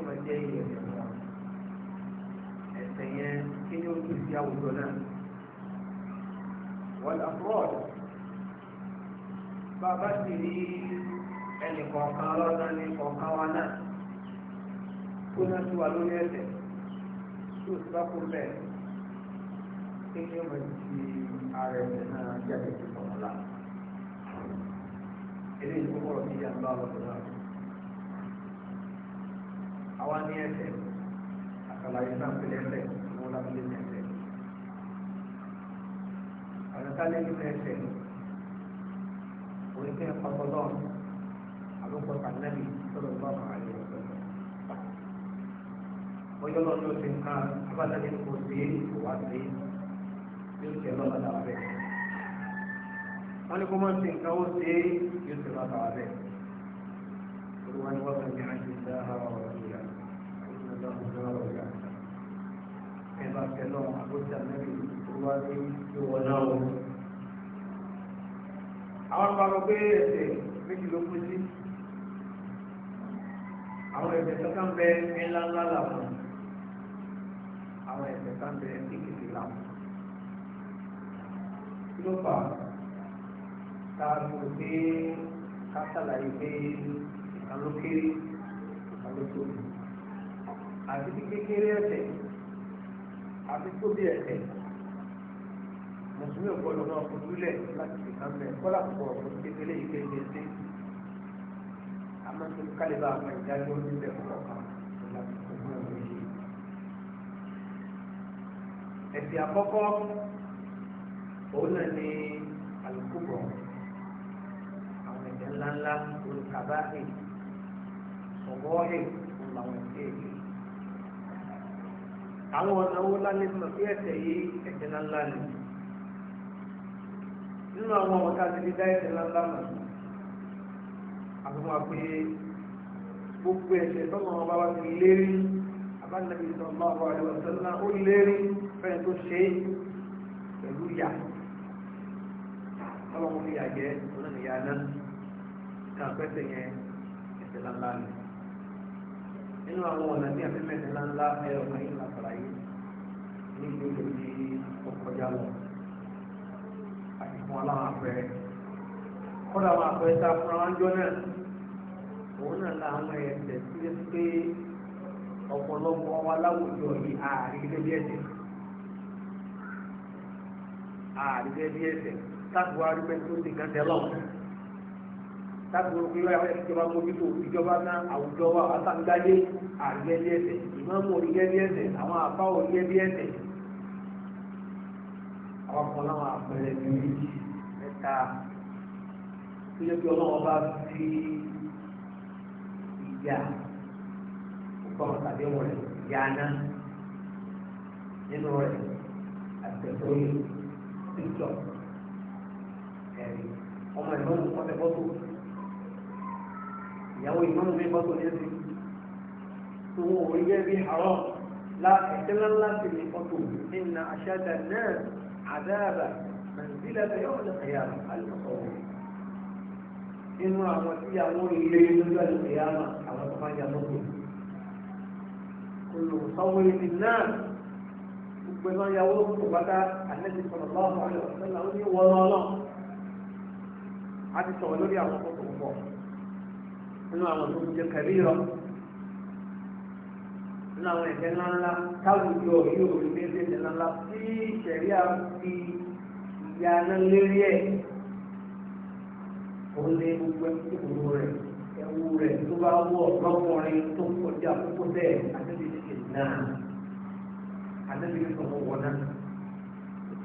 yóò máa jẹ́ ìyẹn fún wa ẹ̀sẹ̀ yẹn kí ni ó ti fi àwùjọ náà wọ́n abroad bàbá sì rí ẹnì kọ̀ọ̀kan lọ́nà ní kọ̀ọ̀kan wa náà tó náà ti wà lórí ẹ̀sẹ̀ tó ti bá kó bẹ́ẹ̀ kí ni ó ti ara ẹ̀sẹ̀ náà jáde sí kọ̀ọ̀kan eléyìí kọ́kọ́rọ́ ti yá ń bá ọlọ́dọ̀ náà àwa ní ẹsẹ̀ àkàlàyé náà fi lẹ́sẹ̀ ní wọn lábílẹ̀ ní ẹsẹ̀ àdàkálẹ̀ ní ẹsẹ̀ òun fẹ́ pàtọ́lọ́ àlùkò kànẹ́bì sọ̀rọ̀ bá wà áyé ọ̀sẹ̀ bóyá lọ́dún ti ká abájáde kò sí kò wá sí yóò tẹ̀ lọ́la dàbà bẹ́ẹ̀ wọ́n ní kó máa ń ti nǹkan ó sí yóò tẹ̀ lọ́la dàbà bẹ́ẹ̀ olùwà ni wọ́n ẹ̀bá pẹ̀lú àgbóṣà mẹ́rin tó wá sí ìwọ̀n náà o. àwọn àpapọ̀ pé ẹsẹ̀ méjì ló kú sí àwọn ẹsẹ̀ kankan bẹ ńlá ńlá làwọn àwọn ẹsẹ̀ kan bẹ kékeré làwọn. kí ló fà á? tá a lò pé ká ṣàlàyé pé ìkàlókè ìkàlókè òbí àti bí kékeré ẹ̀ṣẹ̀ àti tóbi ẹ̀ṣẹ̀ mùsùlùmí ọ̀pọ̀lọpọ̀ náà fojú lẹ̀ láti fi kàn mẹ́ kọ́lá pọ̀ ọ̀pọ̀ kékeré yìí kéde sí amẹ́tò kálíbà àwọn ìdájọ́ nílẹ̀ kọ̀ọ̀kan láti fojú ọ̀pọ̀ yìí. ẹ̀ṣẹ̀ àkọ́kọ́ òun náà ni àlùkùbọ̀ àwọn ẹ̀ṣẹ̀ ńláńlá olùkàbáhìn sọ̀bọ́ọ̀hìn ńláwọn ẹ̀ṣẹ̀ yìí àwọn ọ̀nà owó lálẹ́ mọ̀ pé ẹ̀ṣẹ̀ yìí ẹ̀ṣẹ̀ ńláńlá ni nínú àwọn ọ̀tá ti fi dá ẹ̀ṣẹ̀ ńláńlá mọ̀ àtúnwà pé gbogbo ẹ̀ṣẹ̀ tọ́nà ọba wa ti lérí abánabi sọ̀rọ̀ máa wà lọ́wọ́ sọ́nà ó lérí fẹ́ẹ̀ tó ṣe é pẹ̀lú yà ọlọ́run fi yà jẹ́ onínìyà náà ní àpẹẹsẹ̀ yẹn ẹ̀ṣẹ̀ ńláńlá ni nínú àwọn ọ̀nà ní ìlú ìlú ní ọkọjá lọ àti fún aláwọn àpẹẹrẹ kọ́dà àwọn àpẹẹrẹ tá a fún àwọn àjọ náà òun náà làwọn ẹ̀sẹ̀ sí pé ọ̀pọ̀lọpọ̀ wa láwùjọ yìí ààrí ilé bí ẹ̀sẹ̀ ààrí ilé bí ẹ̀sẹ̀ táàbù arúgbó tó ti kàn tẹ́ lọ́wọ́ táàbù ìwé àwọn ìjọba mójútó ìjọba náà àwùjọ wa àtàǹgáyé ààrí ìmọ̀ọ́mù orí àwọn àbá orí àpapọ̀ láwọn àpẹẹrẹ bíi méjì mẹ́ta tó yẹ kí ọlọ́wọ́ bá fi ìyá òkọ̀ọ̀mù tàbí ọmọ rẹ̀ ìyá aná nínú rẹ̀ àtẹ̀tọ́yè títọ̀ ẹ̀rí ọmọ ìmọ̀lù ọ̀fẹ́ bọ́tò ìyàwó ìmọ̀lù mi bọ́tò ní ẹ̀sìn tó wọ́n ò rí bí àrọ́ la ẹ̀tẹ́lá ńlá sí ní bọ́tò nínú àṣà náà. عذاب منزلة يوم القيامة المصورين إنه عمتي يعمون إليه يوم القيامة على طبعا يمضي كل مصور في الناس بما يوم وبدا النبي صلى الله عليه وسلم ولا لا هذه التولد على خطوة الله إنه عمتي كبيرة nínú àwọn ẹ̀jẹ̀ ńláńlá táwùjọ yóò rí bẹ́ẹ̀ ẹ̀jẹ̀ ńláńlá tí ìṣẹ̀rí à ń fi ìyá náà lérí ẹ̀ òun lé gbogbo ìṣòro rẹ̀ ẹ̀wù rẹ̀ tó bá wọ̀ lọ́kùnrin tó kọjá àkókò tẹ̀ àtẹ̀lẹ́sẹ̀ náà àtẹ̀lẹ́sẹ̀ sọ̀rọ̀ wọ̀ náà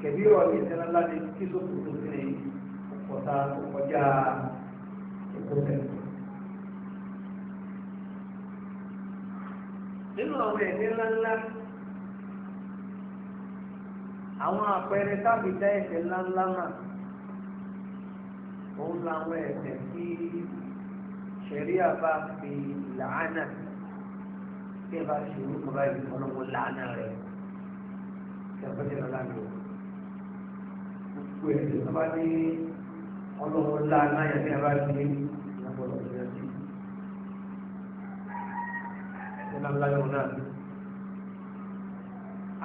kẹ̀bí ọ̀rọ̀ ìṣẹ̀ ńláńlá ni kí sọ́kùnrin tó ti rìn ọ̀pọ̀ta ọ̀pọ̀já ẹ̀kọ́ tẹ̀lẹ́ nínú àwọn ẹ̀mí ńláńlá àwọn àpẹẹrẹ tàbí dá ẹ̀ṣẹ̀ ńláńlá mà òun làwọn ẹ̀ṣẹ̀ tí ṣẹ̀ríà bá fi làánà tí ẹ bá ṣe orúkọ báyìí ọlọ́mọ làánà rẹ̀ ṣàpẹ́jẹ́ lọ́la ni o gbogbo ẹ̀ṣẹ̀ tó bá ní ọlọ́mọ làánà yẹn tí ẹ bá ṣe é. ńlá ńlá yọ̀ náà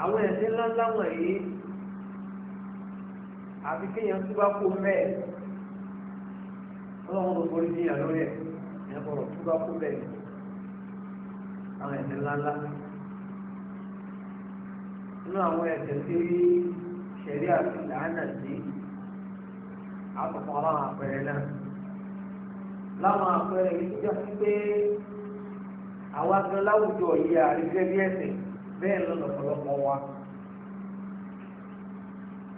àwọn ẹ̀sìn ńlá ńlá wọ̀nyí àfi kéèyàn túbá kó mẹ́ẹ̀ ọlọ́run ló borí níyà lórí ẹ̀ ìyẹn bọ̀rọ̀ túbá kó mẹ́ẹ̀ àwọn ẹ̀sìn ńlá ńlá nínú àwọn ẹ̀sìn tí ṣẹ̀rí àti ìlànà sí àtọ̀kọ̀ ọlọ́run àpẹẹrẹ náà láwọn àpẹẹrẹ yìí tó jẹ́ pé àwọn agan láwùjọ yìí àrígbẹ́ bí ẹ̀sìn bẹ́ẹ̀ lọ lọ́pọ̀lọpọ̀ wa.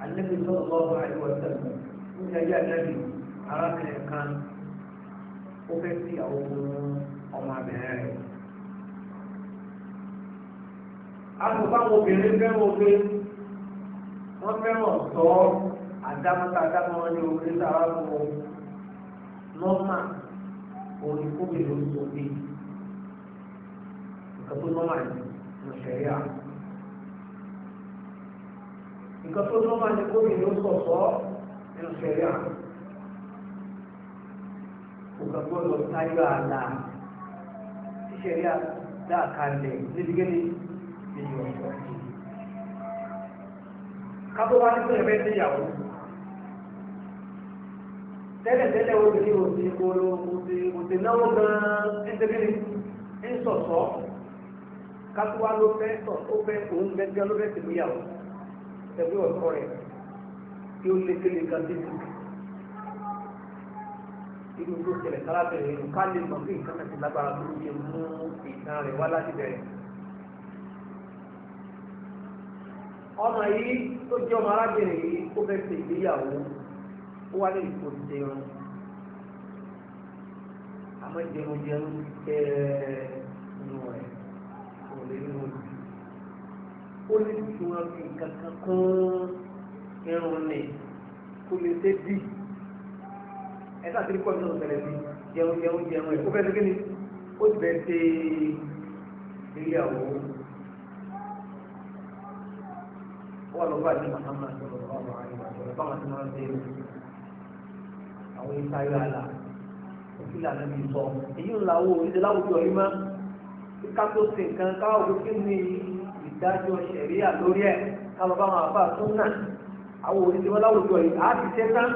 Àlẹ́bí sọ̀rọ̀ lọ́wọ́ àríwá sẹ́lẹ̀ ń yáyá lẹ́bi arákùnrin kan ó fẹ́ sí àwọn ọmọ abẹ́rẹ́ rẹ̀. Àtùkọ́ àwọn obìnrin fẹ́ràn oge wọ́n fẹ́ràn tọ́ àdámọ́ta àdámọ́ ní orí sára fún Nọ́ọ̀mà òní kóbìnrin ló sọ nǹkan tó nọ́mà ní ìṣẹ̀ríà nǹkan tó nọ́mà ní gómìnà ó sọ̀tọ̀ ní ìṣẹ̀ríà kò kàn gbọ́dọ̀ táyọ̀ àlà ìṣẹ̀ríà dáàkalẹ̀ nídìgẹ́lẹ́ nínú ọ̀sọ̀ kábọ̀ wá ní pẹ̀lú ẹgbẹ́ ìyàwó tẹ́lẹ̀tẹ́lẹ̀ obìnrin òsì kò lò òsì náwó gan-an ní ń sọ̀tọ̀ kátó wa ló fẹ́ tọ̀ ó fẹ́ òun gẹ́gẹ́ ló fẹ́ tẹ̀lé yàwó ẹgbẹ́ ọ̀kọ́ rẹ̀ tí ó lé kele kan dé tu irú tó ṣẹlẹ̀ sára bẹ̀rẹ̀ nù ká lè mọ̀ bí nǹkan náà ti lágbára tó yẹ mú ìtàn rẹ̀ wá láti bẹ̀rẹ̀. ọmọ yìí tó jẹ́ ọmọ arábìnrin yìí ó fẹ́ ṣe ìgbéyàwó ó wá lè kó jẹun àmọ́ jẹun jẹun ẹ̀ẹ́. ó ní tí wọ́n fi kankan kún irun ni kò lè ṣe bí ẹ̀ta àti kọ́ ìṣòro tẹ̀lé bí jẹun jẹun jẹun ẹ̀ ó fẹ́ ṣe kí ni ó ti bẹ̀ ṣe ìgbéyàwó wọ́n lọ bá ní Muhammad sọ̀rọ̀ ọ̀rọ̀ àyẹ̀wò àtọ̀rọ̀ báwọn ti máa ń ṣe àwọn ìsáyọ̀ àlà òkú lànà bí sọ èyí ń lawó ìdíláwùjọ yìí má ká tó ṣe nǹkan káwọ́ kí ni ìdájọ́ ṣẹ̀ríà lórí ẹ̀ kálọ̀bá àwọn àbá tó nà àwọn òní tí wọ́n láwùjọ yìí á ti ṣe tán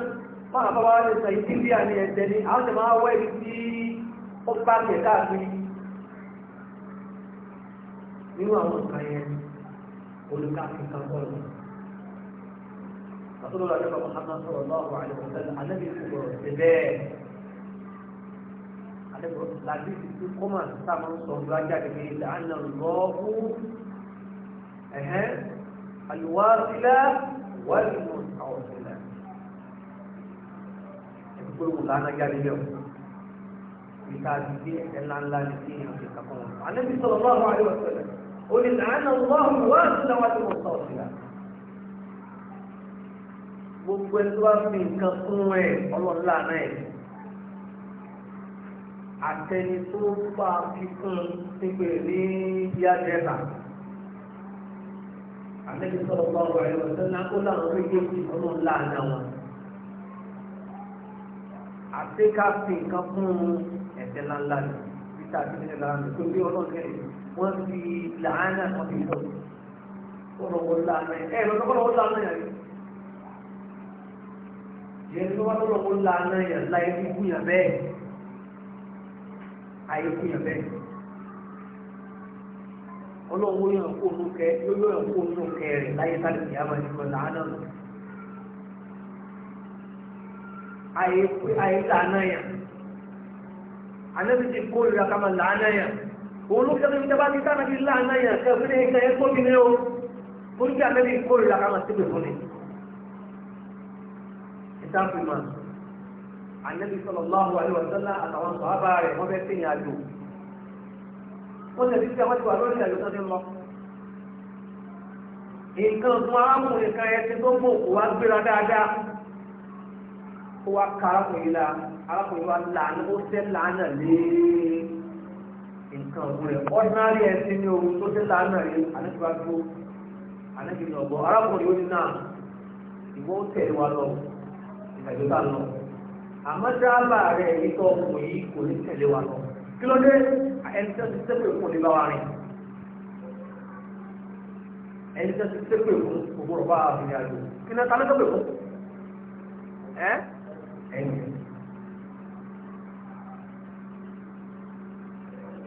fún àwọn àbáwá lè sọ ìdí bí àní ẹ̀jẹ̀ ni àwọn ìjọba wá wọ́ ibi tí ó bá kẹ̀ káàkiri nínú àwọn nǹkan yẹn olùkàkùn kan sọ̀rọ̀ àtúndọ̀ lọ́jọ́ àlùwásílẹ̀ wọ́ọ̀lù àwọn òṣèlẹ̀ gbogbo lana jáde yẹ o ìta àdìgbé ẹ̀ṣẹ̀ ńláńlá ní kí èèyàn ṣe kankan wọn. àlejò sọ̀rọ̀ bá wà lóò ṣẹlẹ̀ o lè làánà wọ́n wá síláwá tí wọ́n sọ síra. gbogbo ẹni tó bá fi nǹkan fún ẹ ọlọ́run lànà ẹ̀. àtẹni tó bá fi fún un ti pè ní yíyá jẹ́ta àtẹ́bí sọ̀rọ̀ bá ọ̀rọ̀ ẹ̀rọ sẹ́nà ó láwọn méjèèjì ọlọ́run láàánà wọn. àtẹ́ká fi nǹkan fún ẹ̀sẹ̀ ńláńlá ni títà tí ní ìlànà rẹ̀ tó bí ọlọ́run kẹ́rẹ̀ wọ́n fi làánà kan fi sọ̀rọ̀ ọ̀rọ̀ wọn láàánà ẹ̀ ẹ̀rọ lọ́kọ̀ọ́ wọn láàánà yẹn. ìyẹn tó wá lọ́rọ̀ wọn láàánà yẹn láì fi kúnyà bẹ́ẹ̀ àyè kúnyà bẹ́ẹ̀ ọlọ́run yóò kó nù kẹ yóò yọ kó nù kẹ rẹ láyé sáré ìyá máa ní kọlá àná nù. àyè tá àná yẹn ànábi ti kó ìrora kama là àná yẹn òun ló kẹ́kẹ́ fi dábàá ti tá ànábi là ní ẹ̀ka ẹ̀ tóbi ní o torí pé ànábi kó ìrora kama síbi fún ni. ìtàn fi mọ̀ ànábi sallallahu alaihi wa sallam àtàwọn sọ̀hábà rẹ̀ wọ́n fẹ́ sẹ́yìn àjò wọ́n tẹ̀lé sí àwọn ti wà lórí ìrìnàjò tó ti lọ. nǹkan ọ̀gbun arákùnrin kan ẹ ti tó mú òkú wá gbéra dáadáa ó wá ka arákùnrin la arákùnrin wa làánà ó tẹ́ làánà lé nǹkan ọ̀gbun rẹ̀ ordinary ẹ ti ní ohun tó tẹ́ làánà rẹ̀ àlejò wa dúró àlejò náà bọ̀ arákùnrin ó ní náà ìwọ́n tẹ̀lé wa lọ ìrìnàjò tá a lọ àmọ́ dáàbà rẹ̀ ìtọ́ ọkùnrin yìí kò ní tẹ̀lé wa lọ. kí ló dé ẹni tó ti sépè fún ní báwa rìn ẹni tó ti sépè fún òbúrò bá a rìn àjò kí ni ta ló sépè fún ẹ ẹni.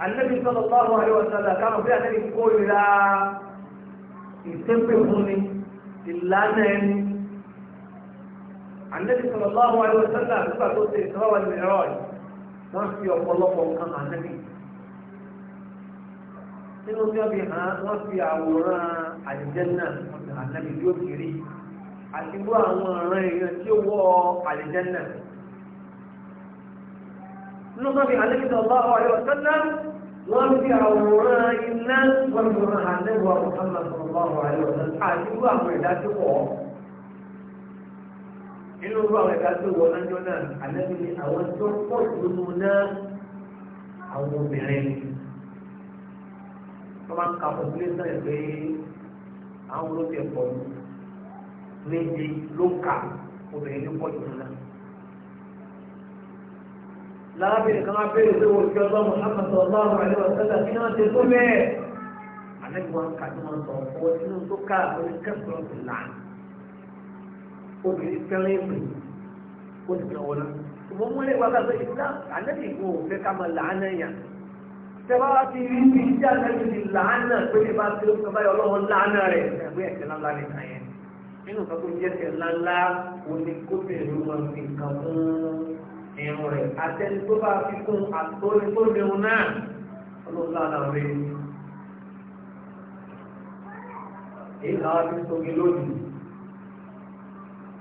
النبي صلى الله عليه وسلم كانوا فيها نبي يقول لا يسبب هوني ìlànà ẹni àlejò sọ̀rọ̀ lọ́wọ́ àwọn ẹlẹ́sẹ̀ náà nígbà tó ṣe ìsọ́wọ́ ìrìnrìn wọ́n fi ọ̀pọ̀lọpọ̀ nǹkan hàn níbi. nínú bí wọ́n fi hàn wọ́n fi àwòrán àlìjẹ́nà hàn níbi yóò kiri àti bó àwọn ọ̀ràn èèyàn tí ó wọ àlìjẹ́nà. nínú bí wọ́n fi hàn níbi sọ̀rọ̀ báwa yóò sẹ́lẹ̀ wọ́n fi àwòrán iná wọ́n fi hàn níbi wọ́n fi hàn níbi sọ̀rọ̀ báwa yóò àti bó àwọn ìdájọ́ nínú orú àwọn ẹ̀ka tó wọ lọ́jọ́ náà àlẹ́bí ni àwọn tó pọ̀ lónú náà àwọn obìnrin wọ́n máa ń ka population ẹ̀ pé àwọn ló ti pọ̀ jù méje ló ń kà obìnrin ló pọ̀ jù náà. lábìnrin kan á bèrè pé wọ́n fi ọlọ́mọ àpàtà ọlọ́run àlẹ́ ọ̀sẹ́lá kí náà ti tó bẹ́ẹ̀. àlẹ́ mi wọ́n ń kà tó máa ń sọ̀rọ̀ sínú tó ká àwọn oníkẹ́kọ̀ọ́ ti là á obìnrin fẹ́ràn èpè ó ti tàn wọ́n ṣùgbọ́n mú lẹ́gbàá bá sọ́yìn náà ànẹ́bí ìwọ̀n ò fẹ́ ká máa làánà yàn tẹ́wá wá ti rí ibi tí ànẹ́bí ti làánà pé ní bá ti ó sọ báyọ̀ ọlọ́run làánà rẹ̀ ẹgbẹ́ ẹ̀sẹ̀ ńláńlá ní kàn yẹn nínú nǹkan tó ń jẹ́ ẹ̀sẹ̀ ńláńlá òní kó bẹ̀rù wọn fi nǹkan fún irun rẹ̀ àtẹni tó bá fi kún àtọ́ni tó léwu náà ọlọ́run rẹ̀ èyí làwọn fi sọ mi lónìí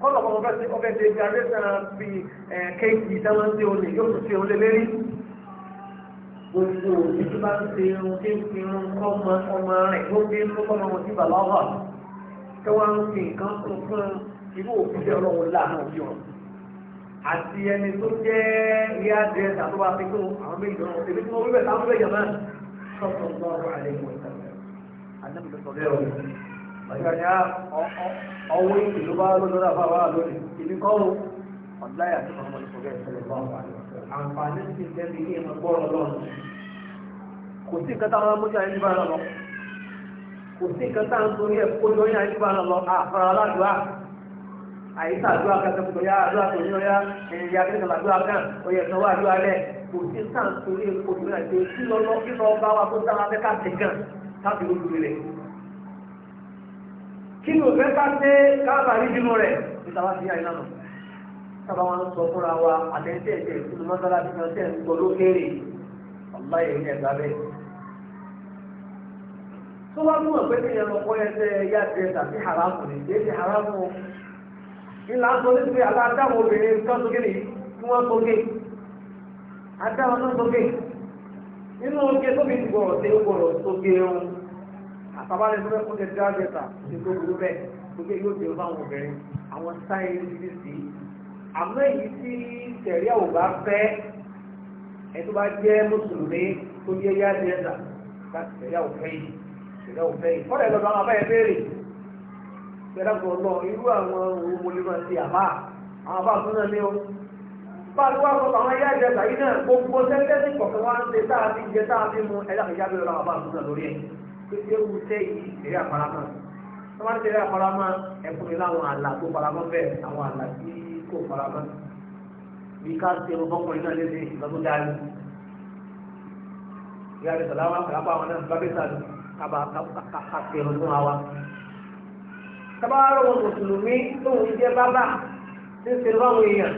kọ́lọ̀ kan fẹ́ sí ọbẹ̀ ṣe generation bí kéèkì dáwọn ṣe olè yóò tún ṣe olè lérí gbogbo òbí tó bá ń ṣe irun tí ń fi irun ọmọ ọmọ rẹ̀ ló gbé kọ́kọ́ ọmọ sí bàbá wà tí wọ́n ń fi nǹkan kún fún irú òbí jẹ́ ọlọ́run láàánú òbí wọn àti ẹni tó jẹ́ ìyá jẹ́ tàbí fi kún àwọn méjì èmi tí mo wí bẹ̀ táwọn bẹ̀ ọ̀rọ̀ àlejò ìtàn ọ̀yọ̀nyá ọwọ́ ìlú ló bá lọ́dọ̀ náà fáwọn àlórí ìbí kọ́rù ọ̀dáyà tó kọ́ ọmọdé fọ́gẹ́ ìṣẹ̀lẹ̀ bá wà àǹfààní sí ìtẹ́lẹ̀ ilé ẹ̀mọ́ gbọ́rọ̀ lọ́rùn kò sí nǹkan táwọn amójú ayé níbà lọ kò sí nǹkan táwọn torí ẹ̀ kójọ yín ayé níbà lọ àfara aládùá àyíká àdúrà kankan kò yá àdúrà tó ní ọyá ẹ̀yà kí àdúrà kan oyè kan wá àdúrà rẹ̀ kò sí táwọn torí ẹ̀ kójọ yín àti kí lọ́lọ́ kí lọ́ bá wa tó dára fẹ́ ká ti gàn káàkiri kí ni òfẹ́ bá dé káàbà rí bínú rẹ̀ ìtawà sí àyíná nù sábà wọn sọ fúnra wa àtẹ̀tẹ̀ ẹ̀jẹ̀ ìpinnu mọ́sálásí kan tẹ̀ ń gbọ́ lókèrè ọ̀la yẹn ní ẹ̀gbá bẹ́ẹ̀. tó wá mú ọ̀pẹ́ tí ẹnu ọkọ yẹn tẹ yá jẹ tàbí haramu ni èyí ti haramu ńlá sọ ní pé aláàdáwọ̀ obìnrin kan sókè kí wọ́n sókè adáwọn náà sókè nínú oge tóbi ti gbọ̀rọ̀ sí gbọ̀rọ̀ sókè ń bàbá rẹ̀ fẹ́ kó lè dá dẹ́ta ṣe tó burú bẹ́ẹ̀ tó jẹ́ yóò jẹun fáwọn obìnrin àwọn sáyẹ́nsì sí àmọ́ èyí tí sẹ̀ríà ò bá fẹ́ ẹ̀ tó bá jẹ́ mùsùlùmí tó jẹ́ yá dẹ́ta láti sẹ̀ríà ò fẹ́ yìí sẹ̀ríà ò fẹ́ yìí kọ́lẹ̀ lọ́dọ̀ àwọn abẹ́yẹ béèrè sẹ̀ríà kò lọ irú àwọn òun mo lè máa ti àbá àwọn àbá àtúnná ní o pàdúwà kọ́ àwọn ẹyà ìjẹta yìí náà gbogbo tẹ́tẹ́ kọ̀ọ̀kan wá ń ṣe táà fi jẹ táà mu ẹ̀dá kìí jábẹ́ lọ́wọ́ àbá àtúnná lórí ẹ̀ pé ewu tẹ́ yìí eré àfaramọ́ tó bá ń tẹ̀lé àfaramọ́ ẹ̀fún mi láwọn àlà tó faramọ́ bẹ́ẹ̀ àwọn àlà tí kò faramọ́ bí ká ṣe ọmọ ọkùnrin náà léde lọ́dún dáadé ìyá rẹ̀ sọ̀dá wa kàlápá àwọn náà bábẹ́ sàlù kábà kàkàkì ẹ̀rọ fún wa. tábà rọ̀ mùsùlùmí tóun jẹ́ bábà tí ń ṣe báwọn èèyàn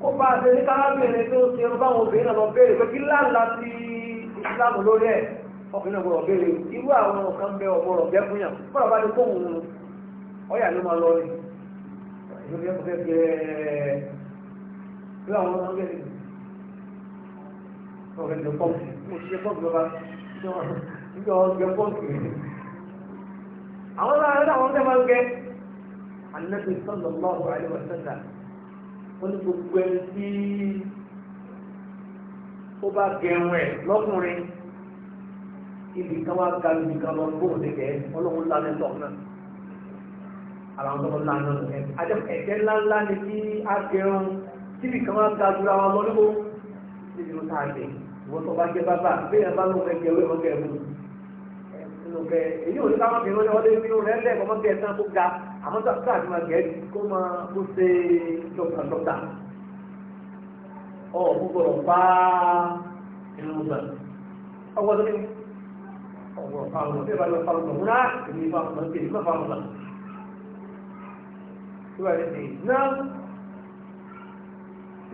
kó bá a ṣe ní kálábìnrin tó ń ṣe báwọn obìnrin náà lọ bẹ́ẹ̀ ọkùnrin náà gbọ́dọ̀ béèrè irú àwọn nǹkan bẹ ọgbọrọ bẹ fún yàn fọlọ bá ti kó òun un ọyà ló máa lọ rí ìlú yẹn kò fẹ́ gbẹ irú àwọn ọmọ bẹ́ẹ̀ ni ọ̀rẹ́ ìjọ pọ́ǹpù mo ṣe pọ́ǹpù lọ́ba nígbà wọn gbẹ pọ́ǹpù rẹ̀ àwọn láàárín àwọn tẹ́ máa ń gbẹ ànínàbí sọ́dọ̀ lọ́wọ́ àìlèwà ní gbogbo ẹni tí ó bá gẹrun ẹ̀ lọ́kùnrin ibi kan wá ga ibi kan lọ bóun ní kẹ́ ọlọ́run ńlá ní sọ̀rọ̀ náà àwọn ọmọ ńlá náà ẹ̀ àjọ ẹ̀jẹ̀ ńlá ńlá ni kí á gẹrun tíbi kan wá ga jura wọn lọ níbo níbi ló táà jẹ ìwọ́n tó bá jẹ bàbá bẹ́ẹ̀ bá ló fẹ́ jẹ owó ọgẹ́ ẹ̀mú nínú kẹ èyí ò ní káwọn fi rọlẹ́ ọdẹ nínú rẹ lẹ́ẹ̀kọ́ mọ́ bẹ́ẹ̀ tán kó ga àmọ́ tó àti máa kó máa kó ṣe dọ́kítà dọ́kítà ọ̀ gbọ́dọ̀ bá ẹnu gbà ọgbọ́dọ̀ ọ̀gbọ̀n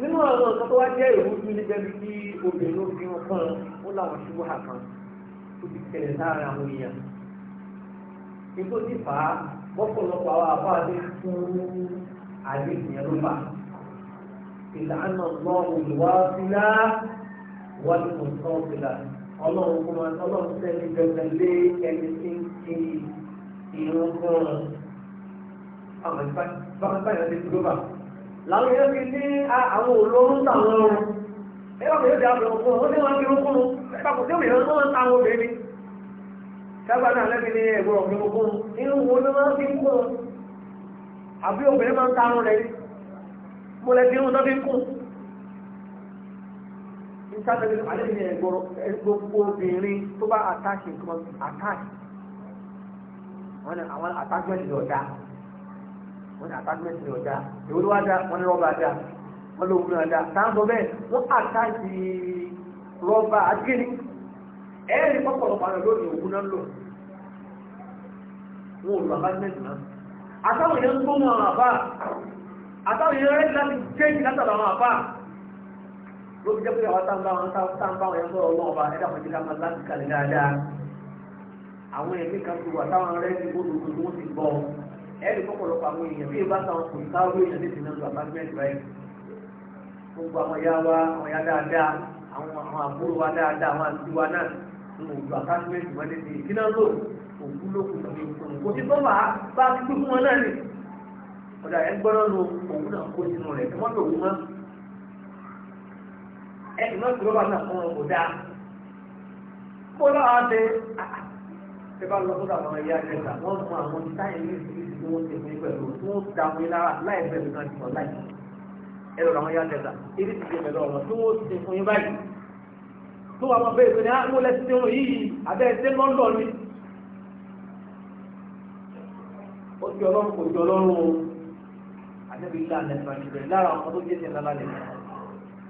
nínú àwọn nǹkan tó wá jẹ́ ìrújú níbẹ̀ bí kí obìnrin ó fi wọn kàn ó láwọn ṣubú hà tó ti tẹ̀lé láàrin àwọn èèyàn. ètò ti fà á wọ́pọ̀lọpọ̀ àwọn àbá fún àlejò yẹn ló fà ìlànà náà olùwà sílá wọ́n ti mọ̀ sọ́ọ́ ọlọ́run fún wa ọlọ́run sẹ́ni gbẹ̀gbẹ̀ lé ẹni tí ń ti ìrún fún un. àwọn ìgbà bákan báyọ̀ ti dúró bà. làwọn yẹn fi ní àwọn olórun táwọn ọrùn. ẹ bá yóò di àbẹ̀wò fún un ó ní wọn fi rún fún un. ẹ kò sí òmìnira tó ń ta àwọn obìnrin. sábà náà lẹ́bi ní ẹ̀gbọ́n ọ̀gbìn fún un. inú wo ló máa ń kún un. àbí obìnrin máa ń ta àrùn rẹ̀. mo lẹ ìtàlẹ́bí àlejò yẹn gbọ́rọ̀ gbogbo obìnrin tó bá àtàkì nǹkan àtàkì wọn ni àwọn àtàkìmẹ́ntì lọ dá wọn ni àtàkìmẹ́ntì lọ dá èwo ló wá dá wọn ni rọ́bà dá wọn ló wúlò dá sáńtọ́ bẹ́ẹ̀ wọ́n àtàkì rọ́bà àdìgẹ́ni ẹ̀ẹ́dì pọ̀pọ̀lọpọ̀ àwọn lónìí òkú náà lò wọn ò lọ àtàkìmẹ́ntì náà àtàwọn èèyàn ń gbóhùn àwọn àbá àtàwọn èèyàn rẹ̀ ló fi jẹ́ pé àwọn táǹbà wọn táǹbà wọn yẹn sọ̀rọ̀ ọlọ́run ọba ẹ̀dá kan jíjá máa láti kalẹ̀ dáadáa àwọn ẹ̀mí kan ti wà táwọn rẹ̀ ní gbódòdó tó ti gbọ́ ẹ̀rí pọ̀pọ̀lọpọ̀ àwọn èèyàn bí ìbá táwọn kò sáré èèyàn lè dènà lọ apartment rẹ̀ gbogbo àwọn ya wa àwọn ya dáadáa àwọn àwọn àbúrò wa dáadáa àwọn àti wa náà ń wò lu apartment wọn lè dènà kí náà lò òkú lókun ní kò sí tó máa bá ẹ̀sìn náà kúrò bá náà fún ọ kò dáa kó lọ́wọ́ ṣe ṣe bá lọ sọ́dọ̀ àwọn ẹ̀yà kẹta wọ́n mú àwọn táyà ní ìsinyìí tí wọ́n ti fún pẹ̀lú tí wọ́n ti dààmú yín lára láì bẹ̀rù náà ti sọ láì ẹ̀rọ àwọn ẹ̀yà kẹta ibi ti di ìbẹ̀rẹ̀ ọ̀rọ̀ tí wọ́n ti fún yín báyìí tó wà wọ́n bẹ́ẹ̀ pé ní àwọn ẹlẹ́sì tí wọ́n yìí abẹ́ ẹ̀sẹ̀ lọ́ńdọ̀ ni ó ti ọlọ́run kò ti ọlọ́run o àdébíyí lára ọmọ tó jẹ́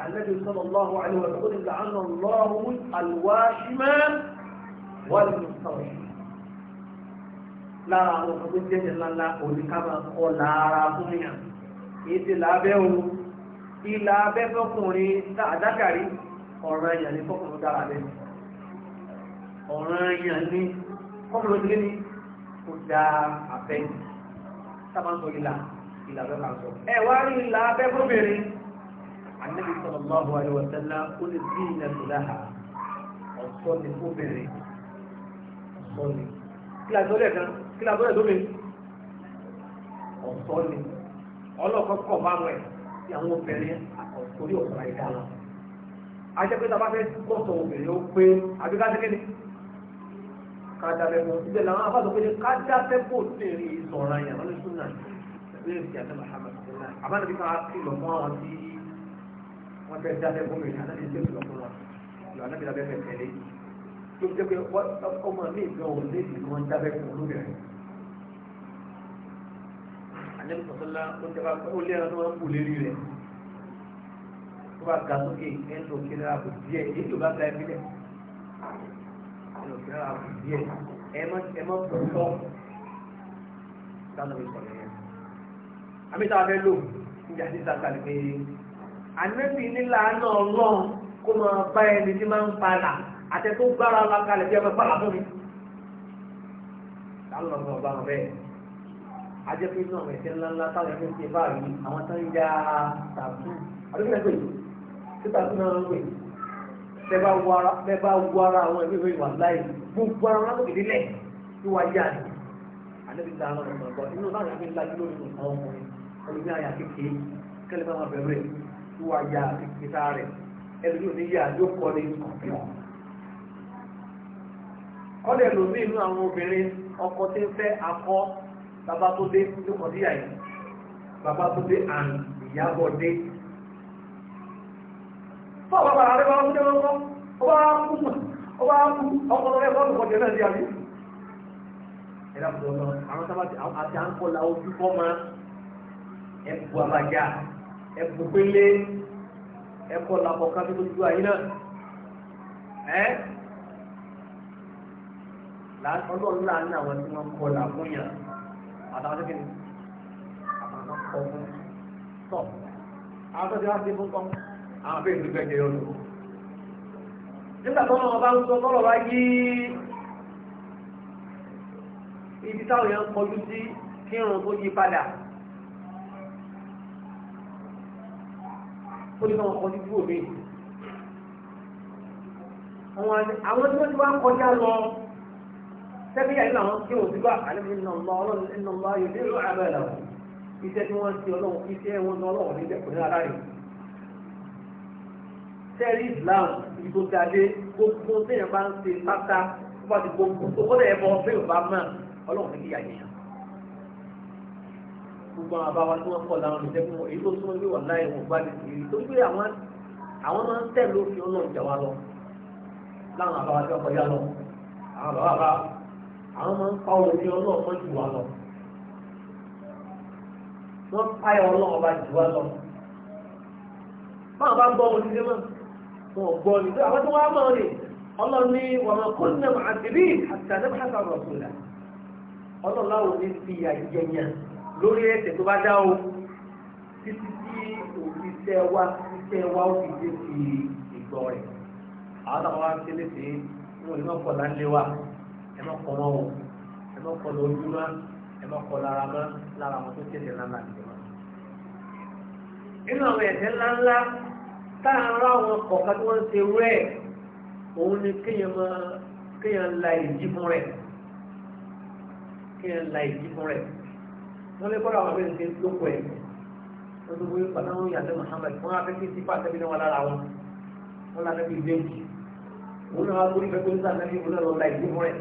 النبي صلى الله عليه وسلم لعن الله الواشم والمستوشم lára àwọn ọmọ tó jẹ́jẹ́ ńláńlá oníkàmà ọ̀la ara fún yàn èdè lábẹ́ o ìlà abẹ́ fọkùnrin àdákàrí ọ̀ràn èèyàn ní fọkùnrin dára bẹ́ ọ̀ràn èèyàn ní fọkùnrin tó ní kò dá abẹ́ sábà ń sọ ìlà ìlà abẹ́ Ànábì sallallahu alaihi wa sallam ó lè bí ilẹ̀ tó dáhà ọ̀sọ́ ni fóbìnrin ọ̀sọ́ ni kí lásọ́lẹ̀ kan kí lásọ́lẹ̀ lómi ọ̀sọ́ ni ọlọ́kọ̀ kọ̀ bá wọn ẹ̀ tí àwọn obìnrin àkọ́sórí ọ̀sọ́ láì dáná. ajẹ́pẹ́ tá a bá fẹ́ gbọ́sọ̀ obìnrin ó pé àbíká sí kíni ká mọ́ ibẹ̀ làwọn afáàtọ̀ pé ká dábẹ́ bò sí ìsọ̀ràn yẹn lọ́lẹ́sùn náà lórí ìsìn àti Muhammad abánabí ká kìlọ̀ mọ́ àwọn tí wọ́n fẹ́ dábẹ́ fún mi àtàlẹ́ tí ó lọ fún wa lọ ànábìlà bẹ́ẹ̀ tẹ̀lé tó jẹ́ pé ọmọ mi gan ò lé ìlú wọn dábẹ́ fún olóbìnrin ànábì sọ̀tọ́lá ó jẹ́ ó lé ẹran tó wọ́n ń kú lérí rẹ̀ tó bá ga sókè ẹnu òkè náà kò díẹ̀ èyí tó bá ga ẹbí lẹ̀ ẹnu òkè náà kò díẹ̀ ẹ mọ́ pọ̀tọ́ dáná mi ànẹ́bí nílà náà ọlọ́run kó máa bá ẹni tí máa ń palà àtẹ tó gbára wa kalẹ̀ bí ẹ máa palà fún mi. táwọn ọmọ ọba wọn bẹ́ẹ̀ ajẹ́pẹ́ náà rẹ̀ ṣe ńláńlá táwọn ẹgbẹ́ ti bá rí àwọn tó ń ya tàbí àdókòlẹ̀ pé tí tàbí náà ń pè bẹ́ẹ̀ bá wọ ara àwọn ẹgbẹ́ ìwé ìwà láì gbogbo ara wọn lókè nílẹ̀ tí wàá yá ni ànẹ́bí nílà náà ọ̀gbọ̀n inú tó wá ya ìpìta rẹ̀ ẹlòmíì ò ní yà yóò kọ́ ní kọ̀ọ̀kan. kọ́lẹ̀ lòmíì inú àwọn obìnrin ọkọ tí ń fẹ́ akọ bàbá tó dé yóò kọ́ síyà yìí bàbá tó dé àrùn ìyàbọ̀ dé. fún àwọn bàbá rẹ̀ bá wọ́n jẹ́ lọ́kọ́ ó bá kú ó bá kú ọkọ̀ lọ́rẹ́ bọ́ọ̀lù kọjá náà di àbí. ẹ̀rọ àti àwọn sábà àti à ń kọ́ la ojú fọ́ máa ẹ̀ bu àbájá ẹ̀bùn pélé ẹ̀kọ́ làbọ̀ ká tó lójú ayé náà ẹ́ ọlọ́run náà ní àwọn tí wọ́n kọ́ làbọ̀ yàn àtàwọn tó kéde àwọn kọ́ fún tọ̀ àwọn tó ti wá sí fún kọ́ àwọn bẹ́ẹ̀ ní bẹ́ẹ̀ jẹyọ lò nígbà tó lọ́wọ́ bá ń sọ tọ́lọ̀ bá yí ibi táwọn yẹn ń kọjú sí kírun tó yí padà. ó ní káwọn kọjú dúró mi. àwọn tí wọ́n ti wá kọjá lọ sẹ́bí àyè làwọn tí wọ́n ti bá àlẹ́ mi nà lọ ọlọ́run nínú lọ ayé ní ìlú àbẹ̀ là iṣẹ́ tí wọ́n ti ọlọ́run iṣẹ́ wọn ní ọlọ́run níbẹ̀ kò ní ara rẹ̀. sẹ́rí Islam ìbò dàdé gbogbo téèyàn bá ń ṣe pátá wọ́n ti gbogbo tó kọ́ gbogbo àwọn abáwa tí wọ́n kọ̀ láwọn ìjẹ́ fún wọn èyí tó súnmọ́ bí wọ́n láyé wọn bá lè fi èyí tó gbé àwọn àwọn máa ń tẹ̀ lófin ọlọ́run jà wá lọ láwọn àbáwa tí wọ́n kọjá lọ àwọn bàbá bá àwọn máa ń pa òfin ọlọ́run mọ́ jù wá lọ wọ́n páyà ọlọ́run ọba jù wá lọ máa bá gbọ́ òní mọ́ wọn gbọ́ ní àwọn tí wọ́n á máa rìn ọlọ́run ní wọ́n kó nínú àtìrí àti lórí ẹsẹ̀ tó bá dá o títí tí òfin tẹ́ wá títẹ́ wá ó fi dé sí ìgbọ́ rẹ̀ àwọn táwọn wá ń ṣe léṣe wọn ni wọn kọ là ń lé wa ẹ má kọ wọn o ẹ má kọ lójú má ẹ má kọ lára má lára wọn tó tẹ̀lé lánàá nìyẹn má. nínú àwọn ẹ̀ṣẹ̀ ńláńlá tá à ń rá àwọn kọ̀ọ̀kan tí wọ́n ń ṣe rẹ̀ òun ni kéèyàn máa kéèyàn la ìdí fún rẹ̀ kéèyàn la ìdí fún rẹ̀ wọ́n lé kọ́ra àwọn abẹ́rẹ́ ṣe ló pọ̀ ẹ̀ wọ́n tó bóyá pàtó wọn yàtọ̀ Muhammad wọn afẹ́ kí sípà tẹ́bi náà wà lára wọn wọn lànà bí déèkì òun náà wá lórí fẹ́ tó ń sàn náà ní ìwúlẹ̀ lọ́la ìlú rẹ̀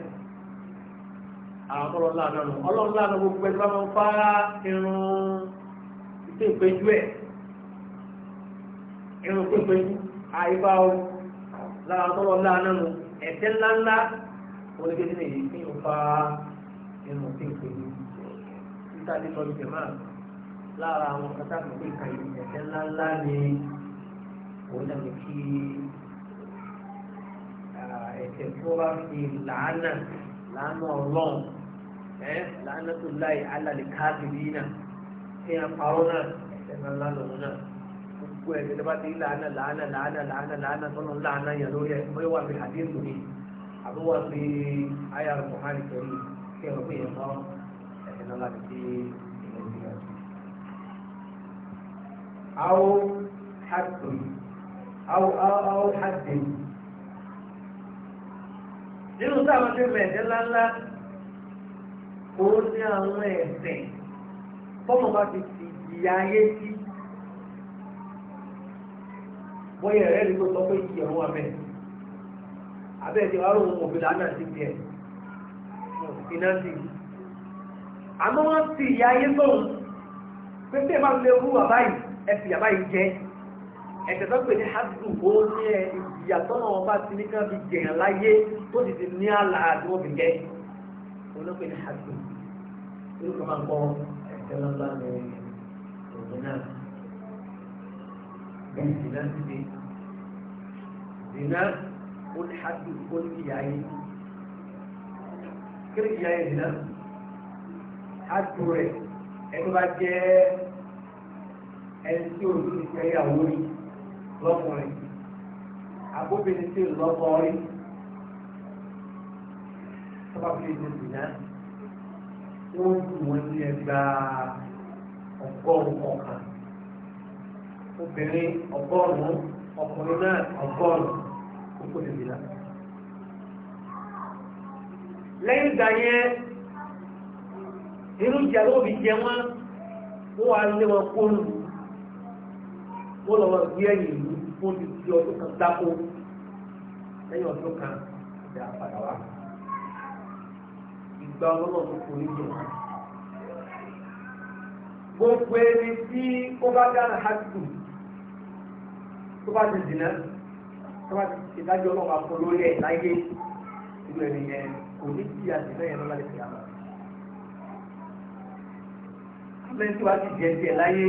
àwọn tó lọ́la náà nù ọlọ́run lánàá gbogbo ẹgbẹ́ máa ń fa irun ìṣe ìpéjú ẹ̀ irun pépéjú àyíká o lára tó lọ́la náà nù ẹ̀tẹ́ ńláńlá oníkejì nìyí fi ń fa irun ìṣe ìpéjú tàbí sọ́dún jẹ̀má lára àwọn kátà tó pé ka ìṣẹ̀lẹ̀ ńláńlá ni òun náà kí ẹ̀sẹ̀ tó bá fi làánà làánà ọlọ́run ẹ̀ làánà tó láì alàlè káàkiri náà kí ẹ parọ́ náà ẹ̀sẹ̀ ńláńlá lòun náà gbogbo ẹ̀sẹ̀ tó bá ti làánà làánà làánà làánà làánà tọ́nà làánà yẹn lórí ẹ̀ ó yẹ wà fi àdéhùn ni àbúwà fi ayàrá mọ̀hánì kẹrin kí ẹ rọ̀ pé sọ́lá ní kí ìyẹn ti rẹ̀. Àwọn hàtùn, àwọn hàtùn. Nínú táwọn tí mẹ̀ẹ́dẹ́ ńláńlá, ó ní àwọn ẹ̀sẹ̀ tọ́mọ bá ti fi ìyá ayé sí. Bóyá ẹ̀rẹ́ ni tó sọ pé ìyẹn wà bẹ́ẹ̀. Abẹ́ẹ̀ ti wá rò wọn òfin lánàá sí tiẹ̀. Fìnásì àmọ́ wọ́n ti ìyá ayé sóhun pé bí ẹ bá lè wú bàbá yìí ẹ fi bàbá yìí jẹ ẹ̀sẹ̀ tó pè ní hadu ó ní ẹ ìyá tọ́nà ọba ti ní káfí jẹ̀yàn láyé tó sì ti ní àlà àti wọ́n fi jẹ́ òun ló ní hadu orúkọ máa ń kọ́ ẹ̀sẹ̀ lọ́gbà ní òun náà ìdìnnà ti di ìdìnnà ó ní hadu ó ní ìyá yìí kí ni ìyá yìí dìnnà àtò rẹ̀ ẹni bá jẹ́ ẹni tí òun ti fẹ́ yàwó rí lọ́kùnrin abóbìnrin tí òun lọ́kọ rí tọ́ba fi lè dùn náà ó ń dùn wọ́n ní ẹgbàá ọgọ́rùn-ún ọ̀kan obìnrin ọgọ́rùn-ún ọkùnrin náà ọgọ́rùn-ún ó kò náà. lẹ́yìn ìgbà yẹn. inú ìjà ló fi jẹ wọn wọn wá lé wọn kólú wọn lọ wọn gbé ẹ̀yìn ìlú fún ti di ọdún kan dáko lẹ́yìn ọdún kan ìjà padà wá ìgbà ọlọ́run tó kò ní jẹ wọn gbogbo ẹni tí ó bá dára tó bá ti dìnnà tó bá ti lórí ẹ̀ láyé kò ní kí lè fi àmà. lẹ́yìn tó wá ti jẹ tiẹ̀ láyé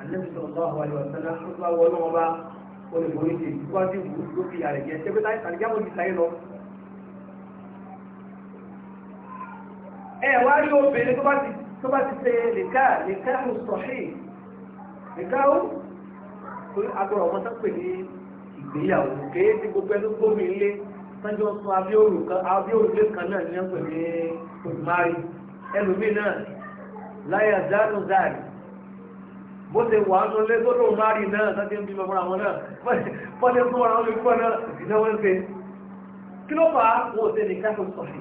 Ànábì sallallahu alaihi wasallam tó bá wọlé wọn bá olùborí ti wá sí wù tó fi àrẹ̀ jẹ ṣé pé láyé àríyá mo ti sáyé lọ. ẹ wá rí obìnrin tó bá ti tó bá ti ṣe nìká nìká ń sọ̀hí náà láyà dánù dáàrí bó ṣe wà ń lé tó lóun máa rí náà sáté ń bímọ fúnra wọn náà pọ́lẹ́ fún ọ̀rọ̀ orí púpọ̀ náà ìdíná wọ́n ń pè kí ló fà á wọ́n ò ṣe ní káṣọ sọ̀rọ̀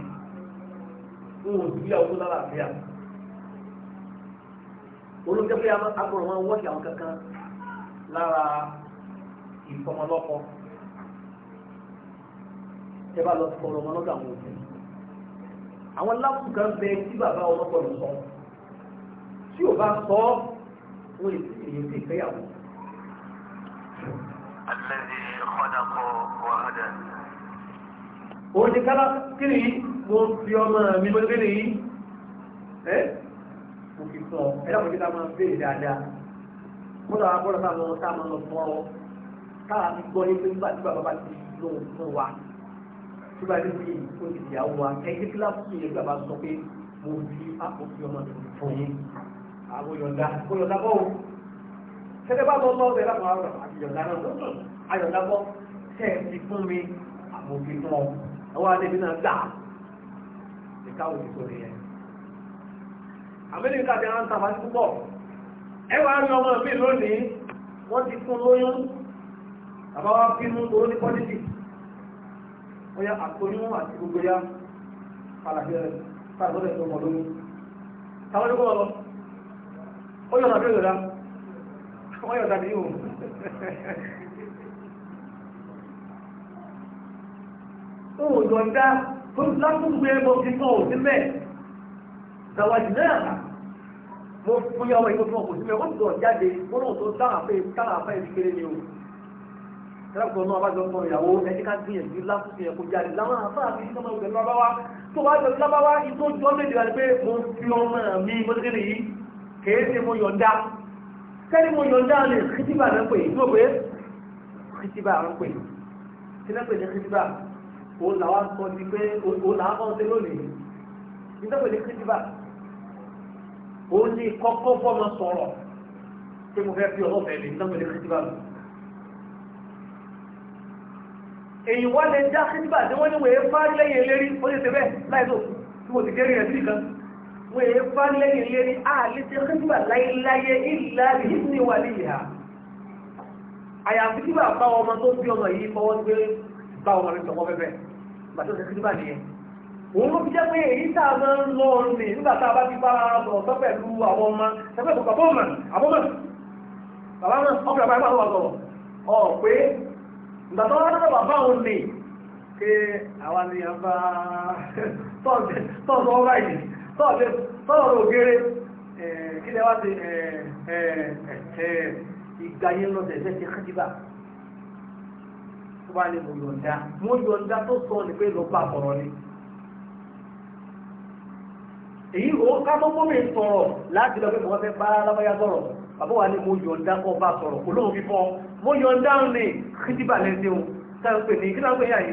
wọn ò dúlé àwọn tó lára àfíà olóńjẹ́ pé agbọ̀rọ̀ wọn wọ́ọ̀ṣì àwọn kankan lára ìfọmọlọ́kọ ẹ bá lọ sọ̀rọ̀ wọn àwọn òbí àwọn lápùkàn bẹ tí bàbá ọlọ́pọ̀ lọ tí ò bá sọ wọn lè ti èyí sí ìfẹ́yàwó. Àtẹ̀lẹ́ ìkọ́dàkọ̀ wàhádà. Òun ti kábà kíni yìí mo fi ọmọ mi mo kíni yìí ẹ́ mo fi sọ ẹ dákun kí ká máa béèrè dáadáa. Mo dàgbà gbọ́dọ̀ sáà lọ sáà máa lọ fún ọ. Káà ti gbọ́ yín pé nígbà tí bàbá bá ti lóhùn fún wa. Tí bá dé sí olùdíyàwó wa, ẹgbẹ́ kíláàsì yẹn bàbá sọ pé mo fi àpò fi ọmọ mi fún yín àwòyọ̀dá àwòyọ̀dá bọ́ òun tẹ́lẹ̀ bá lọ lọ́ọ́ bẹ̀rẹ̀ àwọn àrọ̀ àyọ̀dá náà lọ àyọ̀dá bọ́ tẹ́ ẹ ti fún mi àmòfi fún ọ àwọn àdébí náà gbà ìkáwò ti sórí yẹn àmẹ́lẹ́ká ti hàn tàbá púpọ̀ ẹ wàá rí ọmọ mi lónìí wọ́n ti fún lóyún bàbá wa bínú lóyún ní pọ́lítì wọ́n yá àtọ́yún àti gbogbo yá pàlàkì rẹ̀ pàlàkì rẹ̀ tó mọ̀ lóyún ó yọ̀dà bí yọ̀dà wọ́n yọ̀dà bí yòó. ó wò yọ̀dà tó látúgbé mo fi kọ́ ò sí mẹ́ẹ̀ dàwájú náà mo fún yàwó ìlú fún ọkùnrin sílẹ̀ ó ti dọ̀ jáde ó lóun tó dáhà pé dáhà pé ibi kéré ni o tẹ́lẹ̀kọ́ náà bá ń bọ̀ ìyàwó ẹni ká gbìyànjú lásìkò kó jáde láwọn àfáà mi ní ọmọ ìgbẹ̀lú lábáwá tó bá jọ lábáwá ìtó jọ́ méjì wá ni pé mo fi ọmọ mi mo ti yìí kèé ṣe mo yọ̀ǹda kẹ́ni mo yọ̀ǹda lè kìtìbà rẹ̀ pè ní òpè kìtìbà rẹ̀ pè kí lẹ́ pè ní kìtìbà ó làwọn sọ ní pé ó làwọn kọ́ lónìí ní ní kìtìbà ó ní kọ́kọ́ fọ́mọ sọ̀rọ̀ tí mo fẹ́ fi ọ̀rọ̀ fẹ́ mi ní ní kìtìbà rẹ̀ èyí wá lè dá kìtìbà tí wọ́n ní wèé fárí lẹ́yìn eléri ó lè ṣe bẹ́ẹ̀ láì wee èé bá lẹ́yìn lérí àlítí kíkúbà láyéláyé ìlà ìdíni wà ní ìhà àyàfi kíkúbà bá ọmọ tó bí ọmọ yìí fọwọ́ gbé bá ọmọ rẹ̀ tọwọ́ fẹ́fẹ́ bàtí ó ti kíkúbà nìyẹn bá ara bọ̀ ọ̀tọ́ pẹ̀lú àwọn ọ ni ni sọ́ọ̀rọ̀ ògèrè kí lẹ́wà ti ìgbàyé lọ tẹ̀sẹ̀ ti kàdíbà tó bá ní mo yọ̀ǹda mo yọ̀ǹda tó sọ ní pé lọ bá sọ̀rọ̀ ni èyí ò ká tó mọ́ mi sọ̀rọ̀ láti lọ pé mo fẹ́ bá lábáyá sọ̀rọ̀ bàbá wa ní mo yọ̀ǹda kọ́ bá sọ̀rọ̀ kò lóhun fífọ́ mo yọ̀ǹda lẹ́sẹ̀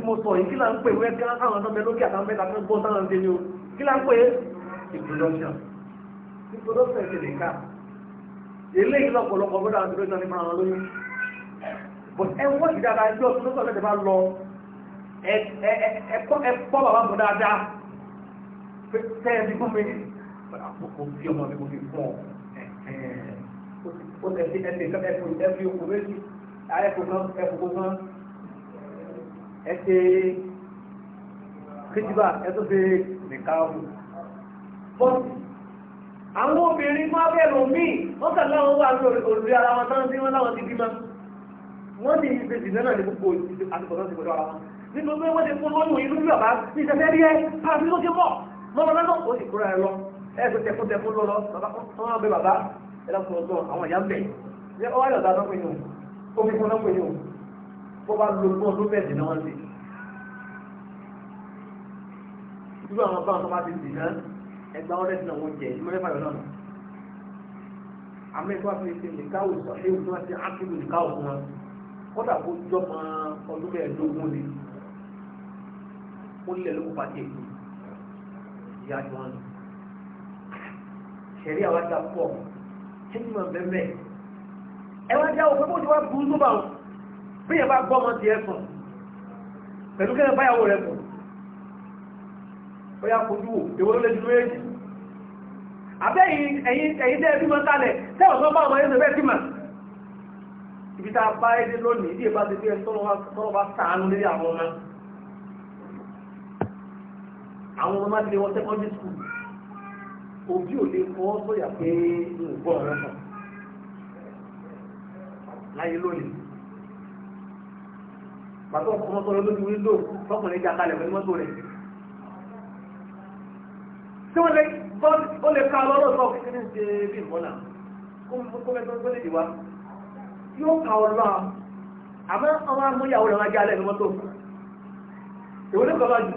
tí mo sọ yìí kí là ń pè wẹ́ kí láǹkà àwọn ọ̀dọ́mẹ fún gbọ́n sáwọn ẹ̀dẹ́ni o kí là ń pè introduction introduction ti nìka eléyìí lọ́pọ̀lọpọ̀ gbọ́dọ̀ àwọn ìdúró ìdánimọ̀ àwọn lóyún but ẹ wọ́n ti dáadáa ẹjọ́ tó sọ̀rọ̀ ẹ̀ bá lọ ẹ kọ́ bàbá mọ̀ dáadáa tẹ́ ẹ ti fún mi àpòkò bí ọmọ mi kò fi fún ọ ó ti ẹ ti ẹ ti ẹ fi ẹ ẹ ṣe kìtìbà ẹ tó ṣe nìkáwù fọ́tì àwọn obìnrin máa bẹ̀rù míì wọ́n kà láwọn wà ní olùrí ara wọn tán sí wọn láwọn ti bímọ wọ́n ní ibi ìdílé náà ní gbogbo àtìkọ̀ tó ti pẹ̀lú ara wọn nínú pé wọ́n ti fún lọ́nù inú bàbá ní ìṣẹ́fẹ́ rí ẹ pàbí ló ti bọ̀ mọ́mọ́ náà ó sì kúrò ẹ lọ ẹ tó tẹkún tẹkún lọ lọ bàbá wọn bẹ bàbá ẹ lọ́kùnrin ọgbọ́n àwọn ìyá ń bẹ̀ bó bá lo ogún ọdún bẹ́ẹ̀ dènà wọn sí. irú àwọn báwọn tó bá ti dènà ẹgbàá wọn lẹ́sìn àwọn oúnjẹ ìlú mẹ́fà yọ̀ náà. àmọ́ ìfọ́ àti ìṣe nìkáwò sọ pé òun ti ákìlù nìkáwò fún wọn kódà kó jọ mọ ọdún mẹ́ẹ̀ẹ́dógún ni ó lẹ̀ lóko pàtẹ́ ìlú ìyá ni wọ́n lò. ṣẹ̀rí àwọn ajá pọ̀ kí ni wọ́n bẹ́ẹ̀ mẹ́ẹ̀ ẹ wá jáwọ́ pé bó ti wá burú tó bá wọn bí yẹn bá gbọ́ ọmọ ti ẹ̀sùn pẹ̀lú kẹ́lẹ̀ báyàwó rẹ̀ sùn ó yá kojú wò èwo ló lè dúró èjì àbẹ́ ẹ̀yìn tẹ́ ẹbí máa kalẹ̀ tẹ́ ọ̀sán bá ọmọ ẹ̀sẹ̀ bẹ́ẹ̀ ti mà ibi tá a bá ẹdẹ lónìí bí ìbá ti fi ẹni tọ́lọ́ bá sàánú lórí àwọn ọmọ àwọn ọmọ ti lè wọ secondary school òbí ò lè fọ́ sóyà pé ń gbọ́ ọ̀rẹ́ láyé lónìí pàtó ọmọkùnrin lójú wíńdò fọkùnrin jà kalẹ̀ pẹ̀lú mọ́tò rẹ̀. tí wọ́n lè ó lè ka ọlọ́rọ̀ sọ kí ní ṣe bí nǹkan náà kó mẹ́tọ́ tó lè dìwá yóò ka ọlọ́ àmọ́ ọmọ amúyàwó rẹ̀ máa jẹ́ alẹ́ mọ́tò èwo ló kọ́lá jù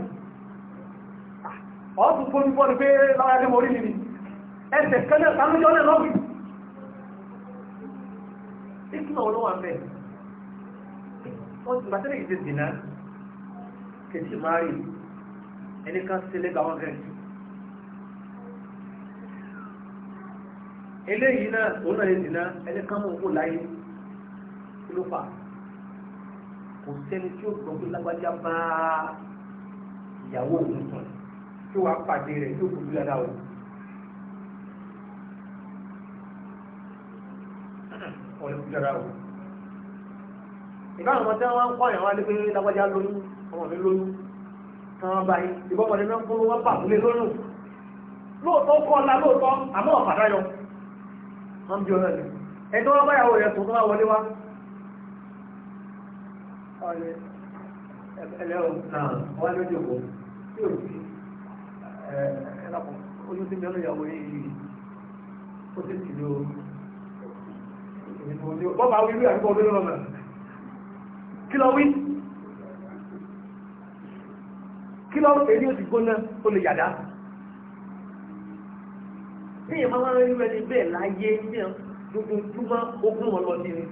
ọ̀tún fún fún ní pé lára ní morí nìyí ẹsẹ̀ kẹ́lẹ́ sàmújọ́ náà lọ́gbìn. ìtumọ̀ olówó àfẹ́ wọ́n ti bàtẹ́lẹ̀ ìdí dìnnà kẹsì máa rí ẹni kan sílẹ̀ gbàwọn gẹ̀ẹ́sì eléyìí náà òun náà lè dìnnà ẹni kan mú òkú láyé kí ló fà kò sẹ́ni tí ó gbọ́n lágbájá bá ìyàwó òun sùn tí wàá pàdé rẹ̀ tó kùdú dáadáa o. ọ̀rẹ́ kùdú dáadáa ìbáwọn ọmọ tí wọ́n ń kọ́ ìyàwó alẹ́ pé lágbájá lóyún ọmọ mi lóyún tí wọ́n bá yìí ìbọn ọmọdé náà ń kó wọ́n pàbólé lóyún lóòótọ́ kọ́ la lóòótọ́ àmọ́ ọ̀fàdá yọ wọ́n bí ọ̀rẹ́ rẹ̀ ẹ̀tọ́ wọ́n bá yàwó rẹ̀ tó tó wá wọlé wá ẹ̀lẹ́ o wọ́n ní ojú òkú tí ò sí ẹ̀lápọ̀ ojú sí mẹ́rin ìyàwó yìí ó sì tìlú bọ́ọ̀bà wíwí àti bọ́ọ̀bà lọ́nà kí lọ wí kí lọ èdè òsì gbóná ó lè yàdá bí ìyẹn máa ń rí rẹ ní bẹ́ẹ̀ láyé ní gbogbo túmọ̀ ogún wọn lọ sí ni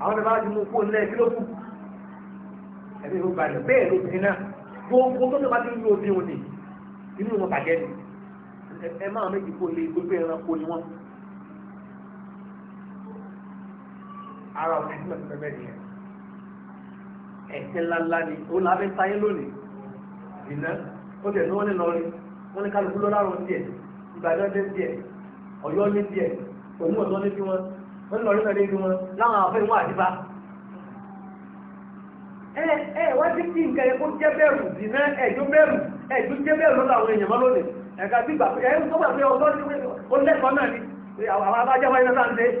àwọn ìbára ti mú kó lẹ́ kí ló kù ẹ̀mí ló balẹ̀ bẹ́ẹ̀ ló ti náà gbogbo tó tó bá ti ń lo òbí òní inú wọn bàjẹ́ ni ẹ máa méjì kó lé gbogbo ẹranko ni wọn. ara òfin tí ti fẹ́ bẹ́ẹ̀ nìyẹn ẹ̀ṣẹ̀ ńláńlá ni ó là sáyé lónìí ìná ó tẹ̀ ní wọ́n ní lọrin wọ́n ní kálukú lọ́la rọ̀ díẹ̀ Ìbàdàn dé díẹ̀ Ọ̀yọ́ ní díẹ̀ òun ọ̀dọ́ ní bí wọn wọ́n ní lọrin náà ní bí wọn láwọn afẹ́ wọn àdìbá. ẹ ẹ wá kí nǹkan ẹ̀kọ́ jẹ́ bẹ̀rù ìná ẹ̀jọ́ bẹ̀rù ẹ̀jọ́ jẹ́ bẹ̀rù lọ́dọ̀ àwọn èèyàn mọ́ lónìí ẹ̀ka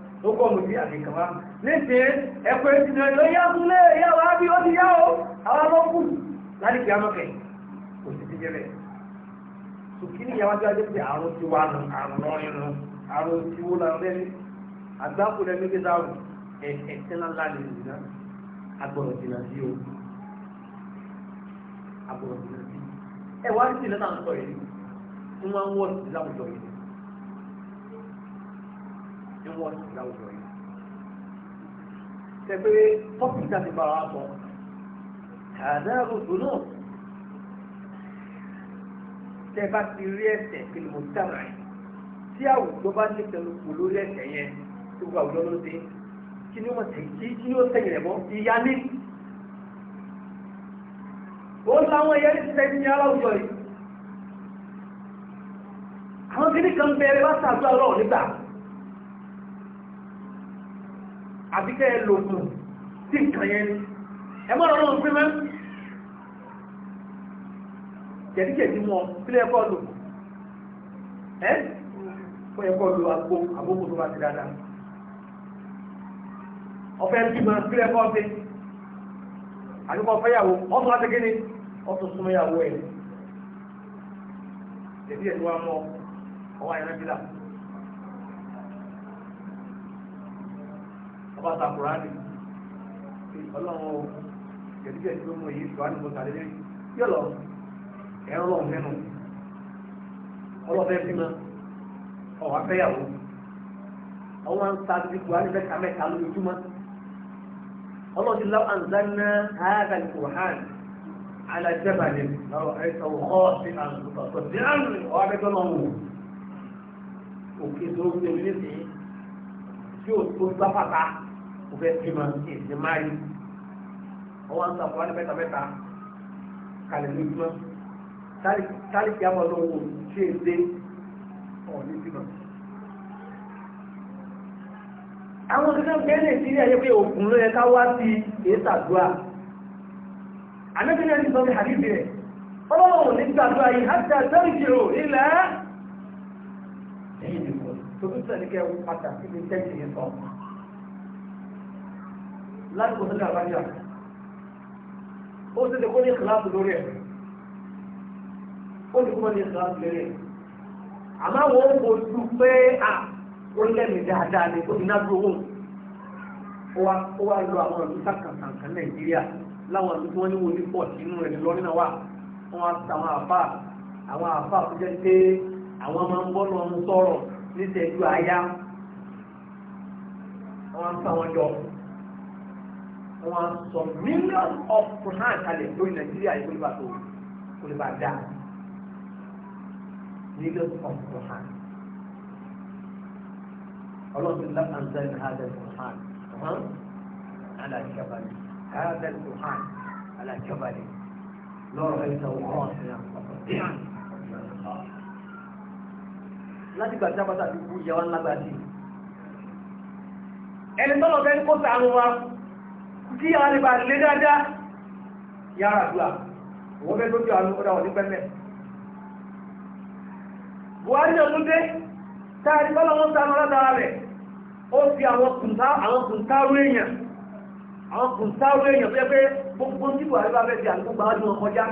ó kọ́ mú sí àdìkàmá níṣẹ́ ẹ̀kọ́ ìsìnà ìlọ yá súnlé yá wà á bí ó ti yá o àwọn ọmọkù láti kí amọ́kẹ̀ kò sì ti jẹ́rẹ̀ sùkí ní ìyàwó ajé pé àrùn ti wà nù àrùn lọ inú àrùn ti wó lọ lẹ́nu àgbákò lẹ́nu gbé dáhùn ẹ̀ẹ̀kẹ́ ńlá ńlá ní ìdìnnà agbọ̀rọ̀ jìnnà sí o agbọ̀rọ̀ jìnnà sí ẹ̀ wá ní ìdìnnà náà ń sọ yìí ń wá ń wọ̀ sí láwùjọ yìí ní wọ́n ti láwùjọ yìí. Ṣé pé tọ́pì náà ti bára sọ? Àdáàrò dùnú. Ṣé bá ti rí ẹsẹ̀ kí ni mo dára yìí? Tí àwùjọ bá ní pẹ̀lú kò lórí ẹsẹ̀ yẹn, tó gba àwùjọ ló dé. Kí ni wọ́n tẹ̀ kí kí ni ó tẹ̀yìn rẹ̀ mọ́? Ìyá ní. Ó láwọn ẹyẹ ní títẹ̀ ní aláwùjọ yìí. Àwọn kìnnìkan bẹ̀rẹ̀ bá ṣàdúrà ọlọ́run nígbà. àbíkẹ́ ẹ lòkùn tí nǹkan yẹn ni ẹ mọ́ ọ̀rọ̀ pé mẹ́ jẹ̀díjẹ̀dí mọ́ sílẹ̀ ẹ̀kọ́ lò ẹ́ fún ẹ̀kọ́ lò àgbo àgbókò tó bá ti dáadáa ọ̀fẹ́ bímọ sílẹ̀ ẹ̀kọ́ ṣe àdúgbò ọ̀fẹ́yàwó ọ̀tún láti gíní ọ̀tún súnmọ́yàwó ẹ̀ jẹ̀díjẹ̀dí wa mọ́ ọwọ́ àyẹ̀rẹ́ bílà ọba takura ni ọlọ́run o jẹ̀díjẹ̀dí ló mú èyí sùn ánìmọ́ tàdédé yóò lọ ẹ̀rọ lọ́run mẹ́nu ọlọ́fẹ́ bímọ ọ̀wá fẹ́yàwó àwọn àǹtà ti bu ánìfẹ́ kàmẹ́ta lójoojúmọ́ ọlọ́dún lọ́wọ́ àǹzánná hàdà kùhán alájẹ́bàlẹ̀ lọ́wọ́ ẹ̀sọ̀ ọ̀họ́ sí àǹtọ̀ tó dé àrùn ọ̀wá bẹ́ẹ̀ tó lọ́wọ́ òkè tó ń tẹ̀lé sí yóò tó gbá pátá. mo fẹ́ ma èsì má rí ọwọ́ ń sàkóso ní mẹ́ta mẹ́ta kalẹ̀ lójúmọ́ táàlì kí a mọ̀ lọ́wọ́ ṣé é dé ọ̀ ní bímọ. àwọn kankan bẹ́ẹ̀ lè sí ilé pé òkun ló yẹ ká wá sí èsàdúrà sọ ní rẹ̀ ọlọ́wọ́ ní yìí ilẹ̀ ẹ̀yìn ìdìbò tó tún kẹ́ láti kò sílẹ̀ àbájá ó sì lè kó ní ìkìláàsì lórí ẹ̀ ó lè kó ní ìkìláàsì lórí ẹ̀ àmọ́ àwọn ohun ojú pé à ó lẹ́mí dáadáa ní kó iná dúró wọn ó wá lo àwọn ìlú sàkàtàkà nàìjíríà láwọn ìlú tí wọ́n ní wa wọ́n á ta àwọn àfà àwọn àfà tó jẹ́ pé àwọn máa ń bọ́ lọ́nu sọ̀rọ̀ ní wọn sọ millions of Quran kalẹ̀ lórí Nàìjíríà yìí kólébà tó kólébà dá millions of Quran ọlọ́run ló ń zẹ́ ní hàdà Quran alájabali hàdà Quran alájabali lọ́rọ̀ ẹ̀ta wọ́n sí àwọn láti gbà jábátà ti kú yẹ wá lágbàdì ẹni tọ́lọ̀ fẹ́ kó sàánú wa kí àwọn lè bá lè dáadáa yára dùà wọ́n fẹ́ lójú àwọn ọ̀dà wọ̀ ní pẹ́mẹ́ buhari náà tún dé táàrí bọ́lá wọn sanu látara rẹ̀ ó fi àwọn kùntàrú èèyàn àwọn kùntàrú èèyàn pé pé gbogbo tí buhari bá fẹ́ di àgbogbo àwọn ọmọ kọjá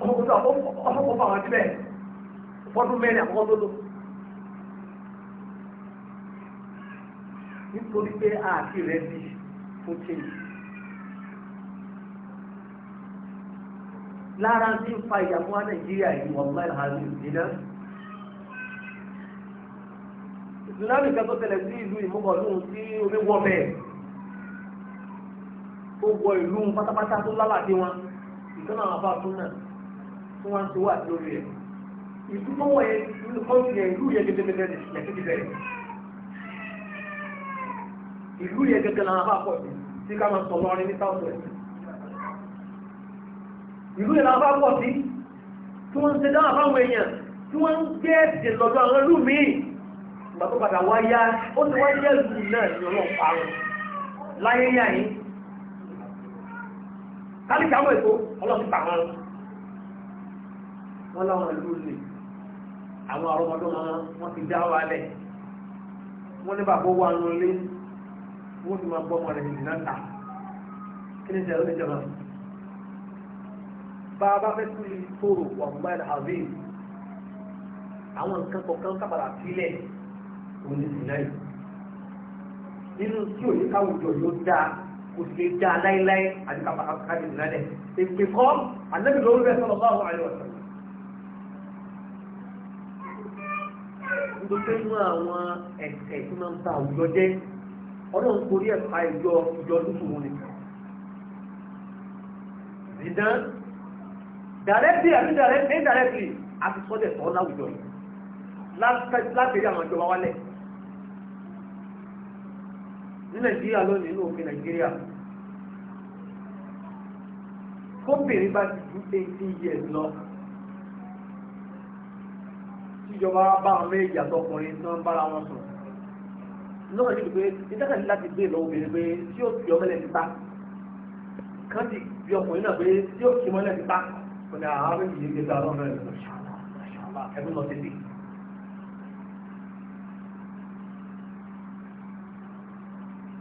ọmọkùnrin àwọn àti bẹ́ẹ̀ fọdún mẹ́rin àkọ́kọ́ tó lò nítorí pé àti rẹ̀ bíi ó change. lára tí ń fa ìyàmú wa nàìjíríà yìí wọ́n máa ń ha ní ìdíná. tsunami kan tó tẹ̀lé sí ìlú ìmúkọ̀ọ́dún tí omi wọ́ bẹ́ẹ̀ ó wọ ìlú pátápátá tó lálàdé wọn ìtọ́nà àwọn afá tún náà tí wọ́n ti wà lórí ẹ̀. ìlú tó ìlú kọ́ńtì yẹn ìlú yẹn gẹ́gẹ́ bẹ́ẹ̀ ìlú yẹn gẹ́gẹ́ làwọn bá pọ̀ sí tí ká máa sọ lọ́rin ní south west ìlú yẹn làwọn bá pọ̀ sí tí wọ́n ń ṣe dáhà fáwọn èèyàn tí wọ́n ń gbé ẹ̀sìn lọ́dọ̀ àwọn ìlú míì ìgbà tó padà wáyá ó ti wá jẹ́ ìlú náà ní ọlọ́run parun láyé yá yín kálíkì àwọn ọlọ́run pa wọn wọn láwọn ìlú lè àwọn àrọ́mọdọ́ wọn ti dá wa lẹ̀ wọ́n ní bàbá wa nulẹ̀ wọ́n ti máa gbọ́ ọmọ rẹ̀ ní ìdìnnà ta kí ni ìṣẹ̀lẹ̀ oníjọba bá a bá fẹ́ sí tóró wà mọ́ ẹ̀ àbí àwọn nǹkan kọ̀ọ̀kan kábàlà sílẹ̀ òní ìdìnnà yìí nínú tí òní káwùjọ yóò dáa kò sì lè dáa láéláé àti kábàlà ìdìnnà dẹ̀ èpè kọ́ ànábì lórí rẹ̀ sọ̀rọ̀ báwọn àyè ọ̀sán. nítorí pé inú àwọn ẹ̀ṣẹ̀ tí máa ń ba àwùjọ jẹ́ ọlọ́run torí ẹ̀ka ìjọ ìjọ lùsùn ni. Zidane directly àti indirectly àti sọ́dẹ̀ tọ́ láwùjọ yìí láti rí àwọn ìjọba wálẹ̀. Ní Nàìjíríà lónìí nínú òfin Nàìjíríà, kóbìnrin bá ti ju eighteen years lọ tíjọba bá àwọn méjì àtọkùnrin tí wọ́n bára wọn sùn lọ́wọ́ yìí pé ìtẹ́kẹ̀ ní láti gbé lọ́wọ́ obìnrin pé tí ó fi ọmọlẹ̀ ti pa kán sì fi ọkùnrin náà pé tí ó fi ọmọlẹ̀ ti pa kò ní ah, àwọn méjì yìí gbèsè àwọn ọmọ rẹ̀ ẹ̀mú lọ títí.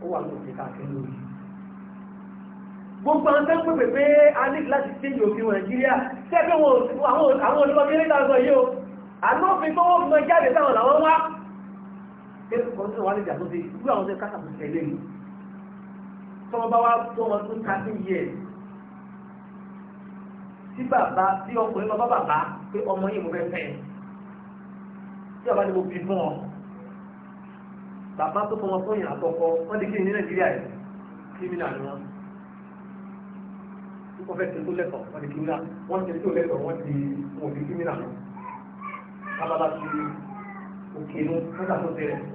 ó wà lóòkè káàkiri lórí. gbogbo àwọn tẹ́ ń pèpè pé a ní láti tẹ́jú òfin nàìjíríà tẹ́ pé àwọn olùkọ́ kéré náà sọ o àlọ́ fi mọ jáde táwọn pé kọ́ńtà wà lẹ́jà tó ti gbé àwọn ọ̀sẹ̀ káṣà tó tẹ̀lé mi tọ́wọ́ bá wá tó wọn tó thirty years tí bàbá tí ọkùnrin lọ bá bàbá pé ọmọ yìí mo fẹ́ fẹ́ tí bàbá ni mo fi fún ọ bàbá tó fọmọ fún yìí àtọkọ wọn di kí ni Nàìjíríà yìí kírímìnà ni wọn wọ́n fẹ́ tẹ̀sí lẹ́tọ̀ wọ́n di kírímìnà wọ́n tẹ̀sí lẹ́tọ̀ wọ́n di wọ́n di kírímìnà lọ kábàlá ti òkè nu wọ́n tàbí ó ti rẹ̀.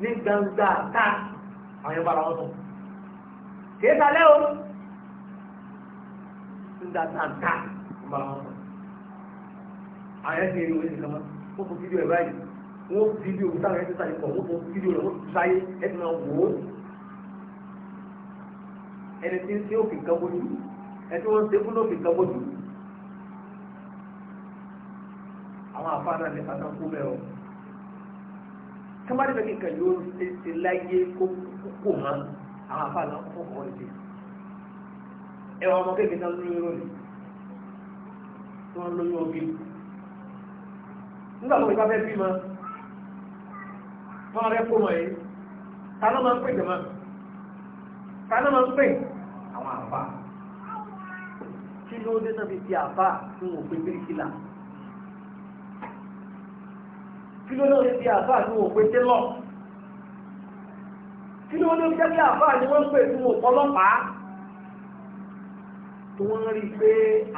ní gbangba ká àwọn ìbára wọn sùn kì í sálẹ̀ o ní gbangba ká ìbára wọn sùn àwọn ẹ̀sìn èrè wọlé nìkan mọ́ ó fún fídíò ẹ̀ báyìí wọ́n fídíò kí táwọn ẹ̀sìn sàlẹ̀ pọ̀ wọ́n fún fídíò rẹ̀ wọ́n tún sáyé ẹ̀sìn náà wò ó ẹni tí ń ṣe òfin kan bójú ẹni tí wọ́n ń ṣe fún òfin kan bójú àwọn àfáàná ní pátákó mẹ́rọ tó bá dìbò kíkan yóò ṣe ṣe láyé kó kò mọ́ àwọn afá náà fún ọmọ ìṣe ẹwà ọmọ kéèké náà lóyún lónìí tí wọ́n lóyún obi nígbà tó ìgbà fẹ́ bí ma wọ́n rẹ́ kó mọ̀ yìí ta ló máa ń pè jọ̀mọ́ ta ló máa ń pè àwọn àfà kí ló dé náà fi di àfà fún òpin bíríkìlà kí ló ló ń di àfáà tí wọ́n pè télọ̀ kí ló ló ń jẹ́ kí àfáà ni wọ́n pè tí wọ́n ọlọ́pàá tí wọ́n rí i pé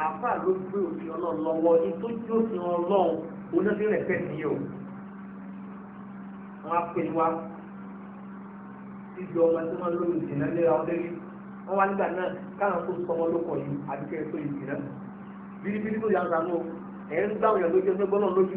àfáà ló gbé òfin ọlọ́run lọ́wọ́ ìtọ́jú òfin ọlọ́run onídìrí rẹ̀ fẹ́ nìyí o wọ́n á pè wá ìjọ ọmọ tí wọ́n lóyún ìdìnnà léra ọdẹ rí wọ́n wá nígbà náà káwọn tó sọmọ lóko yìí àdìkẹ́ tó ìdìnnà bíríbírí tó yàrá náà ẹ̀ ń dáhùn yàrá lójú ẹgbẹ́ náà lójú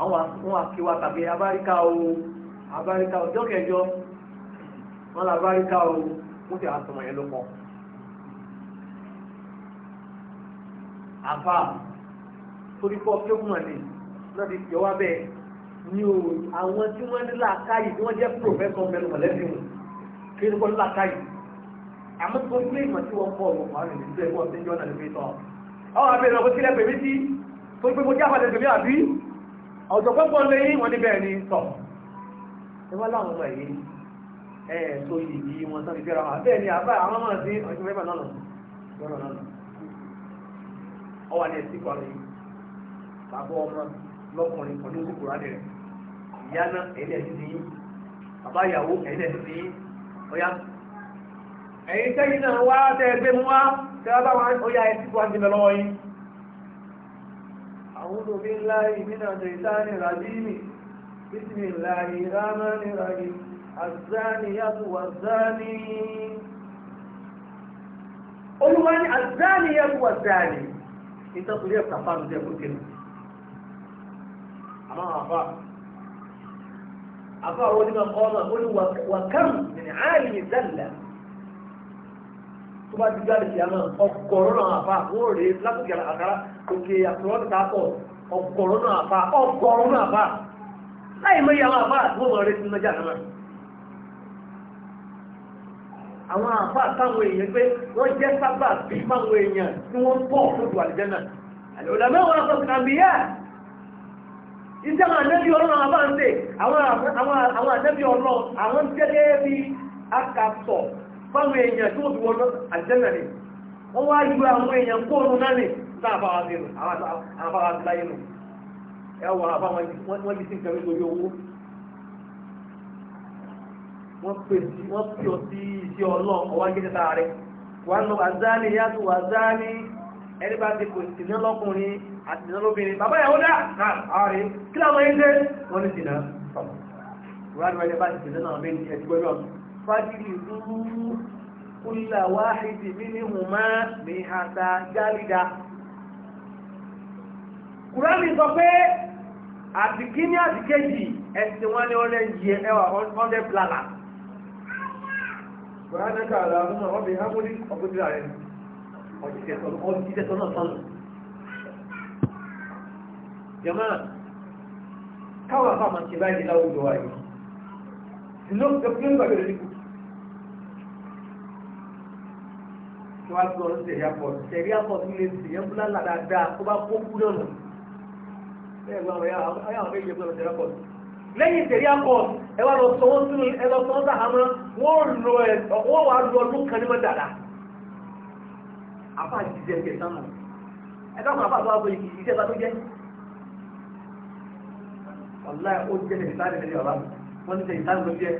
àwọn àwọn àkíwà tàbí abáríká o abáríká o jọ́ kẹjọ wọ́n la abáríká o ó sì àtọ̀mọ̀ yẹn ló kọ́ àfà torí pọ́ kéwùmọ̀ ni náà ti jọ wá bẹ́ẹ̀ ni o àwọn tí wọ́n ní làákàyè tí wọ́n jẹ́ pòfẹ́sọ̀ mẹ́rin mọ̀lẹ́bí wọn kí ló kọ́ ní làákàyè àmọ́ tó gbé ìmọ̀ tí wọ́n kọ́ ọ̀rọ̀ wọn rìn nígbà tí wọ́n ti ń jọ́ náà lè fi tọ́ àwọn àbẹ̀rẹ̀ ọ̀gbọ́n sílẹ̀ pèmí sí torí pé mo jáfà lẹ́sẹ̀ mi àbí ọ̀dọ̀ pọ́pọ́ yí wọ́n níbẹ̀ ní tọ̀ ẹ láwọn ọmọ èyí ẹ tó yìí yí wọn tán ìfẹ́ra wọn bẹ́ẹ̀ ni àbá àwọn ọmọ sí ọjọ́ mẹ́fà náà ọwà ní bàbá ọmọ lọ́kùnrin ti ti bàbá ìyàwó ti ti ẹ̀yin tẹ́yìn náà wá tẹ́ ẹgbẹ́ mú أعوذ بالله من الشيطان الرجيم بسم الله الرحمن الرحيم الزانية والزاني olùwárí àzáàlì ẹgbù àzáàlì ìtọ́sùrí ẹ̀kọ́ àfáàrùn jẹ́ fún kìnnà àmọ́ àfá àfá àwọn onímọ̀ ọmọ oní wàkàrù ní àárín ìdálà tó bá ti gbá lè fi àmọ́ ọkọ̀ ọ̀rọ̀ àfá wọ́n rèé lápòkè àkàrà òkè àtúrọ́nù kápọ̀ ọ̀gọ̀rún náà àfà ọ̀gọ̀rún náà àfà láì mọ iye àwọn àfà àtúwọ̀ mọ̀ rẹ̀ sínú ọjà náà àwọn àfà táwọn èèyàn pé wọ́n jẹ́ sábà bí máwọn èèyàn tí wọ́n pọ̀ fún ìwà náà àlùjẹ́ mẹ́wàá sọ sí àmìyá iṣẹ́ àwọn àbá ń àwọn àwọn bí fáwọn èèyàn tí ni wá ju àwọn èèyàn kóòrùn náà ni sáàbà wa sí àbá wa sí láyé nù ẹ wọ àbá wọn ti sí nǹkan nítorí owó wọ́n pè sí wọ́n pè ọ sí iṣẹ́ ọlọ́run ọwọ́ gẹ́gẹ́ tá a rẹ̀ wọ́n lọ wàzáni yàtò wàzáni ẹni bá ti kò sínú lọ́kùnrin àti sínú lóbìnrin bàbá ìyàwó dá ààrẹ kí láwọn yín dé wọ́n ní sínú wọ́n rẹ̀ bá ti sínú kúlà wáhìdì mímí hùmá mi hàtà jálìdá kùránì sọ pé àtìkí ní àtìkéjì ẹ̀sìn wọn ní ọlẹ́ yìí ẹwà ọ̀dẹ́ plana kùránì kààlà ọmọ ọbẹ̀ hamoni ọgbẹ́dìrà rẹ̀ ọjíṣẹ́sọ náà sọ́nà jẹ́mọ́ káwọn afá máa ṣe báyìí láwùjọ wa yìí ìlú ìpínlẹ̀ ìgbàgbẹ̀rẹ̀ nígbà tí wọ́n á gbọ́ ọ̀rọ̀ sẹ̀rí àpọ̀ sẹ̀rí àpọ̀ tún lè sèyẹ́ fúlàlà dáadáa kó bá kó kú náà lẹ́yìn ìtẹ̀rí akọ ẹwà lọ sọ wọ́n sínú ẹlọ sọ wọ́n sàhámọ́ wọ́n lọ ẹ̀ wọ́n wà lọ ọdún kan ní mọ́ dàda àfà jíjẹ ẹgbẹ̀ sánà ẹ̀dọ́kùn àfà tó wá sọ ìṣẹ́ bá tó jẹ́ ọ̀láì ó jẹ́ ní ìsáàlì nílé ọ̀rá wọ́n ti tẹ̀ ìsáàlì tó jẹ́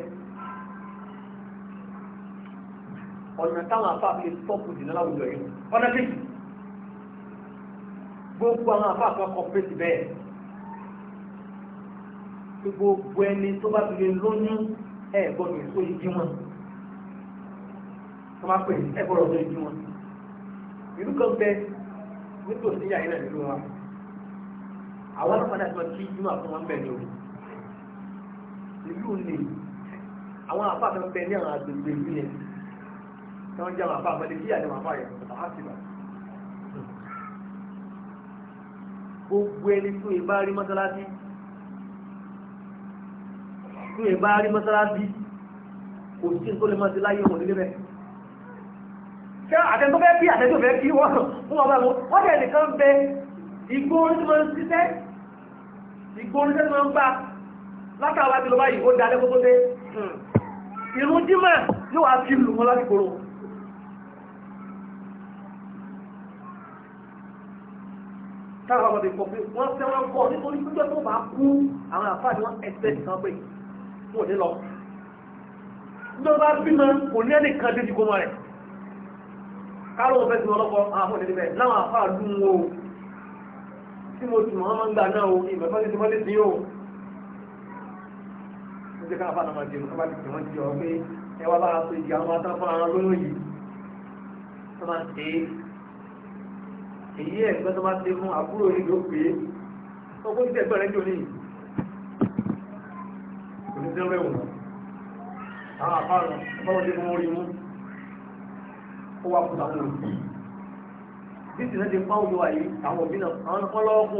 ọ̀nà táwọn àfà fi tọ́pù jìnnà láwùjọ yìí ọ̀nà kejì gbogbo àwọn àfà kan kọ gbogbo ẹni tó bá fi lè lóyún ẹ gbọ́dọ̀ èso igi wọn tó máa pè ẹ gbọ́dọ̀ èso igi wọn ìlú kan bẹ nítòsí yàrá náà nínú wa àwọn alápàdé àti wọn kí inú àfọwọn ń bẹ ní o ìlú ni àwọn àfáàfẹ ń bẹ ní àwọn agbègbè ìlú yẹn tí wọn jẹ àwọn àfáàfẹ lè kí yàrá àwọn yẹn kò tàbí àtìmọ. gbogbo ẹni tó yẹ bá rí mọ́tálásí tí èyí bá rí mọ́sálásí kò sí tó lè máa ti láyé wọn nílé bẹ́ẹ̀. ṣé àtẹ̀tọ́ fẹ́ bí àtẹ̀tọ́ fẹ́ bí wọ́n fún ọba wọn wọ́n tẹ̀ nìkan bẹ igbó oníṣẹ́ máa ń ṣiṣẹ́ igbó oníṣẹ́ máa ń gbà látàwọn àti lọ́ba yìí ó dalẹ́ gbogbo dé hmm. ìrún jímọ̀ ní wàá fi lù wọn láti kóró. táwọn pé wọ́n fẹ́ kọ́ nítorí pípẹ́ tó bá kú àwọn àfáà wọ́n ẹgbẹ́ nìkan wọ́n ní lọ ló bá bímọ kò ní ẹni kan dé jùgbọ́n rẹ̀ káàrọ̀ òfẹ́ sí ọlọ́pọ̀ àwọn ah, òdìdí bẹ̀ láwọn àfà lú o tí mo tì mọ́ máa ń gbà náà o ìgbà tó ti ti mọ́lé sí o ó jẹ́ káàfà náà máa jẹun kábà ti tẹ̀wọ́n ti ọ pé ẹ wá bára so ìyá wọn tán fúnra lóyún yìí tó máa tẹ̀ èyí ẹ̀gbẹ́ tó máa tẹ̀ fún dín rẹ̀wọ̀n àwọn àpáàrùn báwọn dé mọ́ orí mú ó wá kúta mú òbí bí ti sẹ́ti pọ́n òjò àyè àwọn òbí náà àwọn ọkọ̀ lọ́wọ́ kó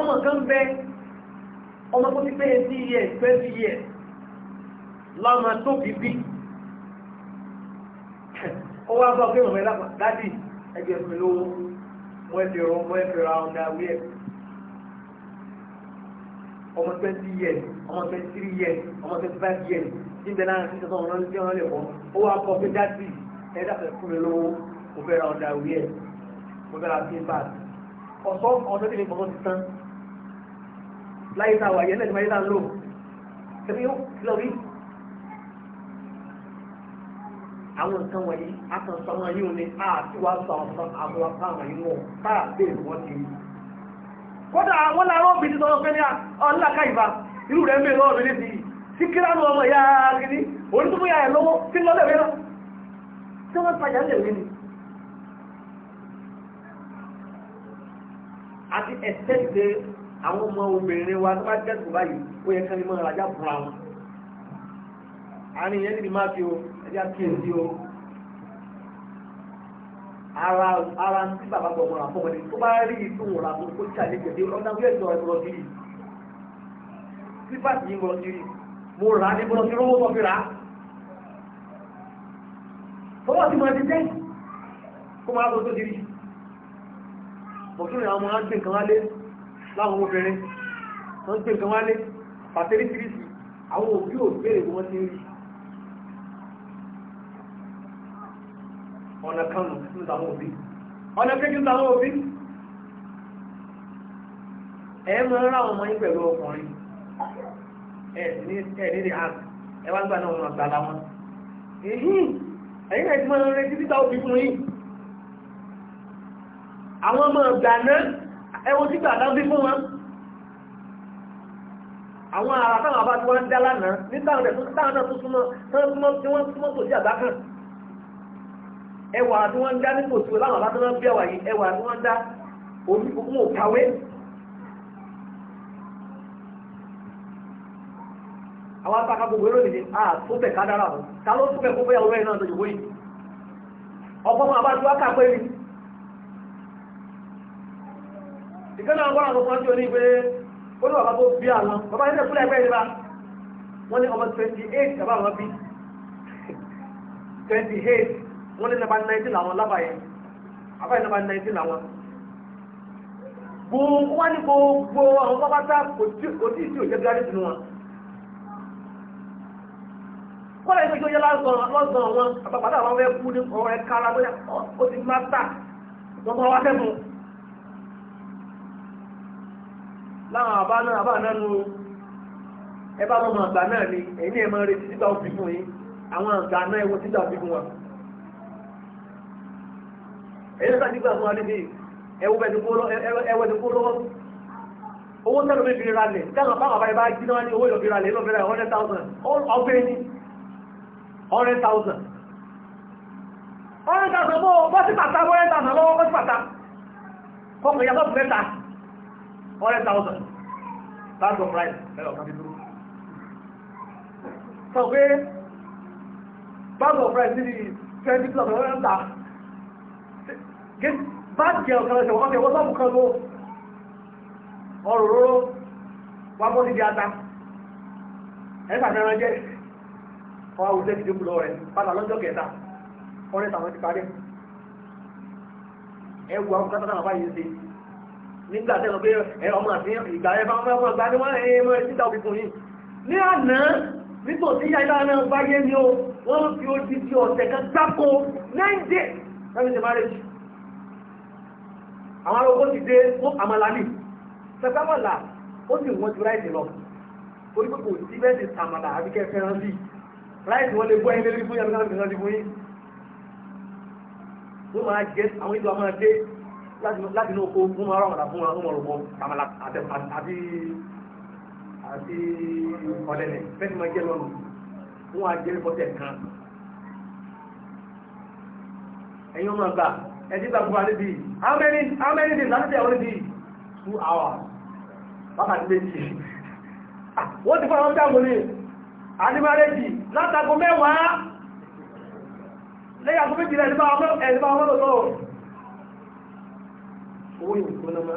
ọmọ kan bẹ ọmọ tó ti pé etí yẹ twenty years lọ́mọ tó fi bí ó wá bá ọgbẹ́ ìwọ̀n mẹ́lá dádì ẹgbẹ́ mi lówó wọ́n ti rọ wọ́n ti ra ọ̀dà ọmọ twenty years ọmọ twenty three years ọmọ twenty five years tí ń bẹ náà ti sọ́kàn ọ̀nà tí wọ́n lè kọ́ ó wá kọ́ pé dáàbì ẹ̀dá fẹ́ fún mi lówó mo fẹ́ ra ọ̀dà òwe ẹ̀ mo fẹ́ ra paypal ọ̀sọ́ ọ̀sọ́ tí mi kọ́ ti tán láyé tá a wà yẹn náà ni máa yẹ tá a lò ẹ̀mí ó lọ rí àwọn nǹkan wọ̀nyí a kàn sọ wọn yìí ó ní a ti wá sọ àwọn àwọn àpá àwọn yìí wọ̀ tá a bẹ́ẹ̀ wọ́n ti rí kódà wọ́n láàárọ̀ bí ti sọ́rọ̀ fẹ́ni ọláka ìbá irú rẹ̀ mẹ́ lọ́rọ̀ rẹ̀ ti sí kí lánà ọmọ ìyá gidi orí tó múyà ẹ̀ lọ́wọ́ tí lọ́lẹ̀ mẹ́rọ tí wọ́n tajà lè rí ni àti ẹ̀sẹ̀ ti àwọn ọmọ obìnrin wa tó bá jẹ́sùn báyìí ó yẹ kán ní mọ́ ọ̀rajà fúnra wọn ara ara ń tí bàbá gbọ̀gbọ̀n rà fọmọdé tó bá rí ìtò rà fún kó tí àlejò dé ọ̀nà wíwẹ̀ ìtọ̀ ẹ̀ bọ̀rọ̀ kiri sípàtì yìí bọ̀rọ̀ kiri mo rà ní bọ̀rọ̀ kiri owó tọ́fi rà fọwọ́ tí mo ti jẹ́ kó máa tó tó diri bọ̀tún àwọn agbè nǹkan wálé láwọn obìnrin wọ́n gbé nǹkan wálé pàtẹ́rì tìrìsì àwọn òbí ò béèrè wọ́n ti rí ọ̀nà kan nù ní tàwọn òbí ọ̀nà kejì ní tàwọn òbí ẹ máa ń ráwọn ọmọ yín pẹ̀lú ọkùnrin ẹ ní ẹ ní rìhàn ẹ wá ń gbà náà wọn àgbà láwọn ẹ̀yìn ẹ̀yìn náà ti máa ń retí títà òbí fún yín àwọn ọmọ ọ̀gbà náà ẹ wo títà àdábí fún wọn àwọn ará táwọn abá tí wọ́n ń dá lánàá ní táwọn ẹ̀ táwọn náà súnmọ́ tí wọ́n súnmọ́ tòjú àgbà kan ẹwà ni wọ́n ń dá nípò tí láwọn aládùn bí ẹwà yìí ẹwà ni wọ́n ń dá àwọn apáka gbogbo eré òdìdí a tó bẹ̀ ká dára o ta ló tó bẹ̀ kó bóyá ụgbọ yìí náà lójú wọ́yìí ọ̀pọ̀ máa bá tó wá kápẹ́ mi. ìkànnì àwọn ọmọ àwọn ọmọ tí pé ó ní bàbá tó bí àwọn bàbá yẹn wọ́n ní ọmọ bàbá àwọn bí wọ́n ní nàbà náìtì làwọn lábàáyé àbáyé nàbà náìtì làwọn. gbogbo wọn ní gbogbo àwọn pápátá kò tí tí ò jẹ́ gíráàdì sínú wọn. kọ́lá yìí tó yẹ lọ́sàn-án wọn àpapàdé àwọn fẹ́ kú ní ọ̀rọ̀ ẹ̀ kára bóyá ó ti máa tà wọ́n bá wá tẹ́fun. láwọn àbá náà àbá náà nu ẹ bá mọ̀ àgbà náà ni ẹ̀yin ẹ̀ máa retí títà òfin fún yín àwọn àgbà náà ẹ̀ wọ òfin fún wa ẹ̀yẹ́ sáà nígbà fún alẹ́ bíi ẹwọ́ ẹni kó lọ́wọ́ owó tẹ́lẹ̀ mi fi ra lẹ̀ dáhùn báwọn àbáyé bá jí náà ní owó ìlọ́fi ra lẹ̀ ìlọ́fi ra hundred thousand ọgbẹ́ ní hundred thousand hundred thousand bó bó sí pàtà hundred thousand lọ́wọ́ bó sí pàtà kọ́kọ́ ìyá lọ́pù mẹ́ta hundred thousand that's price ẹ̀rọ kan dúró sọ pé bag of rice ní twenty plus ọ̀rẹ́ báàkì ọ̀kan lọ́sẹ̀ wọ́n tẹ wọ́sọ̀pù kan ló ọ̀rọ̀ róró wà mọ́ síbi ata ẹ̀fà fẹ́ràn jẹ́ ọwọ́ àwùjẹ́ ti dìbò lọ rẹ̀ padà lọ́jọ́ kẹta ọ̀rẹ́ tàwọn ti parí ẹ̀wù àwọn kátà náà báyìí ṣe nígbà tẹ́lọ pé ẹ ọmọ àti ìgbà ẹ bá ọmọ ọgbà ní wọ́n ẹ mọ títà òbí fún yìí ní àná nítòsí ìyá ìlànà náà báyé ni ó wọ́n fi ó di ti ọ̀sẹ̀ kan gbáko 9 days lẹ́yìn ìṣẹ̀márẹ́jì àwọn arógbó ti dé fún àmàlàní sẹ́sàmàlà ó sì wọ́n ju ráìsì lọ torí pé kò sí bẹ́ẹ̀ ti sàmàlà àbí kẹ́ fẹ́ràn sí ráìsì wọn lè bọ́ ẹni lórí fún yàrá náà fẹ́ràn sí fún yín wọ́n máa jẹ àwọn ìlú àmọ́ dé láti inú oko fún ọ̀rọ̀ ọ̀dà fún ọmọ ọ̀rọ̀ àmàlà àti àti ọ̀dẹ̀dẹ̀ fẹ́ẹ́ máa jẹ lọ́nu wọ́n á jẹ bọ́tẹ̀ kan ẹ̀yin ọmọ àgbà ẹ̀dí how many how many days láti already two hours wákàtí méjì wọ́n ti fọ́nà ọjọ́ àgbòlè àdìmárẹ́jì látàgbò mẹ́wàá lẹ́yìn àgbò méjìlá ẹ̀dìbá ọmọ ẹ̀dìbá ọmọ lọ́tọ́ owó ìwòkó náà má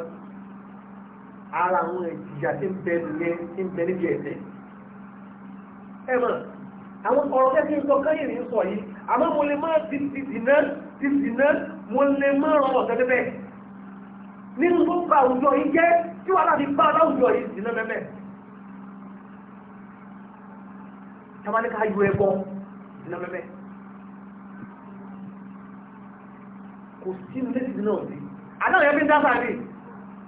ara àwọn ìjìyà tí ń bẹ nìyẹn tí ń bẹ níbi ẹ̀sẹ̀ ẹ mọ̀ àwọn ọ̀rọ̀ kẹ́kẹ́ ń sọ kẹ́yìn ní sọ yìí àmọ́ mo lè má ti ti dìná ti dìná mo lè mọ́ ọ̀rọ̀ ọ̀tẹ́ bẹ́ẹ̀ nínú tó gba àwùjọ yìí jẹ́ tí wàhálà fi gbá láwùjọ yìí sí náà bẹ́ẹ̀ tabani ká yọ ẹbọ sí náà bẹ́ẹ̀ kò sí ilé sí náà sí àdáwọ̀ yẹn fi ń dábàá rí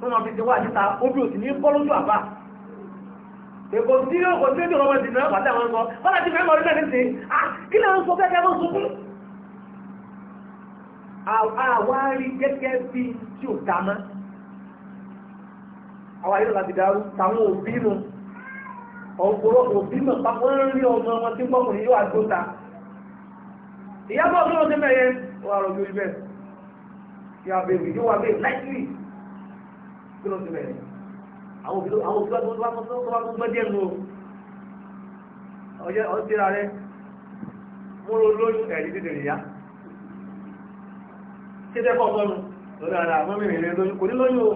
wọ́n máa fi ti wá àdíta ojú òsì ní bọ́lójú àbá èkó tí yóò kò sí èdè ọmọ ìdìbò náà pàtàkì àwọn ọmọ wọn láti fẹ́ mọ̀ orílẹ̀-èdè sí ah, kí lè ń sọ fẹ́ kẹ́ àwárí gẹ́gẹ́ bí tí ò dá àwọn ayélujára láti dárú táwọn òbí nù ọ̀pọ̀lọ́ òbí mọ̀ pápọ̀ rí ọmọ wọn tí gbọ́mù ní yóò àgbóta ìyábọ̀ ọdún ọdún mẹ́yẹ wà rọ̀jò ibẹ̀ yà bèbè yóò wà bèbè láìpì kí ló ti àwọn òbí tó tó kéjẹ́kọ́ ọ̀tọ́nu lórí ara àmọ́mìnrin rẹ̀ lóyún kò ní lóyún o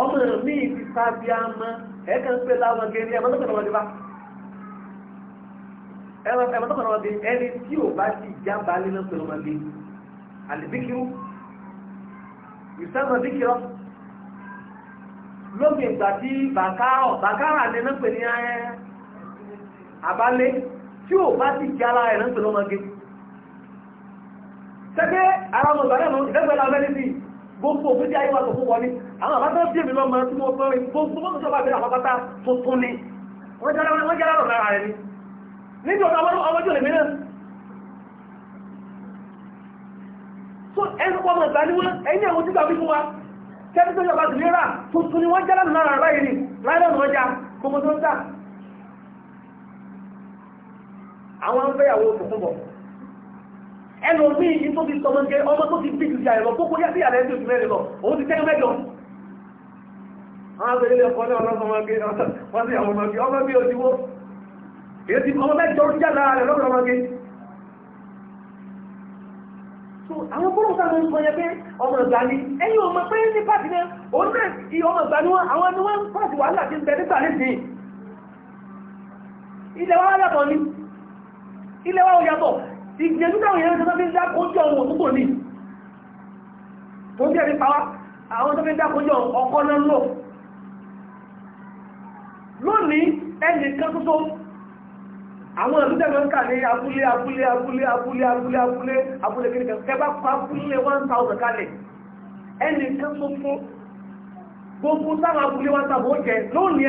ọmọ mi ti sábí àmọ́ ẹ̀ẹ́kẹ́ ń pè láwọn gẹ́rí ẹ̀mọ́ tọ́kọ̀ lọ́wọ́ ti bá ẹ̀mọ́ tọ́kọ̀ lọ́wọ́ ti ẹni tí ò bá ti já balẹ̀ náà pẹ̀lú ọmọdé àlìbíkirú ìsámọ̀ bíkirọ́ lókè ìgbà tí bàkárọ̀ bàkárà ni náà pè ní abálé tí ò bá ti já lára ẹ̀ náà pẹ̀lú ọmọdé tẹ́gbẹ́ ara ọmọ ìgbàlẹ́ ọ̀nà ìdẹ́gbẹ̀lá mẹ́lẹ́sì gbogbo òfin tí ayé wa tó fún wọn ni àwọn àbátá bí èmi lọ́mọ tí mo sọ rí gbogbo mọ́tò tó bá bẹ̀rẹ̀ àwọn pátá tuntun ni wọ́n jára wọn jára rọ̀ lára rẹ̀ ni níbi ọ̀dọ̀ àwọn ọmọdé òlè mìíràn tó ẹnu pọ́ mọ̀ ìgbà ni wọ́n ẹni àwọn tí gbàgbé fún wa tẹ́bí tó yọba tìlé rà tuntun ni wọ́n jára lára rẹ̀ ni lára ọ̀nà ọjà gbogbo tó ń tà àwọn fẹ́yàwó òkùnkùn bọ̀ ẹnu omi yìí tó ti sọmọ jẹ ọmọ tó ti bí ju jà ẹ̀rọ kókó yàtí àlẹ́ ẹ̀dùn mẹ́rin lọ òun ti tẹ́lẹ̀ mẹ́jọ. àwọn abẹ́rẹ́ ilé ọkọ náà lọ́sọ̀ọ́ máa gé wọ́n sì àwọn ọmọ gé ọmọ bí ojúwó èyí ti ọmọ mẹ́jọ ń jà lára rẹ̀ lọ́sọ̀ọ́ máa gé. so àwọn bọ́lọ̀ sáà máa ń sọ yẹn pé ọmọ ìgbà ni ẹ̀yin ọmọ pé ní pàtì náà òun náà ọmọ ìgbà ni wọn àwọn ni wọn ń pàtì wàhálà ti ń bẹ nígbà nísìnyí ilẹ̀ wa yàtọ̀ ni ilẹ̀ wa ò yàtọ̀ ìjẹ̀lú táwọn èèyàn tó fi ń dákójú ọ̀hún òkúkò ní tó ń jẹ́rí pàwá àwọn tó fi ń dákójú ọkọ́ náà lò lónìí ẹni kan tó àwọn ìlú tẹ́lẹ̀ ń kà ní abúlé abúlé abúlé abúlé abúlé abúlé abúlé kìrìkà kẹba abúlé 1000 kalẹ̀ ẹni kan tó fún gbogbo sáwọn abúlé 1000 ó jẹ lónìí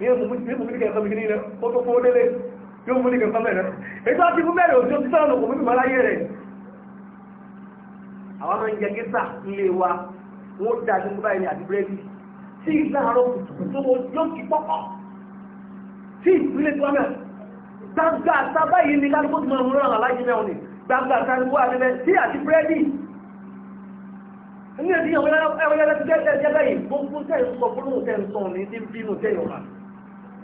yóò mú kíníkà sọmi kíní rẹ̀ ó tó kówó délé yóò mú kíníkà sọmi rẹ̀ ètò àti fún bẹ́ẹ̀rẹ̀ òjò tí sọ́nà kò mímọ̀ láyé rẹ̀ àwọn máa ń jẹ gíta ilé wa wọ́n dá sí báyìí ní àti búrẹ́dì tí láàárọ̀ kùtùkùtù ojú kí pọ̀pọ̀ tí ìpínlẹ̀ tọ́mẹ̀ gbangba sábà yìí ní kálukú tí mo rán aláyé mẹ́wọ̀n ni gbangba kálukú àtẹ́fẹ́ tí àti búrẹ́dì ní ẹ̀dí ìyàwó ẹ̀rọ ẹ̀rọ ti jẹ́ ẹ̀jẹ̀ báyìí gbogbo tẹ̀ ń sọ fún òun tẹ̀ ń sọ òun ní ti bínú tẹ̀ yọ̀ọ̀kan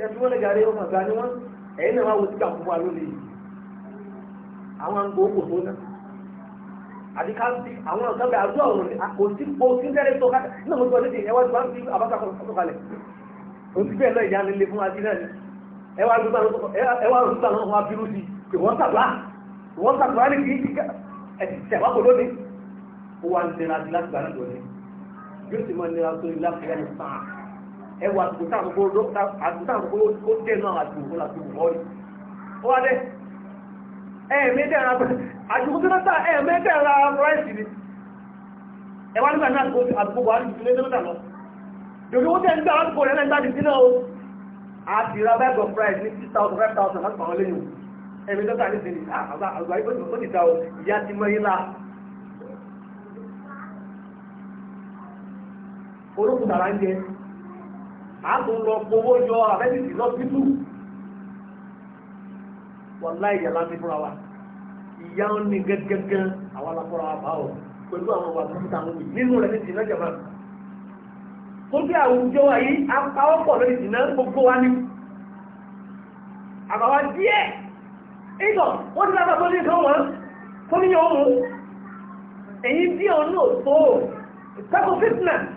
ẹbí wọn lè gàrí ọmọ àgbà ni wọn ẹ̀yin náà wá wo síkà fún wa lónìí yìí àwọn àgbò kò tó náà àti ká sí àwọn ọ̀sán bẹ àdúrà ọ̀rọ̀ ni kò sí kò sí tẹ́lẹ̀ tó káta náà mo sọ nídìí ẹwà tí wọ́n fi àbáta kọ̀ kalẹ̀ kò sí bẹ́ẹ̀ náà ìyá mi lè fún adí náà ni ẹwà àdúgbò ẹwà àdúgbò àwọn ọmọ abirú sí pé wọ́n tàbá wọ́n tàbá ní kì í ti ẹ̀sẹ̀ wá kò lóde ó wà nira láti gbà náà lónìí yóò sì máa nira tó ẹwà àtùkò táàkùkò ó dé náà àtùkò látùkò bọ́ọ̀lù ó wá dé ẹ̀ẹ̀mẹ́dẹ̀ẹ̀ra àtùkò tó náà ẹ̀ẹ̀mẹ́dẹ̀ẹ̀ra ráìsì ni ẹwà nígbà náà àtùkò buhari jù lé lọ́dà lọ yòókè ó tẹ́ ń gbà àtùkò rẹ̀ lẹ́gbà dì sínú o àti ra bag of rice ní six thousand five thousand láti pàwọn lẹ́yìn ẹ̀ẹ̀mẹ́dẹ̀ẹ̀ra ní sẹ́ni ah, àgbà ó ti ta o ìyá ti mọ ilá olókùn tàrà ń jẹ a tó lọ gbowó yọ àbẹ́sìtì lọ́sítù wọ́n láì yàrá mi fúnra wa ìyá ń ní gẹ́gẹ́gẹ́ àwọn aláfọ́ra wa bá ọ̀ pẹ̀lú àwọn ọba tuntun táwọn wí nínú rẹ̀ ní ìdìnnà jàmá tó bí àwùjọ wa yìí apáwọ́pọ̀ lórí ìdìnnà gbogbo wa ní àbáwá díẹ̀ ìgbọ̀ wọ́n ti lábàá tó ní ìkan wọn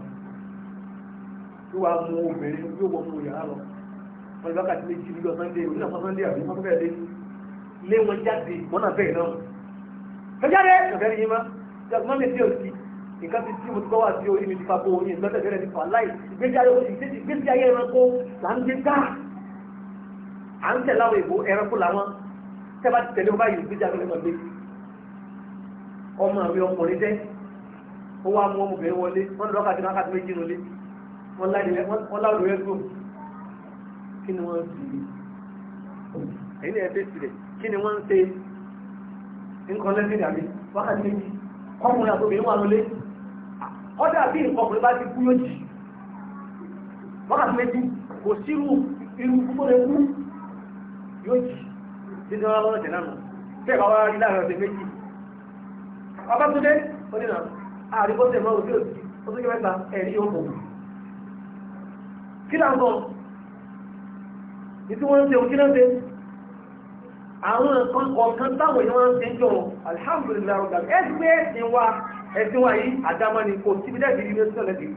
tí wàá mú obìnrin yóò wọ ọmọ yàrá lọ wọn lè wákàtí méjì nílò sunday òní àfọ sunday àbí wọn fẹẹ lé lé wọn jáde wọn náà bẹ́ẹ̀ náà wọn jáde ọ̀gá ẹni yín má jàgbọ́n mi ti òsì nǹkan ti tí mo ti kọ́ wá sí orí mi ti fa kó oyin lọ́tẹ̀ fẹ́rẹ̀ ti fà láì ìgbésí ayé oṣù ìgbésí ayé ẹranko là ń gbé ká à ń tẹ̀lé àwọn ìbò ẹranko làwọn tẹ́ bá ti tẹ̀lé wọn wọ́n láàrú ẹgbùn kí ni wọ́n ti ẹ̀yìn ẹ̀fẹ́ sílẹ̀ kí ni wọ́n ń ṣe nǹkan lẹ́sìn ìdàbí wákàtí méjì ọkùnrin àtòbìnrin wà lọlé ọdá bí nǹkan ọkùnrin bá ti kú yóò jì wákàtí méjì kò sírú irú púpọ̀ lè kú yóò jì nínú ọlọ́wọ́ lọ́wọ́ jẹ̀ náà nù bẹ́ẹ̀ bá wá rí láàrin ọ̀sẹ̀ méjì ọba tó dé ó dènà àríkọ́sẹ̀ mọ́ òbí òbí ó tó kẹ́ mẹ́ta ẹ̀rí yóò mọ̀ kí là ń bọ̀ ìtí wọ́n ń ṣe òkí náà ṣe àwọn nǹkan kọ̀ọ̀kan táwọn èèyàn ń ṣe ń jọ alhamdulillah rọ̀gbà ẹgbẹ́ ẹ̀sìn wa ẹ̀sìn wa yìí àdámọ́ ni kò síbi dẹ́ẹ̀dì ní oṣù tọ́lẹ̀ dìrì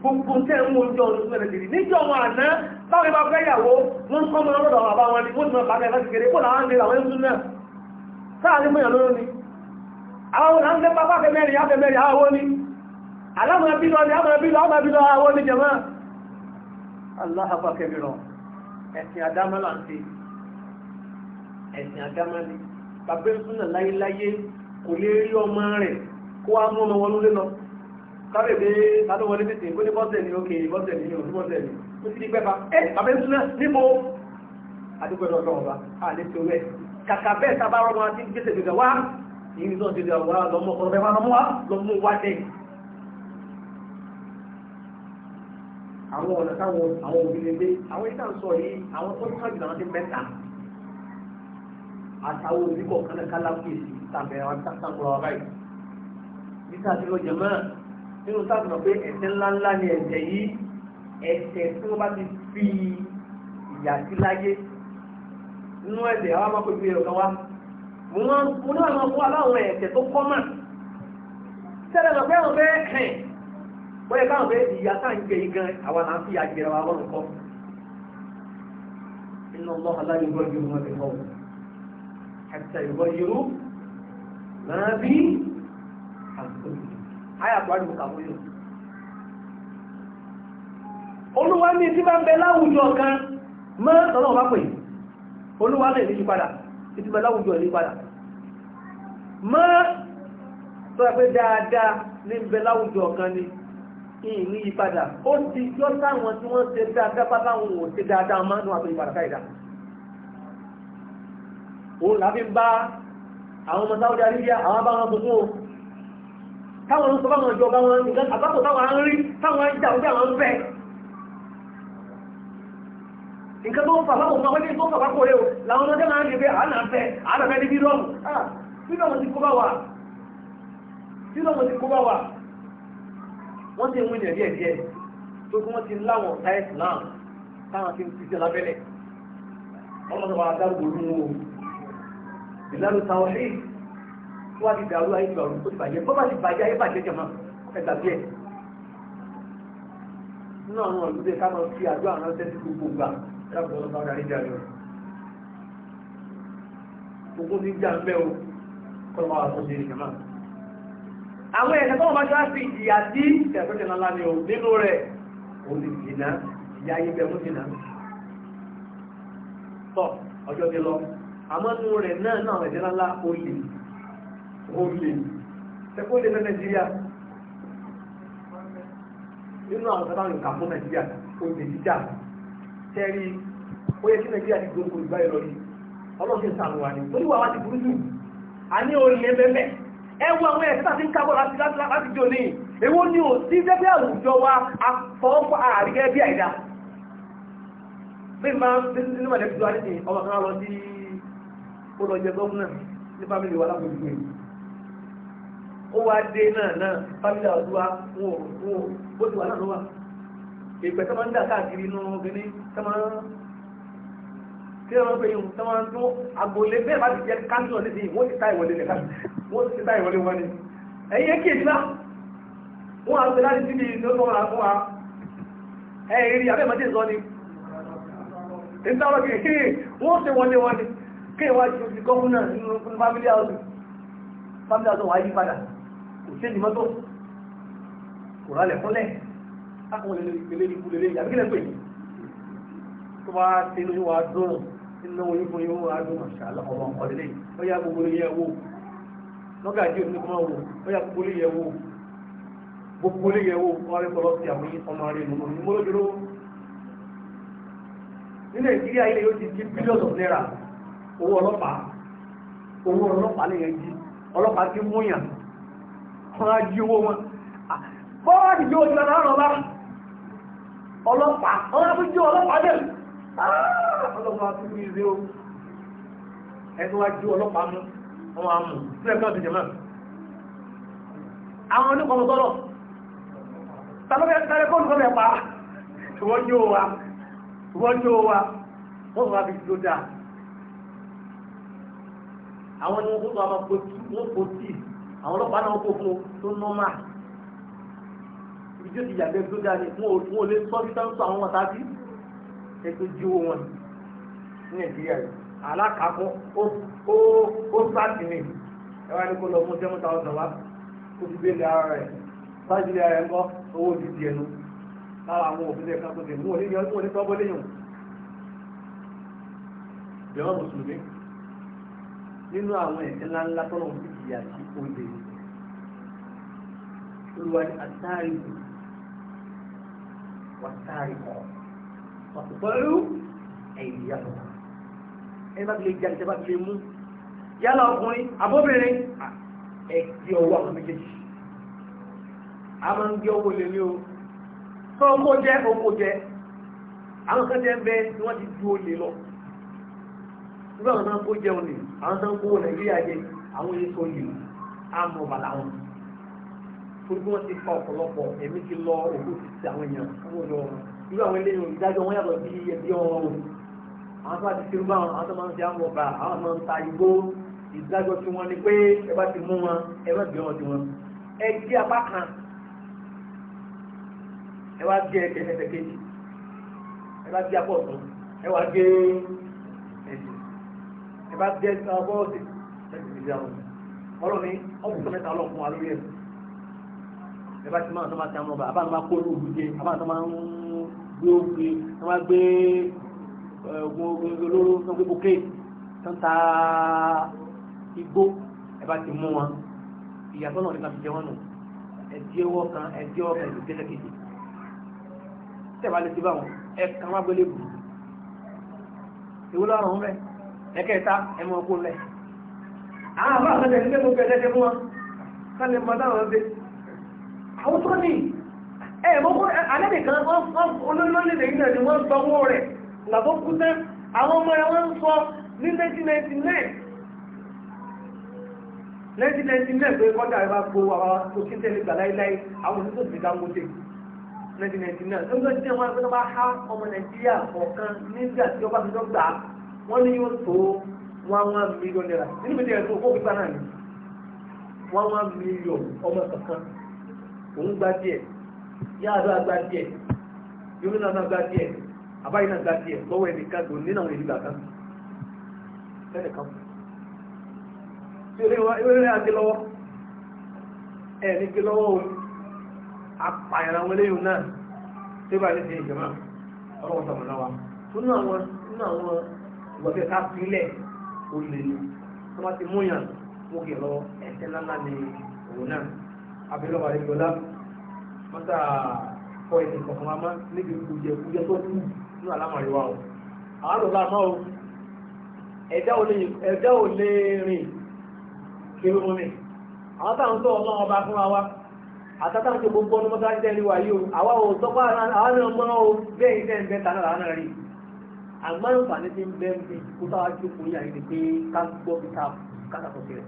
gbogbo tẹ́ ń wo jọ oṣù tọ́lẹ̀ dìrì níjọ́ wọn àná táwọn ìbá fẹ́ yàwó wọ́n kọ́ mọ́ lọ́dọ̀ àwọn àbáwọn ni wọ́n ti mọ̀ bàbá ẹ̀fẹ́ kékeré kó làwọn lè làwọn ẹ̀sùn Allah aláhàbà kẹbìrọ̀ ẹ̀sìn àdámọ́lá ń ṣe ẹ̀sìn àdámọ́lé bàbá ìsúná láyéláyé kò lè rí ọmọ rẹ̀ kó wá mú ọmọ wọn lé lọ kábẹ̀ pé adówọlé tètè kó ní bọ́sẹ̀ ní òkè bọ́sẹ̀ ní òkè bọ́sẹ̀ ní ó ti di pẹ́pà ẹ́ bàbá ìsúná níbo àdúgbò ẹ̀rọ ọ̀dọ́ ọba àlè tó rẹ̀ kàkà bẹ́ẹ̀ sábà rọmọ àti gbèsè gbèsè wá ìrìn náà ti di àwọn lọmọ ọ̀rọ̀ bẹ́ẹ̀ wá lọmọ wá lọmọ wá dẹ́yìn àwọn ọ̀nà táwọn àwọn òbí lè dé àwọn yìí náà sọ yìí àwọn tó ń sọ jùlọ àwọn ti mẹ́ta àtàwọn òbí kọ̀ọ̀kan náà kálá fèsì tàbí àwọn tàkùrọ̀ ọ̀rá yìí níta ti lọ jẹ̀mọ́ nínú sábà pé ẹ̀ṣẹ̀ ńláńlá ni ẹ̀ṣẹ̀ yìí ẹ̀ṣẹ̀ tí wọ́n bá ti fi ìyà sí láyé nínú ẹ̀ṣẹ̀ àwọn amákòjú ẹ̀rọ kan wá mo náà mo náà máa láwọn ẹ̀ṣẹ̀ tó kọ́ mà bóyá káwọn fẹ́ ìyá tá à ń jẹ igan àwọn àti àjẹrẹ wa lọ́rùn kọ́ inú ọlọ́ aláyọ̀ gbọ́ yìí wọn lè kọ́ ẹ̀tẹ̀ ìwọ yìí máa bí àyàtọ̀ àdùn kàwéyò olúwa ní tí bá ń bẹ láwùjọ kan mọ́ tọ́lọ́ ọ̀bá pè olúwa lè ní padà títí bẹ láwùjọ ní padà mọ́ tọ́lọ́ pé dáadáa ní bẹ láwùjọ kan ni ìní ìpadà ó ti jọ́ táwọn tí wọ́n ṣe dáadáa bá báwọn ò ṣe dáadáa máa ń wà tó ìpadà káìdá òun làbí ń bá àwọn ọmọ sáwọ́dá Libya àwọn bá wọn gbogbo táwọn ló sọ fáwọn ìjọba wọn nǹkan àbákò táwọn ń rí táwọn ń jà ó bí àwọn ń bẹ̀ nǹkan tó ń fà báwọn ọmọ tó ń fà bákò rẹ làwọn ọmọdé máa ń rí pé àánà fẹ́ àánà fẹ́ ní bírọ̀mù ah, wọ́n ti ń wíyàn díẹ̀ díẹ̀ tó kí wọ́n ti láwọn ọ̀tá Islam táwọn ti ń fi sí lábẹ́lẹ̀ ọlọ́dọ̀ wa dárúgbò ní wọn o ìlànà táwọn ṣe tó wá ti dàrú ayé ìgbà òrùn tó ti bàjẹ́ bọ́ bá ti bàjẹ́ ayé bàjẹ́ jẹ̀mọ́ ẹgbà bíẹ̀ nínú àwọn olùdíje ká máa fi àdúrà ránṣẹ́ sí gbogbo gbà lábọ̀ ọ̀rọ̀ bá darí àwọn ẹ̀ṣẹ̀ tó wọ́n bá ṣáà fi ìyà sí ìṣẹ̀fẹ́ṣẹ̀ ni o nínú rẹ̀ ó ìyá mú tọ́ ọjọ́ ti lọ àmọ́ rẹ̀ náà náà ẹ̀ṣẹ̀ ńlá ó lè ó lè ṣẹ́kó nàìjíríà nínú àwọn sábà yóò fún nàìjíríà ó jíjà tẹ́rí ó yẹ kí nàìjíríà ti gbogbo ìgbà ìrọ̀lì ni ti burú a ní ẹwọ àwọn ẹ̀sẹ̀ tàbí ń kábọ̀ láti láti jò ní èwo ni ò sí gẹ́gẹ́ àwùjọ wa afọ́fọ́ àrígẹ́ bí àìdá bíi máa nínú ẹ̀dẹ́ fi wáyé ní ọmọ kan lọ sí olóòjẹ gómìnà ní fámìlì wa lábòjú rẹ̀ ó wá dé náà náà fámìlì àwùjọ wọn ò ń dà káàkiri inú obìnrin tó tí wọ́n pè yín tí wọ́n tún bẹ́ẹ̀ bá ti jẹ́ kánsọ̀ níbi wọ́n ti ta ìwọlé nìkan wọ́n ti ta ìwọlé wọn ni ẹ̀yin kì náà wọ́n á gbé láti síbi lọ́tọ́ wọn wa ẹ̀ rí abẹ́mọdé sọ ni nígbà wọn kì í wọ́n ṣe wọlé wọn ni kí ju ti gọ́fúnà nínú family house family house wà padà kò sí èyí mọ́tò ti lóyún wa dùn ìnáwó yìí fún yóò adùn àṣàlá ọmọ ọ̀dẹ́lẹ̀ ó yá gbogbo ilé ẹwọ́ lọ́gà jí òní kọ́mọ́ wò ó yá gbogbo ilé ẹwọ́ gbogbo ilé ẹwọ́ ọ̀rẹ́ kọ́lọ́ sí àwọn ọmọ rẹ̀ nínú ní mọ́lódúró ní nàìjíríà ilé yóò ti di bílíọ̀nù náírà owó ọlọ́pàá owó ọlọ́pàá lè yẹn jí ọlọ́pàá ti mú yàn wọ́n á jí owó wọn bọ́ọ̀dì yóò ti lọ́nà ọlọ́pàá àwọn oníkan mọ̀ sọ́dọ̀ tàbí tàbí kọ́ nǹkan mẹ́pa wọ́n jó wa wọ́n jó wa wọ́n fún wa fi dáa àwọn ni wọ́n kó tí wọ́n kó tí àwọn ọlọ́pàá náà kó fún tó nọ́mà ibi tí ó ti yàgbẹ́ tó dáa ni ètò jíwó wọn ní nàìjíríà yìí alákàákọ́ ó sáàtì ní ẹwà ní kó lọ mú seven thousand wá kó fi gbélé ara rẹ̀ sáàjìlé ara rẹ̀ ń kọ́ owó òdìdí ẹnu lára àwọn òfin ẹ̀ka tó dé mú òní yọjú òní tọ́bọ́ léyìn jọ̀wọ́ mùsùlùmí nínú àwọn ẹ̀ṣẹ̀ ńláńlá tọ́lọ̀ ń fìdí àti oúnjẹ olùwàdí àtàrí wàtàrí kọ̀ọ̀ pẹ̀lú ẹ̀yìn yàtọ̀ ẹni bá ti lè jáde tẹ́bá ti lè mú yálà ọkùnrin abóbìnrin ẹ̀gbẹ́ ọwọ́ àwọn méjèèjì a máa ń gbé owó lè ní o tó ọkọ jẹ́ oko jẹ àwọn kan jẹ́ ń bẹ tí wọ́n ti ju olè lọ nígbà wọn náà kó jẹun lè àwọn tó ń kówó nàìjíríà jẹ àwọn èso yìí àmọ́ bàlá wọn torí wọ́n ti fa ọ̀pọ̀lọpọ̀ ẹ̀mí ti lọ òkú ti ti àwọn èèyàn kúrò lọ́wọ́ irú àwọn eléyìí ìdájọ́ wọn yàtọ̀ sí ẹbí ọ̀rọ̀ àwọn tó bá ti ṣerú báwọn àwọn tó máa ń ṣe àwọn ọba àwọn máa ń ta igbó ìdájọ́ tí wọ́n ni pé ẹ bá ti mú wọn ẹ bá bí wọn ti wọn ẹ gé apá kan ẹ wá gé ẹsẹ̀ ẹsẹ̀ kejì ẹ bá gé apá ọ̀tún ẹ wá gé ẹ bá gé ọgbọ́n ọ̀sẹ̀ di àwọn ọlọ́ni otu mẹ́ta ọlọ́kùnrin gbé oge wọ́n máa gbé ogun ogun olóró wọ́n gbé bókè tó ń ta igbó ẹ bá ti mú wọn ìyàtọ̀ náà nípa fi jẹ wọn nù ẹ̀dí ọwọ́ kan ẹ̀dí ọwọ́ kan ìlú tẹ́lẹ̀ kejì tẹ́wàá lè ti bá wọn ẹ̀ka wọn gbélé bù ìwúlọ́ ọ̀rùn mẹ́ ẹ̀kẹta ẹ̀mọ ọkọ mẹ́ àwọn àbá àfẹ́sẹ̀ nílé gbogbo ẹ̀dẹ́dẹ́ fún wọn ká lè mọ dáhùn ọdẹ ẹ̀mọ́kún alẹ́bìkan olólólèdè yìí náà ni wọ́n sọ owó rẹ̀ làbó kú tán àwọn ọmọ rẹ̀ wọ́n sọ ní 1999 1999 pé kọ́dà rẹ̀ bá gbó àwọn òkín tẹ́lẹ̀ gbà láíláí àwọn òṣìṣẹ́ òṣìṣẹ́ Dangote 1999 tó ń gbọ́dọ̀ jẹ́ wọn pé bá há ọmọ Nàìjíríà kọ̀ọ̀kan nígbà tí ọba tuntun gbà wọ́n ní yóò tó one one million naira nínú mi ní ẹ̀sùn owó pípa náà ni one one million ọmọ kankan òun gba díẹ̀ yá àdó àgbà díẹ̀ yóò náà náà na díẹ̀ àbáyé náà gbà díẹ̀ lọ́wọ́ ẹnìkan kò ní náà èyí gbà kan ẹnìkan tí ìwé rẹ̀ àti lọ́wọ́ ẹ̀ o apààyàn àwọn yi náà tí bá ní ṣe ìjọba ọlọ́wọ́ sọ̀rọ̀ náà wa nínú àwọn nínú àwọn ìwọ̀sẹ̀ ká sílẹ̀ olè ni lọ la. wọ́n sà fọ ẹ̀sìn kọ̀ọ̀kan máa máa níbi kùjẹ kùjẹ tó kù nínú àlámọ̀rẹ́ wa o àwọn àlọ́ bá máa o ẹ̀dá ò lè rìn kiri wọn mi àwọn táwọn tó ọlọ́run ọba fúnra wa àtàtà ti gbogbo ọdún mọ́sá jẹ́ rí wáyé o àwa ò tọ́pá àwọn náà mọ́ o bẹ́ẹ̀ iṣẹ́ ń bẹ tánà láwọn rí àgbáyọ̀fà ní ti ń bẹ́ ń bí kó táwa tí ó fún yàrá ní pé ká gbọ́ bí ká kàtàkùn sí rẹ̀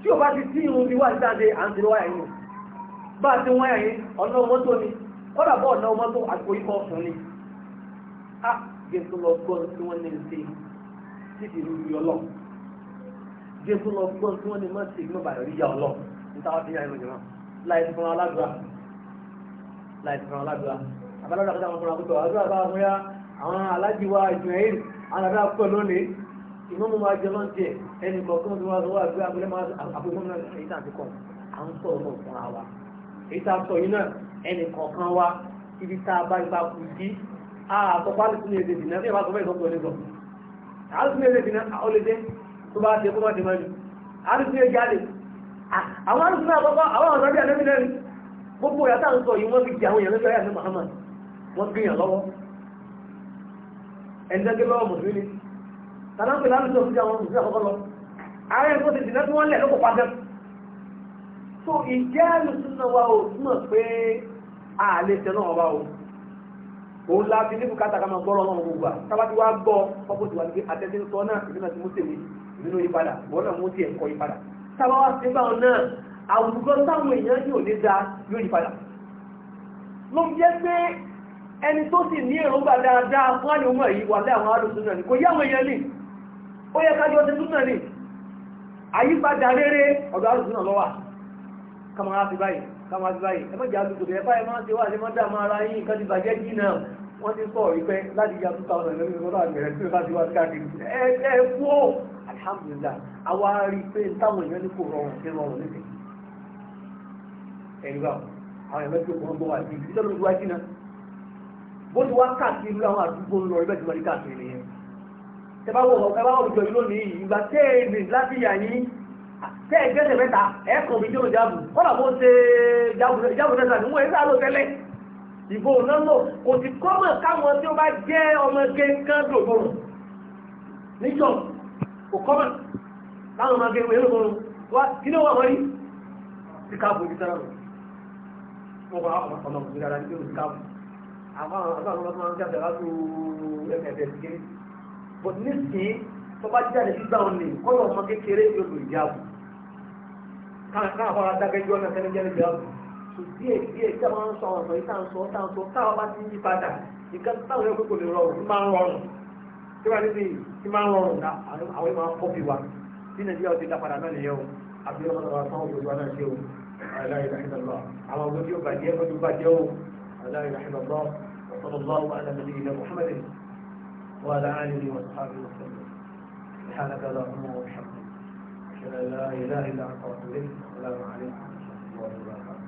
tí o bá ti tí irun bí wà ní sáà ṣe à ń ṣe lọ́wọ́ yàrá yìí bá a ti wọ́n ẹ̀yìn ọ̀nà mọ́tò ni kọ́dà bọ́ ọ̀nà mọ́tò àgbo ikọ̀ ọ̀fun ni a jésù lọ gbọ́n tí wọ́n ní ṣe títí ìlú rí ọlọ́ jésù lọ gbọ́n tí wọ́n ní má ṣe gbọ́n bàrẹ̀ ríyà ọlọ́ níta wá fi yà ìròyìn náà láì fún aládùá láì fún aládùá àbáládùá kọ́dà wọn fún àkókò àdúrà bá wọn yá àwọn alájíwá ìjùmẹ̀yìn aládùá pọ̀ lónìí ìmọ̀mọ́ máa jẹ lọ́ńtì ẹnì kọ̀ọ̀kan tó wá lọ́wọ́ àgbẹ̀ àgbẹ̀ máa àpò ìmọ̀mọ́ náà èyí tàn ti kọ̀ à ń sọ̀rọ̀ náà fúnra wa ìta sọ yìí náà ẹnì kọ̀ọ̀kan wa ibi tá a bá ipa kù sí àtọ́pá lè tún lè dè dìnnà bí ẹ bá sọ bẹ́ẹ̀ sọ́kùn ẹ̀ lè sọ àlùsùn lè dè dìnnà ó lè dé tó bá dé kó má dé má jù àlùsùn lè jáde àwọn àlùsùn náà bọ́ àwọn ọ̀sán bí àlẹ́bí náà gbogbo ìyá táà ń sọ yìí wọ́n fi di àwọn èèyàn lọ́sọ̀rọ̀ àti Muhammad wọ́n gbìyàn lọ́wọ́ ẹ̀ńdẹ́gbẹ́ lọ́wọ́ mùsùlùmí tàbí àwọn so ìjẹ́ àlùsùnà wa ò túnà pé àlè tẹ̀lé ọba o òun la fi níbi káta ká máa gbọ́ gbogbo gbọ́ fọ́pọ̀ tí ń sọ náà ti mú tèmi náà mú tiẹ̀ kọ́ tábà náà àwùjọ táwọn èèyàn lè da yóò ló ń jẹ́ pé ẹni tó sì ní dáadáa fún àyè ọmọ yìí wà àwọn ni kò èèyàn ó yẹ kájọ ni àyípadà rere ọ̀dọ̀ lọ́wọ́ kama á fi báyìí kama á fi báyìí ẹ mọ̀jà àdúgbò ẹ báyìí máa ń ṣe wá ṣe máa ń dààmú ara yín nǹkan ti bàjẹ́ jì náà wọ́n ti sọ ìpẹ́ láti ya two thousand lórí ìrọ̀lá àgbẹ̀rẹ̀ tí ó bá ti wá káàkiri ẹ ẹ kú ó alhamdulillah àwa rí i pé táwọn èèyàn ní kò rọrùn sí rọrùn níbi ẹ̀rù àwọn àwọn ẹ̀rọ tó kọ́ bọ́ wà sí ibi tó ló wá jìnnà bó ti wá káàkiri àwọn àdúgbò ń lọ ibẹ̀ tí wọ́n rí káàkiri nìyẹn tẹ bá wọ̀ ọ́ tẹ bá wọ̀ ọ́ tẹ́ ẹ gẹ́sẹ̀ mẹ́ta ẹ kàn mí jẹ́rò jáàbù kọ́nà bó ṣe jáàbù tẹ́sà ní wọ́n ẹ̀ sá ló tẹ́lẹ̀ ìbò náà kò sì kọ́mọ̀ káwọn tí ó bá jẹ́ ọmọ gẹ́gán dòdòrò níjọ kò kọ́mọ̀ káwọn ọmọ gẹ́gán dòdòrò wá kí ló wà wọ́n rí síkáàbù ibi sára wọn kọ́ àwọn ọmọ òṣèlú ara níbi síkáàbù àwọn àwọn ọmọ tó máa káàkiri adágẹjọ náà kẹlẹjẹlẹ bẹ ọdún tó díẹ̀ díẹ̀ tí a máa ń sọ àwọn ọ̀sán yìí tá à ń sọ tá à ń sọ táwọn bá ti yí padà nǹkan táwọn yóò kókò lè rọrùn ní máa ń rọrùn tí wàá níbi tí máa ń rọrùn àwọn máa ń kọ́ fi wa bí nàìjíríà ti dá padà náà nìyẹn o àbí ọmọ náà fáwọn olùwà náà ṣe o aláìláìlá àwọn ọmọ tí ó bàjẹ́ ó ti bàjẹ́ o aláìláìlá وصلى الله على نبينا محمد وعلى اله وصحبه وسلم سبحانك اللهم لا إله إلا أنت وحدك السلام عليكم ورحمة الله وبركاته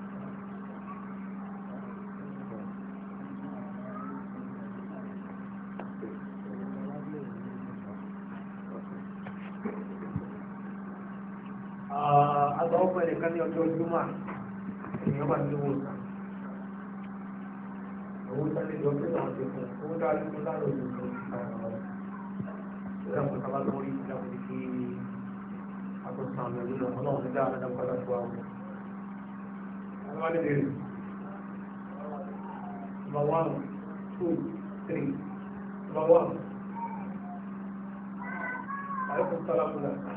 àtọ́wọ́ pẹ̀lẹ̀ kan ní ọjọ́ ojúmọ́ ènìyàn bá ní owó ìta owó ìta lè lọ pé àwọn ti fún owó dáa lókun láàrín òjò tó ti ta ọ̀rọ̀ ìdáàbò sábà lórí ìdáàbò ti fi àkóso àmì ìlú ọlọ́run ní dáadáa padà fún àwọn àwọn àdébẹ̀rẹ̀ number one two three number one àyẹ̀kọ́ sálámù náà.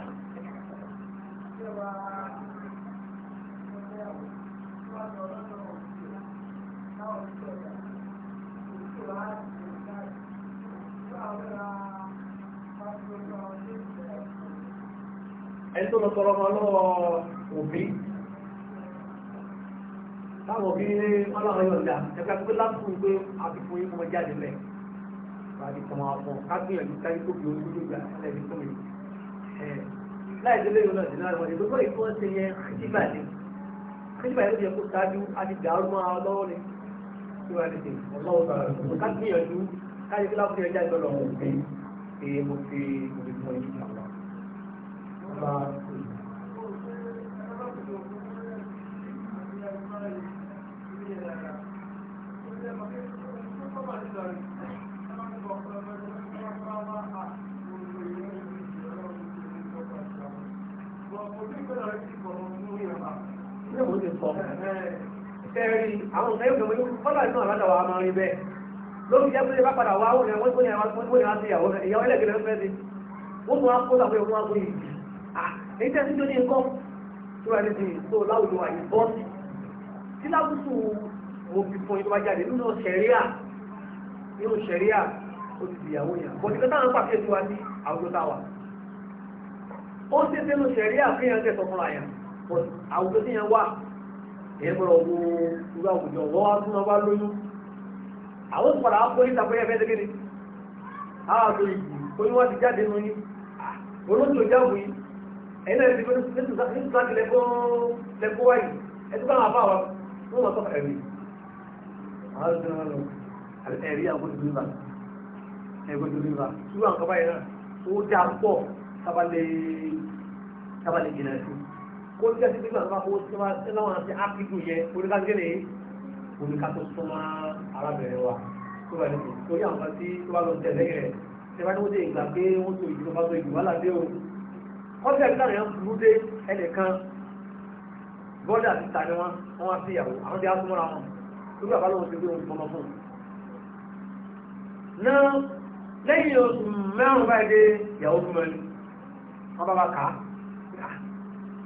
lọ tọrọ ọmọ lọ́wọ́ òbí táwọn òbí wọn làwọn yóò dà ẹgbẹ́ pé lásìkò pé àfikò yìí kò mọ jáde lẹ̀ láti kọ́ máa fọ́ kágbìyànjú káyé tó fi ojú lóògbà ẹ̀ẹ́dì fún mi láì délé yóò náà dínà àwọn ìgbésọ̀ yìí kí wọ́n ṣe yẹn kíjìbà ni kíjìbà yẹn ló yẹ kó nǹkan yóò gbẹ̀mọ̀ yóò fọ́lá ìtàn àlọ́dà wa máa rí bẹ́ẹ̀ lórí jẹ́ pé bá padà wá wọ́n ni wọ́n ni wọ́n ti yàwó rẹ̀ ìyàwó ẹlẹ́gẹ̀rẹ̀ fẹ́ ti wọ́n mú akó sàpé wọ́n akó yìí èyí tẹ́ síjọ́ ní nǹkan tó rà níbi tó láwùjọ àyè bọ́ọ̀sì tí láwùjọ mo fi fún ìjọba jáde nínú sẹ̀ríà nínú sẹ̀ríà ó ti dìyàwó yẹn bọ̀ nígbà táwọn pàṣẹ ti wá ní àwùjọ táwa ó ṣe sínú sẹ̀ríà fi hàn tẹ̀sán fúnra yẹn bọ̀ àwùjọ tí yẹn wà ẹgbẹ́ ọgbọ́ ìlú àwùjọ wọ́n wá tún ọba lóyún àwọn tó padà wọ́n níta pé ẹgbẹ́ dẹ́gẹ́dẹ́ àwọn àtò ìgbì oyún wọ́n ti jáde nù ní olóòtú ìjáàbù yìí ẹ̀yìn náà ti gbé nítòsí láti lẹ́kọ́ wáyé ẹtú báwọn afá wa wọ́n wọ́n tọ́ka ẹ̀rí ẹ̀rí àgbọ̀dù rìbá ẹ̀gbọ̀dù rìbá ṣùgbọ́n àkọ́bá yẹn náà ó dáa pọ̀ tábàlẹ̀ jìnnà sí kó jẹ́ sí pípẹ́ àtúbà fowó tí wọ́n ti ápìkù yẹ oníkàgẹ́lẹ̀ oníkàtó súnmọ́ arábìnrin wa tó wà nínú torí àwọn kan tí tó bá lọ tẹ̀lé rẹ̀ ṣe bá ní wọ́n dé ìgbà pé wọ́n tó ìdúró bá tó ìdúró wàhálà dé o kọ́sẹ̀ nígbà yẹn burú dé ẹnìkan bọ́dà títa ni wọ́n wọ́n wá sí ìyàwó àwọn tí a súnmọ́ra wọn lórí àbá lọ́wọ́ ti gbé wọn fọmọ fún un. lẹ́yìn oṣù mẹ́rùn-ún báyìí dé ìyàwó fún mi wọ́n bá wa kà á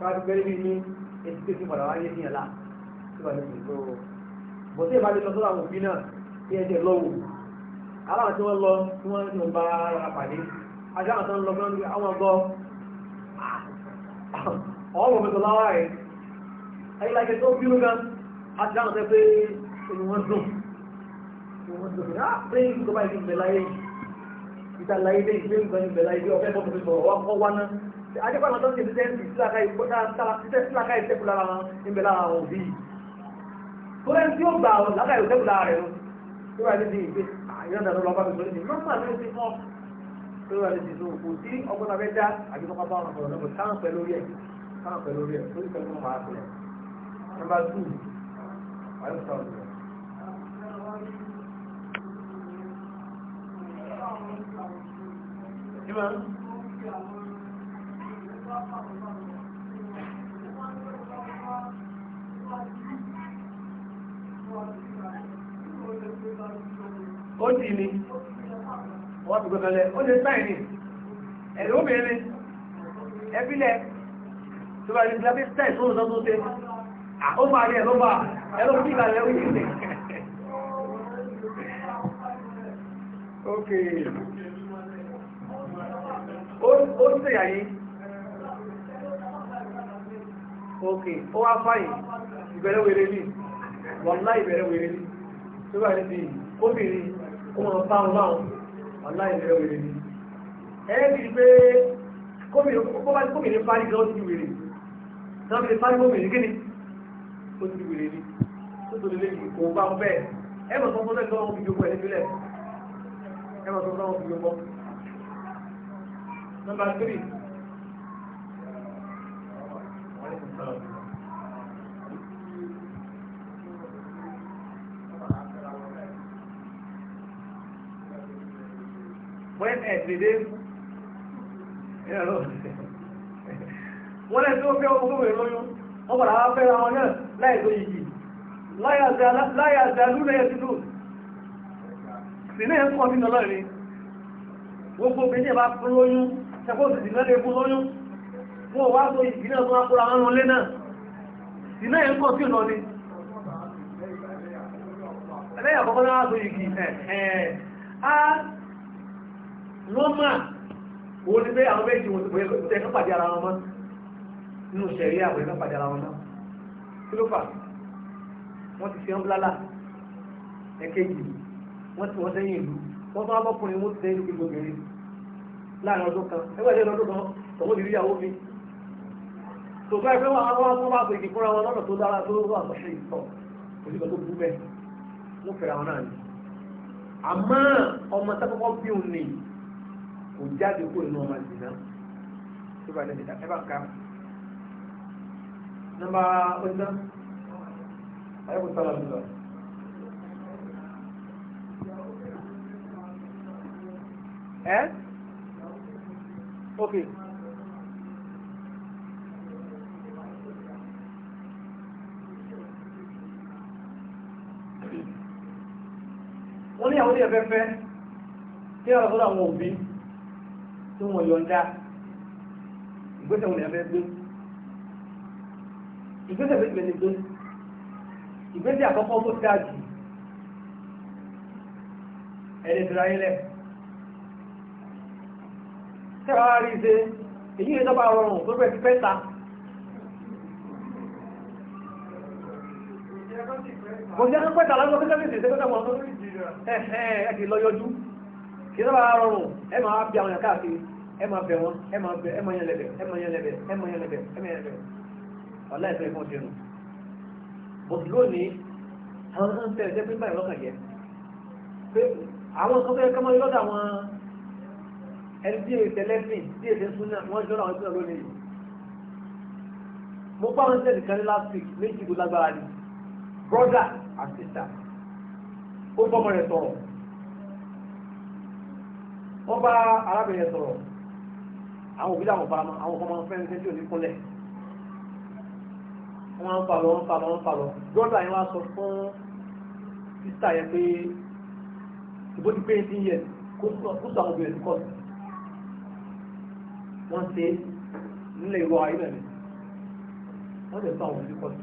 káàdì bẹ́ẹ̀ bí ní etí tó ti padà wáyé fìyàn lá tó wà lóṣù tó bọ̀ sí ìbájú lọ sọ́dọ̀ àwọn òbí náà kí ẹjẹ lọ wò aláwọ̀ tí wọ́n lọ tí wọ́n ti bá ara pàdé ajá àwọn tó ń lọ fún àwọn ọgọ́ ọwọ́ mẹ́tọ̀ láwá rẹ̀ ayílájẹ tó bínú gan ajá àwọn tẹ́ pé ẹni wọ́n dùn wọ́n dùn pé ìgbọ́n bá ìgbẹ́ láyé ìgbà láyé dé ìgbẹ́ ìgbẹ́ láyé bí ọ̀fẹ́ bọ́ adékọ̀ọ́nà tó ń tẹ̀sí tẹ́ǹtì síláka ìtẹ́kù lára wọn ìbẹ̀lá àwọn òbí yìí tó lẹ́yìn tí ó gbà ọ̀ láka ìtẹ́kù lára rẹ̀ ló wà ní ìgbé àyọ̀dà ló lọ́ba bẹ̀rẹ̀ ní mọ́mọ́ àti ó ti mọ́ tó wà ní ti so kò sí ọgbọ́n abẹ́ já àbí kọ́kọ́ bá wọn sọ̀rọ̀ lọ́kọ̀ táwọn pẹ̀ lórí ẹ̀ táwọn pẹ̀ lórí ẹ̀ lórí pẹ̀lú wọn máa tẹ̀ nọ́mbà tù ayọ̀ sọ̀rọ̀ Thank you ó dì ní wọ́n ti gbọ́nà lẹ ó lè sáì ní ẹ̀rọ obìnrin ẹbílẹ̀ tó bá ní gbábí sáì tó lọ́nà tó tẹ́ ó máa rí ẹ̀rọ bá ẹ̀rọ bí ìlànà ẹ̀rọ ìlẹ̀ ok ó sì àyí ok ó wá fáyìn ìbẹ̀rẹ̀ wèrè ní wàlá ìbẹ̀rẹ̀ wèrè ní tó bá rẹ̀ sí kóbìnrin kó wọn bá wọn báwọn wàlá ìbẹ̀rẹ̀ wèrè ní ẹ̀rẹ́ bíi pé kóbìnrin parí gan ti wèrè náà fi parí kóbìnrin kí ni ó ti wèrè ní tó tó lélẹ́ yìí kò bá wọn bẹ́ẹ̀ ẹ mọ̀ sọ́kọ́ Number three. when ẹ̀sìndé wọ́n lẹ́sí ó fẹ́ ogógbè lóyún wọ́n padà wá fẹ́ra wọn náà láìsó yìí láyàzàlú lẹ́yẹ títù sí náà ń kọ́ nínú ọlọ́rin gbogbo bí ní fún lóyún ṣẹ́kọ́ sì sí lọ́lẹ́ fún lóyún wọ́n wá tó ìdí náà wọ́n akóra wọn lé náà iná yẹn kọ̀ sí lọ ni ẹlẹ́yà kọ́kọ́ náà tó ìgì a lọ́mà o ni pé àwọn méjì wọn tẹ̀ ká pàdé ara wọn mọ́ nínú sẹ̀rí àwọn ẹ̀ká pàdé ara wọn mọ́ kí ló fà wọ́n ti fi ọ́n blálà ẹ̀kejì wọ́n ti wọ́n sẹ́yìn ìlú wọ́n fún abọ́kùnrin wọ́n ti sẹ́yìn ìlú gbogbo láàrin ọdún kan ẹgbẹ́ ìṣẹ́ ọdún kan tọ́wọ́ ìrírí àwọn mi tó fẹ́ fẹ́ wọn àwọn tó bá gbèjì fúnra wọn lọ́nà tó dára tó wà sọ́ṣẹ́ ìtọ́ òṣìkò tó bú bẹ́ẹ̀ mú fẹ́ra wọn náà ni àmọ́ ọmọ sábọ́kọ́ bí òun ni kò jáde kó inú ọmọ ìdìnnà tó bá lẹ́yìn ìdá ẹ̀bá ká nọ́mbà ọjọ́ ayẹ́kùn sábà lọ. ẹ́ ok. oníyàwó ní ẹ̀fẹ́fẹ́ tí wọ́n fọ́dọ̀ àwọn òbí tí wọ́n yọ̀ǹda ìgbésẹ̀ wọn ni ẹ̀fẹ́ gbé ìgbésẹ̀ méjì ni gbé ìgbésẹ̀ àkọ́kọ́ tó dáa jù ẹni ìdúrà yín lẹ̀ tẹ́wàá rí ṣe èyí ni tọ́ba rọrùn tó bẹ̀ ti pẹ́ ta. kò jẹ́ pẹ́ tààlà lọ kíkẹ́ bèèrè sẹ́kọ́tà wọn lórí ẹ̀hẹ́n ẹ̀kì lọ yọjú kì í sábà rọrùn ẹ máa bí àwọn yàn káàkiri ẹ máa bẹ̀ wọn ẹ máa bẹ̀ ẹ máa yẹn lẹ̀bẹ̀ ẹ máa yẹn lẹ̀bẹ̀ ẹ máa yẹn lẹ̀bẹ̀ ẹ máa yẹn lẹ̀bẹ̀ ọ̀la ẹ̀fẹ́ fún ọdún bó lónìí àwọn tó ń tẹ̀ jẹ́ pé báyìí lọ́kàn yẹ pé àwọn tó mo pa àwọn tẹ̀sìn kan ní last week méjì tó lágbára ni brother àtìsà ó bọ́mọ rẹ̀ sọ̀rọ̀ wọ́n bá arábìnrin sọ̀rọ̀ àwọn òbí làwọn bá àwọn ọmọ fẹ́ ní sẹ́ńtì oníkúnlẹ̀ wọ́n ń falọ̀ ń falọ̀ ń falọ̀ brọ́dà yẹn wá sọ fún sísá yẹn pé ìbò ti pé eighteen years kó sọ àwọn obìnrin kọ́ sí wọ́n ṣe nílẹ̀ ìwọ ayé wọ́n lè sọ àwọn obìnrin kọ́ sí.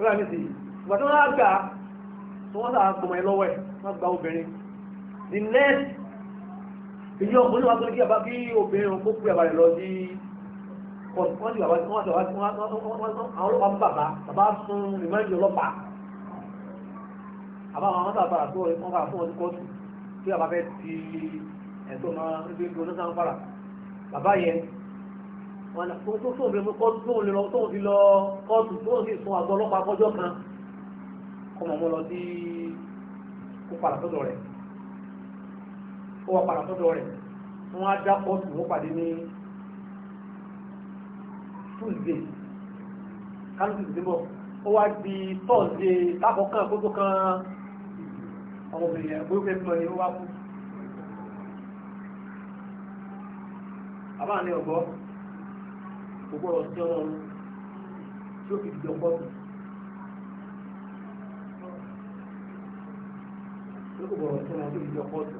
rà ní sí ìgbà tó wọ́n gbà tó wọ́n sàá gbọmọ ẹlọ́wọ́ ẹ̀ wọ́n gba obìnrin the next èyí ọkùnrin wa tó ní kí àbá kí obìnrin òun kó pé àbá rẹ̀ lọ sí wọ́n ti bàbá wọ́n ti bàbá àwọn ọlọ́pàá ń bàbá bàbá sun rìmọ́ǹdì ọlọ́pàá àbá àwọn ọmọdé àbára tó wọ́n fà fún wọn sí kóòtù tí àbá fẹ́ ti ẹ̀tọ́ máa ń gbé gbóná sáńfàrà bàbá yẹn wọn tó tó tó lè kọ́ tó lè lọ tó fi lọ kọ́ọ̀tù tó sì sun àgọ́ ọlọ́pàá kọjọ́ kan kọ́ mọ̀ mọ́ lọ sí kó padà sọ́dọ̀ rẹ̀ kó wọ́n padà sọ́dọ̀ rẹ̀ wọ́n á dá kọ́ọ̀tù wọ́n pàdé ní tuesday kálukú ti bọ̀ ó wá di thursday lákọ̀ọ́kàn kó tó kan ọmọbìnrin yẹn bóyá fẹ́ẹ́ fún ọ ni ó wá kú. àbáà ní ọ̀gbọ́n. gbogbo gbọ́dọ̀ ọrụ tí ó fi di ọkọ tó. ọrụ kò tí ó fi di ọkọ tó.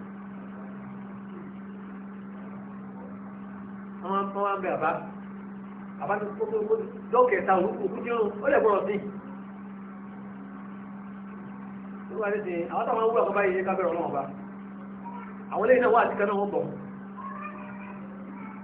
wọ́n wá ń bẹ àbá àbá tó kó tó kó tó dọ́kẹ̀ta òkú tí ó lè sí. wá ní sìn àwọn táwọn ká bẹ̀rẹ̀ àwọn náà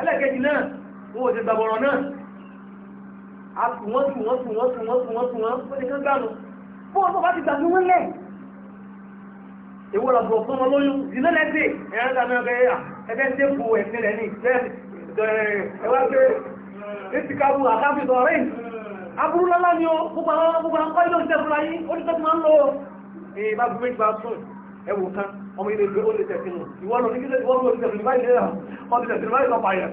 ẹlẹ́kẹ̀ẹ́jì náà wọ́n ò ti gbàgbọ̀rọ̀ náà a tù wọ́n tù wọ́n tù wọ́n tù wọ́n tù wọ́n tù wọ́n ó ti kán gbànú fún ọ̀tọ̀ bá ti gbà fún wọn lẹ̀ èwo la bọ̀ fún ọmọ lóyún zìnà lẹ́sẹ̀ ẹ̀rọ ta mi ọ̀gẹ́ ẹ̀fẹ́ ṣe bu ẹ̀sìn rẹ̀ ní ẹ̀wá pé èsì kábù àkábì sọ̀rẹ́ aburú lọ́lá ni ó gbogbo àwọn gbogbo àwọn kọ́ ilé òṣìṣẹ́ fúnra yín ó ní tọ́tù máa ń lọ ọmọ ilé ìgbé ó lè tẹ̀sí mu ìwọ́n lọ nígbẹ́ ìwọ́n lọ tẹ̀sí báyìí lẹ́yà wọ́n ti tẹ̀sí báyìí lọ́pàá yẹn.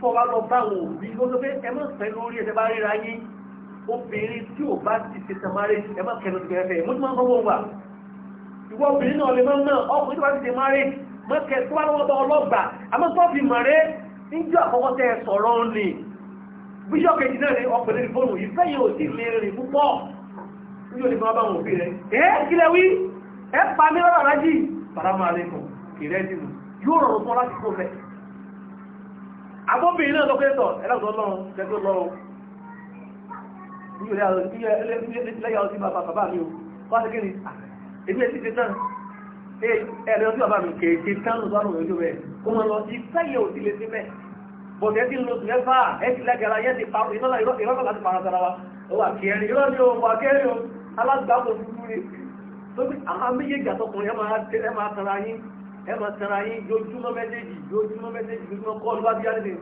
tó bá lọ bá wọn òbí ló sọ pé ẹ má fẹ́ lórí ẹsẹ̀ bá ríra yín obìnrin tí ò bá ti ṣe samari ẹ má kẹnu ti bẹ̀rẹ̀ fẹ́ mo ti máa ń fọwọ́ wà. ìwọ obìnrin náà lè má mọ ọkùnrin tó bá ti ṣe mari má tó bá lọ́wọ́ ọlọ́gbà àmọ́ tó ni bíṣọ̀ kejì ni ọkùnrin fóònù ìfẹ́ yìí ò sì lè rìn púpọ̀ níjọ́ ni fún wa bá òbí rẹ̀ ẹ́ kílẹ̀ wí ẹ pa mí lọ́dọ̀ alájì bàrámù alẹ́kùn kìrẹ́ dìbò yóò rọrùn fún láti kó fẹ́ agbóbìnrin náà lọ́kẹ́ tọ̀ ẹlẹ́gbọ́n lọ́rùn jẹ́gbẹ́ lọ́rùn lẹ́yà ọtí bàbá bàbá mi o wá sí kéde ah, èmi ẹ̀ ti ṣe tán ẹ̀rẹ́ ọtí bàbá mi kéèké tán ló sọ́rùn ojú rẹ̀ kó mọ̀ lọ ìfẹ́ yẹ òsì lè sí mẹ́ bọ̀dẹ̀ ẹ̀ ti lo sùn mẹ́fà ẹ̀ lẹ́gẹ̀rẹ́ ayé ti parọ́ ìrọ́lọ́ láti parọ́ sára wa ó wà kẹrin ìrọ́ ni o wà kẹrin o alágbàgbọ́ fúnfún lóbi àwọn méjèèjì àtọkùnrin ẹ máa tara yín ẹ máa tara yín lójúmọ́ méjèèjì lójúmọ́ méjèèjì lójúmọ́ kọ́ọ̀lù wá bí alẹ́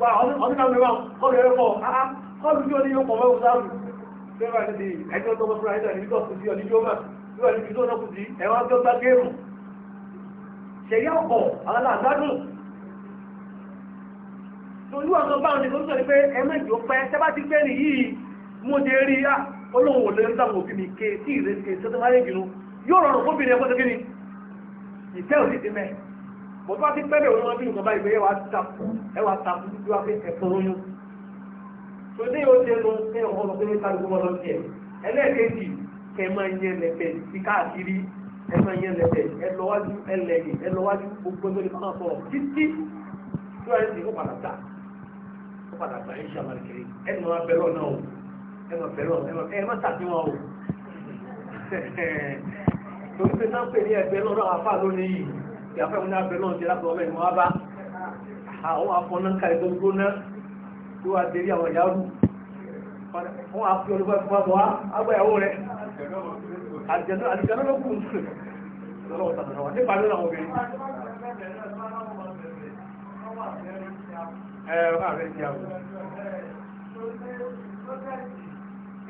wa ọdún náà mẹ́wàá kọ́ọ̀lù ẹ̀rọ pọ̀ kọ́ọ̀lù tí ó ní yóò pọ̀ mẹ́wàá sáàlù lẹ́wàá ní ẹjọ́ tó mọ́ fúnra ẹ̀dà ní ìjọ kùsì ọ̀ní yóò máa lẹ́wàá ní ìjọ náà kùsì ẹ̀wà tó gbá géèmù ṣẹ̀yà ọkọ̀ aláàdádùn tolú àwọn báwọn ni kò ń sọ ní pé ẹ̀mẹ́jì ó pẹ́ tẹ́ bá ti pẹ́ nìyí mo ti rí olóhùn ò lè ń dáhùn òbí mi ké tí ìrètí èso tó máa yé jùlọ yóò rọrùn fún ẹgbẹ́ ni ò ti mẹ́ mo bá ti pẹ́ bẹ̀ wọ́n bí nǹkan báyìí pé ẹ wàá ẹmọ bẹ̀rọ ẹmọ tàbíwọn o torí pé náà pè ní ẹgbẹ́ lọ́rọ̀ àfà lónìí yìí ìyá fẹ́ wọn ní abẹ náà ti lápẹ̀ ọmọ ìmọ̀ abá àwọn afọ́nà kàlẹ́ tó a tó wà a àwọn ìyá rú wọn á fi olùkọ́ ẹ̀fọ́ bọ́ àgbà ìyàwó rẹ̀ àdìjẹ́nà ló kù lọ́wọ́ tàbí wọn nípa lórí àwọn É ẹ̀rọ ààrẹ ti àwọn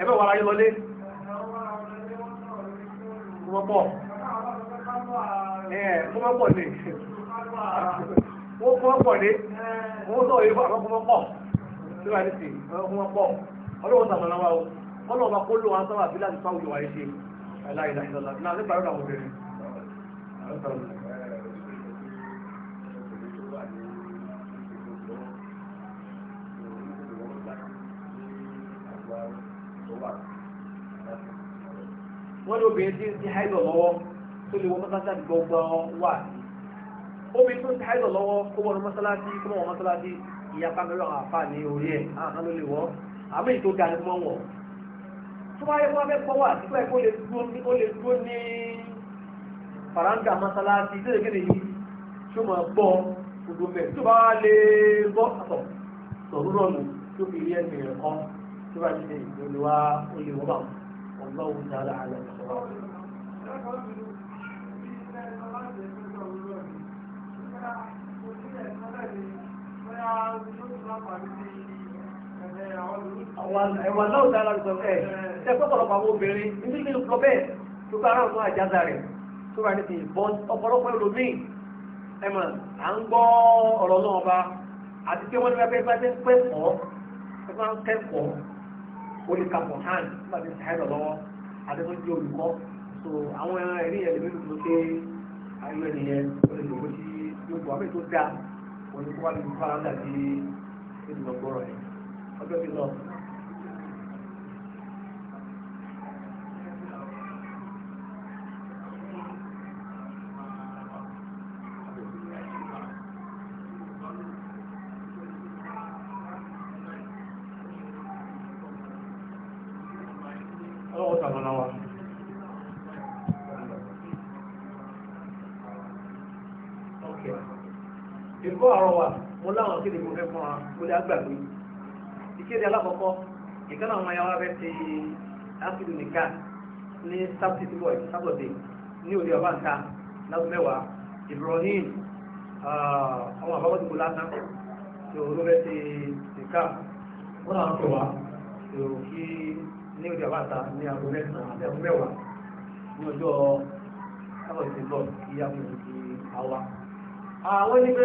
ẹ̀fẹ́ wà láyé lọlé púpọ̀ ẹ̀ púpọ̀ ní wọ́n púpọ̀ ní wọ́n sọ èébọ̀ àwọn púpọ̀ tí wà ní sí púpọ̀ ọlọ́wọ́ sàmàlà wa o wọ́n lọ́wọ́ kó lò wọn sábà bí láti fáwọn ìwà ìṣe obìnrin tí ń ti háìlọ̀ lọ́wọ́ tó lè wọ mọ́sálásí gbọ́gbọ́ wà obìnrin tó ń ti háìlọ̀ lọ́wọ́ kó wọ́n mọ́sálásí kó wọ́n mọ́sálásí ìyapa mẹ́rọ̀ àfà ní orí ẹ̀ àhán ló lè wọ́ àmì ìtò ga ni mo ń wọ̀ tó bá yẹ kó wọ́n fẹ́ kọ́ wà sípò ẹ̀kọ́ lè dúró ní faranga mọ́sálásí tó lè kéde yìí tó máa bọ́ gbogbo mẹ́ tó bá lè bọ́ àtọ̀ sọ̀rọ̀ lọ́nu tó fi rí ẹ̀mí rẹ̀ kọ́ tó bá ti lè wá والله تعالى أعلم Àwọn aláwọ̀ dára lọ ẹ̀ eh, ṣe pọ́pọ̀lọpọ̀ àwọn obìnrin níbi ìlú lọ bẹ́ẹ̀ tó bá ráhùn fún àjáza rẹ̀ tó bá níbi ìbọn ọ̀pọ̀lọpọ̀ ẹlòmíì ẹ̀mọ̀ à ń gbọ́ ọ̀rọ̀ náà ọba àti pé wọ́n ní wọ́n fẹ́ fẹ́ fẹ́ kọ́ fẹ́ oníkàpọ̀ hàn nígbà tí ń sàárẹ̀ lọ́wọ́ adébójú olùkọ́ so àwọn ẹ̀rí ẹ̀rí mi ló pé ayé ẹnìyẹn olùkọ́ tí gbogbo àmì tó dáa olùkọ́ wà ní gbogbo àmì àti ìdùnnà gbọ́rọ̀ ẹ̀ ọjọ́ ti lọ. fún wa kó dé agbàgbé ìkéde alákọ̀ọ́kọ́ ìkànnì àwọn ayáwá rẹ̀ ti áfíìlú nìka ní sábtìtì boy sábọ̀dé ní òde ọba nǹka lágbo mẹ́wàá Ibrahim àwọn àbábọ̀ dìbò lásán tó ló rẹ̀ ti nìka wọ́n náà tó wa tó kí ní òde ọba nǹka ní àgbo mẹ́sàn-án àti àgbo mẹ́wàá ní ọjọ́ sábọ̀dé bọ̀ kí àfihàn ti àwa. àwọn ẹni pé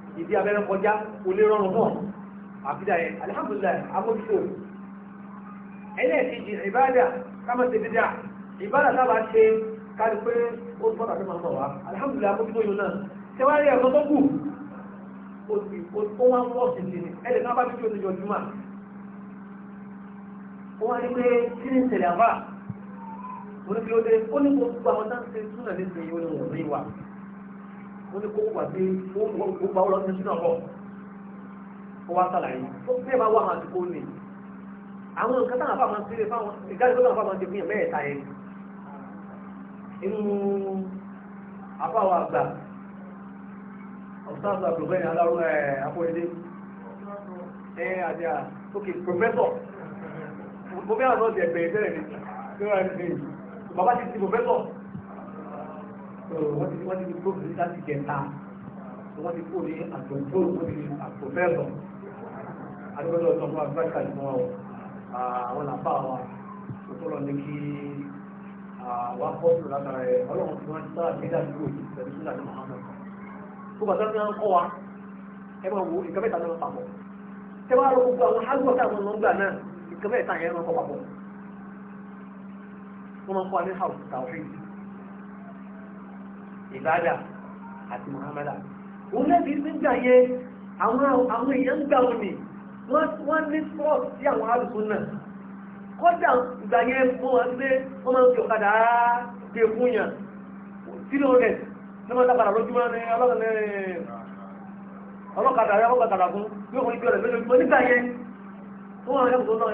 ìdí abẹ́rẹ́ kọjá kò lè rọrùn náà àbídà yẹn alihamdulilayi amójútó ẹlẹ́ẹ̀kejì ìbáàdà kámọ́ ṣe dídá ìbáàdà sábà ṣe kárí pé ó ń bọ́ta fẹ́ máa ń bọ̀ wá alihamdulilayi amójútó yóò náà tẹwárí ẹ̀rọ tó kù ó ti ó wá ń wọ́ sí ti ní ẹ̀dẹ̀ náà bá fi tí ó ti jọ mo ní kó wà pé ó gba ọlọ́run ní sínú ọ̀rọ̀ ó wá sàlàyé ó bẹ́ẹ̀ bá wà hàn àti kó ní àwọn nǹkan táwọn afá máa ń sílé fáwọn ìdájọ́ táwọn afá máa ń ṣe fún yàn mẹ́ẹ̀ta yẹn inú afáwọn àgbà ọ̀sán àgbàgbọ̀ bẹ́ẹ̀ aláró ẹ̀ àpòyẹ́dẹ́ ẹ̀ àti à ókè pòfẹ́sọ̀ mo fẹ́ràn náà jẹ̀ bẹ̀rẹ̀ bàbá ti di pòfẹ́sọ̀ wọ́n ti wọ́n ti fi kúrò ní láti kẹta wọ́n ti kúrò ní àtòjó wọ́n ti àtòfẹ́lọ̀ adúgbòdò ọ̀tọ̀ fún agbáṣà ìmọ̀ àwọn làbá wa tó tọ́lọ̀ ní kí wà á bọ́sùn látara ẹ̀ ọlọ́run tí wọ́n ti sára bí dàdúgbò yìí pẹ̀lú sílẹ̀ àti Muhammad tó bàtà ní wọn kọ́ wa ẹ máa wo nǹkan mẹ́ta náà papọ̀ tẹ wá lọ gbogbo àwọn hálùwọ̀ táwọn lọ ń náà nǹkan mẹ́ta yẹn máa kọ́ papọ̀ wọ́n máa kọ́ wa ní ìbádà àti muhammadu òun lẹ́bi ti ń jàyé àwọn èèyàn gbà wọn ni wọ́n ní trust sí àwọn alùsùn náà kọ́dà ìgbà yẹn mọ́ wọn pé wọ́n máa ń fi ọ̀kadà gbé fún yàn sínú rẹ̀ ní wọ́n dábàdà lójúmọ́ ní ọlọ́kadà rẹ̀ ọlọ́kadà fún yóò wọ́n ibi ọ̀rẹ́ lójú mọ́ nígbà yẹn wọ́n máa ń yàgò náà náà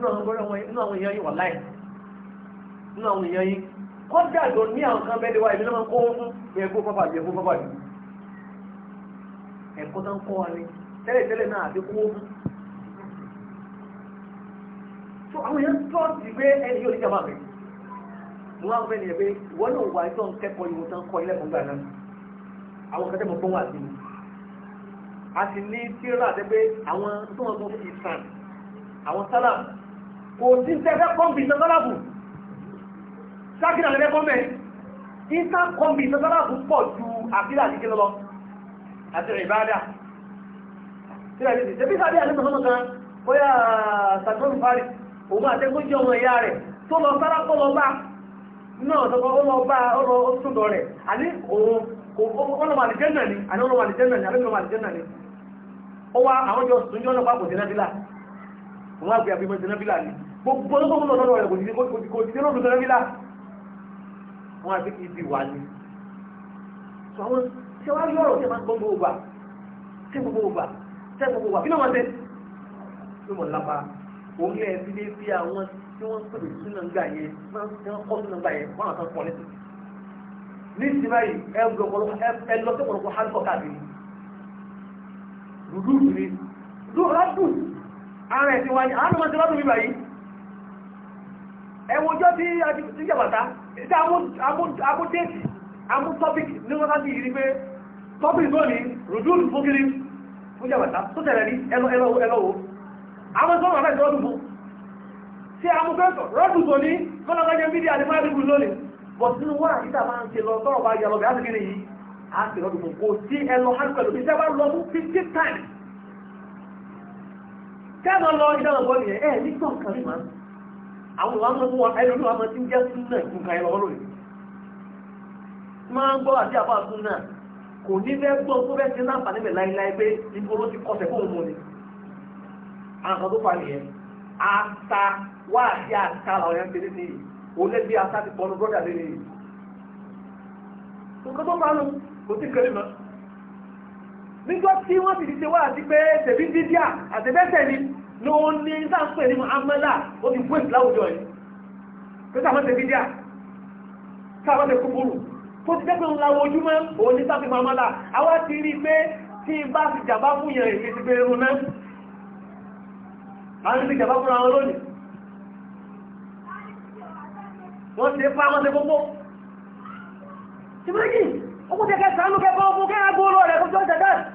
náà náà àwọn èèyàn yìí wà láì nínú àwọn èèyàn yìí kọ́jà tó ní àwọn kan bẹ́ẹ̀ wá ìlú náà kó fún ẹ̀kọ́ pápá àti ẹ̀kọ́ pápá yìí ẹ̀kọ́ tó ń kọ́ wa ni tẹ́lẹ̀ tẹ́lẹ̀ náà àti kó fún. so àwọn èèyàn tó ti gbé ẹni yóò ní jàmbá mi mo máa ń fẹ́ nìyẹn pé wọ́n náà wà tó ń kẹ́kọ̀ọ́ ìwò tó ń kọ́ ilé ẹ̀kọ́ gbà náà àwọn kẹ́tẹ́ mo gbọ́n wà sí i a sì ní tíra àti pé àwọn tó wọn tó fi sàn àwọn sálà kò sí tẹ́fẹ́ pọ́ǹpì sàn sálà bù sákìlà lẹ́gbẹ́ bọ́mẹ̀ ìta kọmbì sọ́sọ́lá fún pọ̀ ju àbílà àti kílọ́lọ àti ìbáadà tẹ́bí sábí àti sọ́sọ́lọ́ kan ó yà sàtọ́rù parí òun àtẹ́kùn jẹ́ ọmọ ìyá rẹ̀ tó lọ sára pọ̀ lọ bá náà sọ́kọ́ ó lọ bá ó lọ sọ́dọ̀ rẹ̀ àní òun ọlọ́mọ àlìjẹ́ náà ni àní ọlọ́mọ àlìjẹ́ náà ni àbí ọlọ́mọ àlìjẹ́ náà ni ó wá àwọn jọ sùn jọ́ náà pàpọ̀ sí nábìlà wọ́n á gbé àbí mọ́ sí nábìlà ni gbogbo ọlọ́mọ lọ́dọ̀ rẹ̀ kò sí lọ́dọ̀ nábìlà wọn àti kì í ti wà ní. sọ àwọn ṣé wàá yọ̀rọ̀ ṣe máa ń gbọ́ gbogbo wà ṣé gbogbo wà ṣé gbogbo wà kí ló wọ́n ṣe. ló mọ̀ lápá òun yẹ ẹbí lé bí àwọn tí wọ́n ń pèsè sínú ńgbà yẹn tí wọ́n kọ́ sínú ńgbà yẹn wọ́n àtọ́ pọ̀ lẹ́sìn. ní ìsinmi báyìí ẹ lọ sí ọ̀pọ̀lọpọ̀ hálùkọ́ káàkiri. dùdú ni dùdú rádùn ara ẹ̀sìn wáyé àwọn ọmọ ti rádùn mi báyìí. ẹ̀wọ̀n ọjọ́ tí a ti jẹ́ bàtà ìta amúdéètì amútọ́pìkì ní wọ́n sáà ti yìí pé tọ́pìkì tó ní rùdúùlù fún kiri fún jàbàtà tó tẹ̀lẹ̀ ní ẹlọ́wọ́ ẹlọ́wọ́ àwọn tó wà láti rọ́dù fún ṣe amúfẹ́sọ̀ rọ́dù tó ní mọ́lọ́gbẹ́jẹ́ mídíà ní fáàdìbù lónìí bọ̀ sínú wà níta máa ń ṣe lọ tọ́rọ̀ bá yà lọ bẹ̀rẹ̀ kiri yìí a ti rọ́dù fún kò sí ẹlọ hànkẹ́lò bí sẹ́bà lọ fún fifty times kẹ́ẹ̀mọ́ lọ ìdánwò bọ́ nìyẹn ẹ̀ nígbà kan ní àwọn ìwà mọ́ fún wọn ẹlòmí wọn ti ń jẹ́ súnà nǹkan ẹ̀rọ ọ̀rọ̀ yìí máa ń gbọ́ àti àbá súnà kò ní fẹ́ gbọ́ tó fẹ́ ṣe láǹfààní bẹ̀ láíláí pé ibo ló ti kọsẹ̀ fóun mọ́ ni àwọn kan tó fa nìyẹn ata wá àti ata làwọn yẹn ti ní nìyí òun lè bí ata ti pọnu bọ́dà lé nìyí tí wọ́n ti ti ṣe wá àti pé tẹ̀bí dídíà àtẹ̀bẹ́sẹ̀ ni ló ń ní sáńpẹ̀ ní amẹ́là ó ti wéèsì láwùjọ yìí pé sáwọn ṣe fídíà sáwọn ṣe kúkúrú tó ti dẹ́kun ńlá ojúmọ́ òun ní sáńpẹ̀ mamala àwa ti rí pé tí n bá ti jàbá fún yẹn èmi ti bẹ̀rù náà àwọn ti jàbá fúnra wọn lónìí wọ́n ti pa wọ́n ti gbogbo tìmọ́jì ó kú tẹ́kẹ́ sánú kẹ́kọ́ ọmọ kẹ́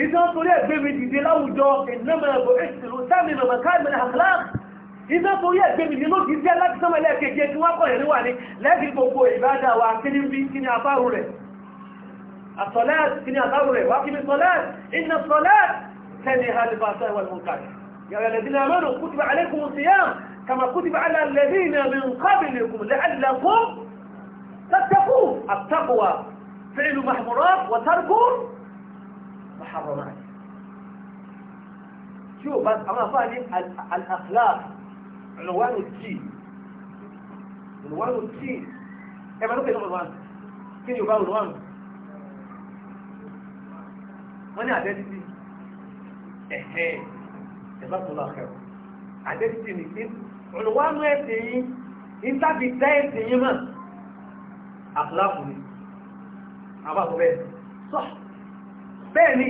إذا طريق بمن دي لو جو إنما بعثت مكان من الأخلاق إذا طريق بمن دي لو جزيا لك سما لك جيت وقو هرواني لكن بوكو عبادة وعكلم بي كني أطاره لك الصلاة كني أطاره لك وعكم الصلاة إن الصلاة تنهى عن الفحشاء والمنكر يا الذين آمنوا كتب عليكم الصيام كما كتب على الذين من قبلكم لعلكم تتقون التقوى فعل محمورات وترك محرمات شوف بس أنا فاهم الأخلاق عنوان الدين عنوان الدين ما نقول عنوان كن يبقى عنوان وأنا عدد دي إيه جزاكم الله خير عدد دي نكتب عنوان الدين أنت بداية دين أخلاقني أبغى صح bẹ́ẹ̀ ni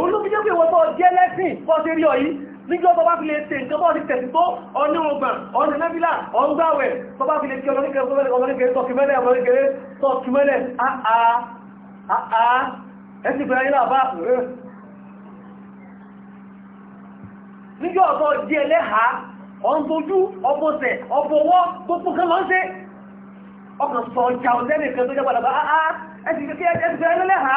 olúbíjẹ́ pé wọ́n tó jẹ́ lẹ́sìn bọ́ sí rí ọ̀yí níjọ́ tó bá fi lè tẹ nǹkan bọ́ sí tẹ̀sí tó ọní ọgbọ̀n ọdún nábílà ọgbàwẹ̀ tó bá fi lè kí ọlọ́nìkẹ́ ọkàn sọ ọjà ọ̀sẹ́ nìkan tó jẹ́ padà bá áá ẹ̀sìn kẹ́kẹ́ ẹ̀sìn kẹ́kẹ́ ẹ̀lẹ́lẹ́ ha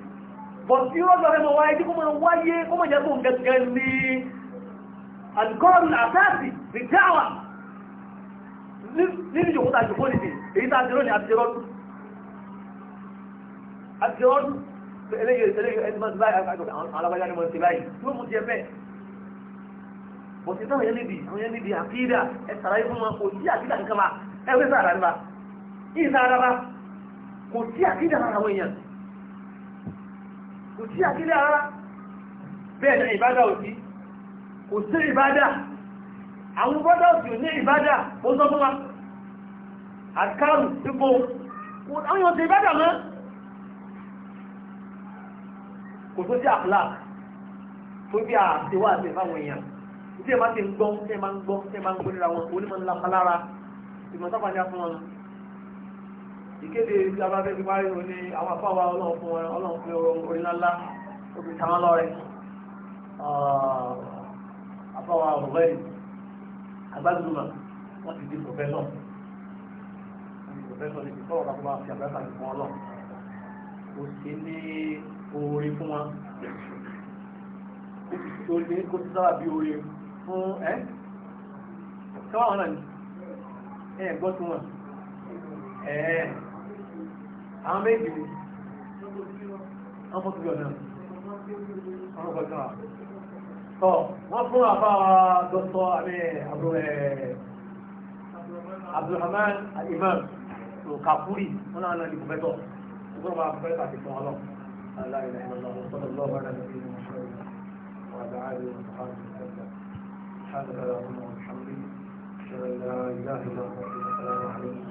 bọ̀tí rọ́gbà rẹ̀ mọ̀ wáyé tí kó mọ̀ wáyé kó mọ̀ jẹ́ tó ń gẹ̀gẹ̀ ní alkọ́ọ̀lù àtàtì ní dáwà nínú ìjòkúta ìjòkó èyí tá àti rọ́nì àti rọ́dù àti rọ́dù ni mọ́sí báyìí tí ó mú ti ẹfẹ́ bọ̀tí táwọn yẹn níbi àwọn yẹn níbi àkídà ẹ sàlàyé fún wọn kò sí àkídà kankan ma ẹ fẹ́ sàrà nípa kí sàrà nípa kò sí àkídà àwọn èèyàn kò sí àkídà rárá bẹ́ẹ̀ ni ìbádà ò sí kò sí ìbádà àwọn bọ́dà ò sí ò ní ìbádà ó sọ fún wa àkàrù sípò àwọn èèyàn ti ìbádà mọ́ kò tó sí àpùlà tó bí àtiwá àti ìfáwọn èèyàn tí ẹ máa ti ń gbọ́ tí ẹ máa ń gbọ́ tí ẹ máa ń gbọ́ níra wọn onímọ̀ ńlá palára ìmọ̀ sáfà ní afúnwọn ìkéde abáfẹ́ ti parí òní àwọn afáwà ọlọ́run fún wọn ọlọ́run fún ọrọ̀ orí ńláńlá ó fi tàwọn lọ́rẹ̀ afáwà ọ̀gbẹ́rì agbádùnmá wọ́n ti di pòfẹ́sọ̀ pòfẹ́sọ̀ ní ti sọ̀rọ̀ kápẹ́ bá fi àgbàkà jù fún ọlọ́run kò sí ní oore fún wọn kò sí tó ní kó ti sábà bí ẹ̀ẹ́ àwọn méjì ni wọ́n fún tíjọ náà wọ́n fún tíjọ tọ́ wọ́n fún àbá dọ́tọ́ àmì eh, Abdulrahman Al-Imam tó Kafuri wọ́n náà ní kòfẹ́tọ̀ ṣùgbọ́n máa fẹ́ tàbí fún ọlọ́ لا إله إلا على محمد وعلى آله وصحبه وسلم